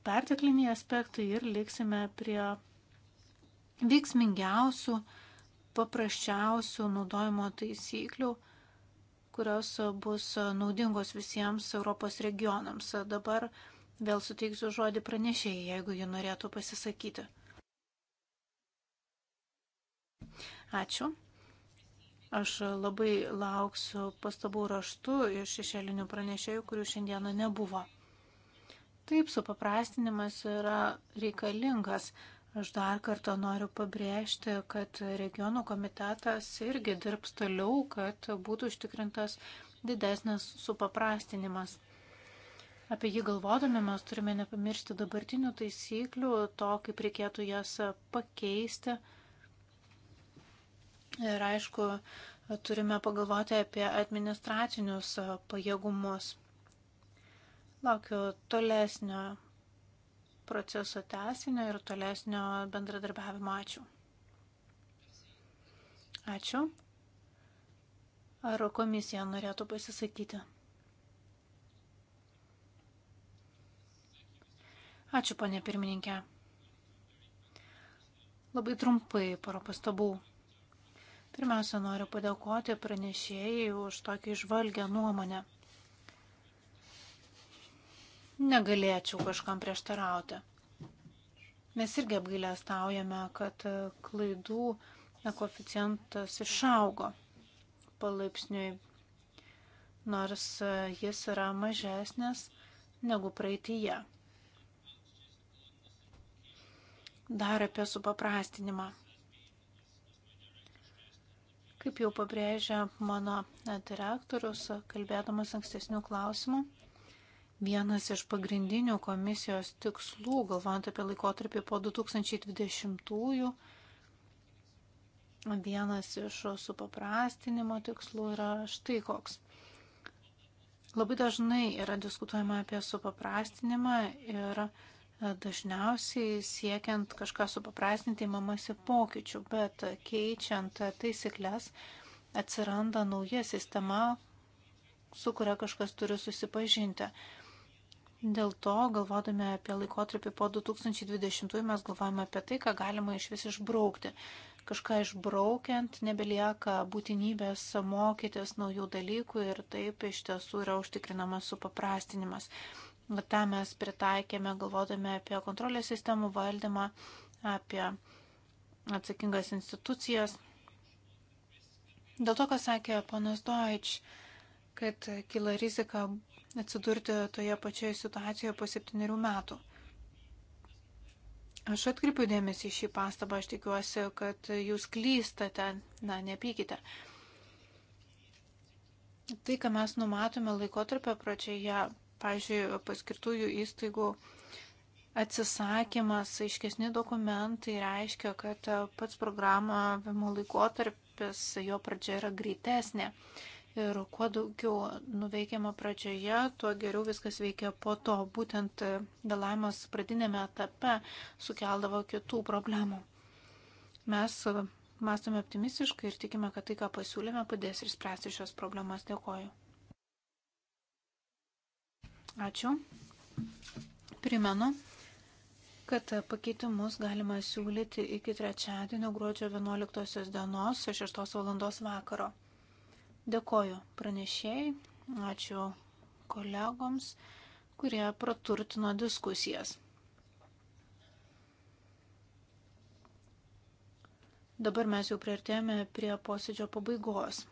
pertekliniai aspektai ir liksime prie veiksmingiausių, paprasčiausių naudojimo taisyklių, kurios bus naudingos visiems Europos regionams. Dabar vėl suteiksiu žodį pranešėjai, jeigu ji norėtų pasisakyti. Ačiū. Aš labai lauksiu pastabų raštų iš šešėlinių pranešėjų, kurių šiandieną nebuvo. Taip, supaprastinimas yra reikalingas. Aš dar kartą noriu pabrėžti, kad regionų komitetas irgi dirbs toliau, kad būtų užtikrintas didesnis supaprastinimas. Apie jį galvodami mes turime nepamiršti dabartinių taisyklių, to, kaip reikėtų jas pakeisti. Ir aišku, turime pagalvoti apie administracinius pajėgumus. Laukiu tolesnio proceso tęsinio ir tolesnio bendradarbiavimo. Ačiū. Ačiū. Ar komisija norėtų pasisakyti? Ačiū, ponė pirmininkė. Labai trumpai paro pastabų. Pirmiausia, noriu padėkoti pranešėjai už tokį išvalgę nuomonę. Negalėčiau kažkam prieštarauti. Mes irgi apgailę staujame, kad e, klaidų koeficientas išaugo palaipsniui, nors e, jis yra mažesnis negu praeitįje. Dar apie supaprastinimą. Kaip jau pabrėžė mano e, direktorius, kalbėdamas ankstesnių klausimų, Vienas iš pagrindinių komisijos tikslų, galvojant apie laikotarpį po 2020-ųjų, vienas iš supaprastinimo tikslų yra štai koks. Labai dažnai yra diskutuojama apie supaprastinimą ir e, dažniausiai siekiant kažką supaprastinti įmamasi pokyčių, bet keičiant taisyklės atsiranda nauja sistema, su kuria kažkas turi susipažinti. Dėl to, galvodami apie laikotarpį po 2020, mes galvojame apie tai, ką galima iš vis išbraukti. Kažką išbraukiant nebelieka būtinybės mokytis naujų dalykų ir taip iš tiesų yra užtikrinamas supaprastinimas. Bet tą mes pritaikėme galvodami apie kontrolės sistemų valdymą, apie atsakingas institucijas. Dėl to, ką sakė ponas Deutsch, kad kila rizika atsidurti toje pačioje situacijoje po septyniarių metų. Aš atkreipiu dėmesį į šį pastabą, aš tikiuosi, kad jūs klystate, na, nepykite. Tai, ką mes numatome laikotarpio pradžioje, pažiūrėjau, paskirtųjų įstaigų atsisakymas, aiškesni dokumentai reiškia, kad pats programavimo laikotarpis, jo pradžia yra greitesnė. Ir kuo daugiau nuveikiama pradžioje, tuo geriau viskas veikia po to. Būtent vėlavimas pradinėme etape sukeldavo kitų problemų. Mes mąstome optimistiškai ir tikime, kad tai, ką pasiūlėme, padės ir spręsti šios problemas. Dėkoju. Ačiū. Primenu, kad pakeitimus galima siūlyti iki trečiadienio gruodžio 11 dienos 6 val. vakaro. Dėkoju pranešėjai, ačiū kolegoms, kurie praturtino diskusijas. Dabar mes jau priartėjome prie posėdžio pabaigos.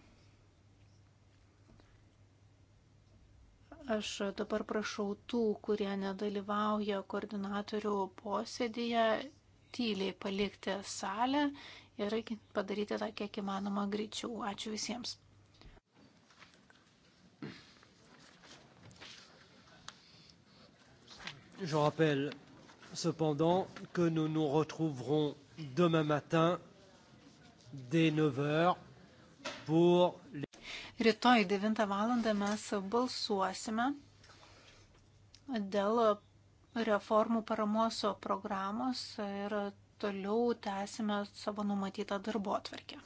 Aš dabar prašau tų, kurie nedalyvauja koordinatorių posėdėje, tyliai palikti salę ir padaryti tą kiek įmanoma greičiau. Ačiū visiems. Je rappelle cependant que nous nous retrouverons demain matin dès 9h pour les... Rytoj 9 val. mes balsuosime dėl reformų paramos programos ir toliau tęsime savo numatytą darbo atvarkę.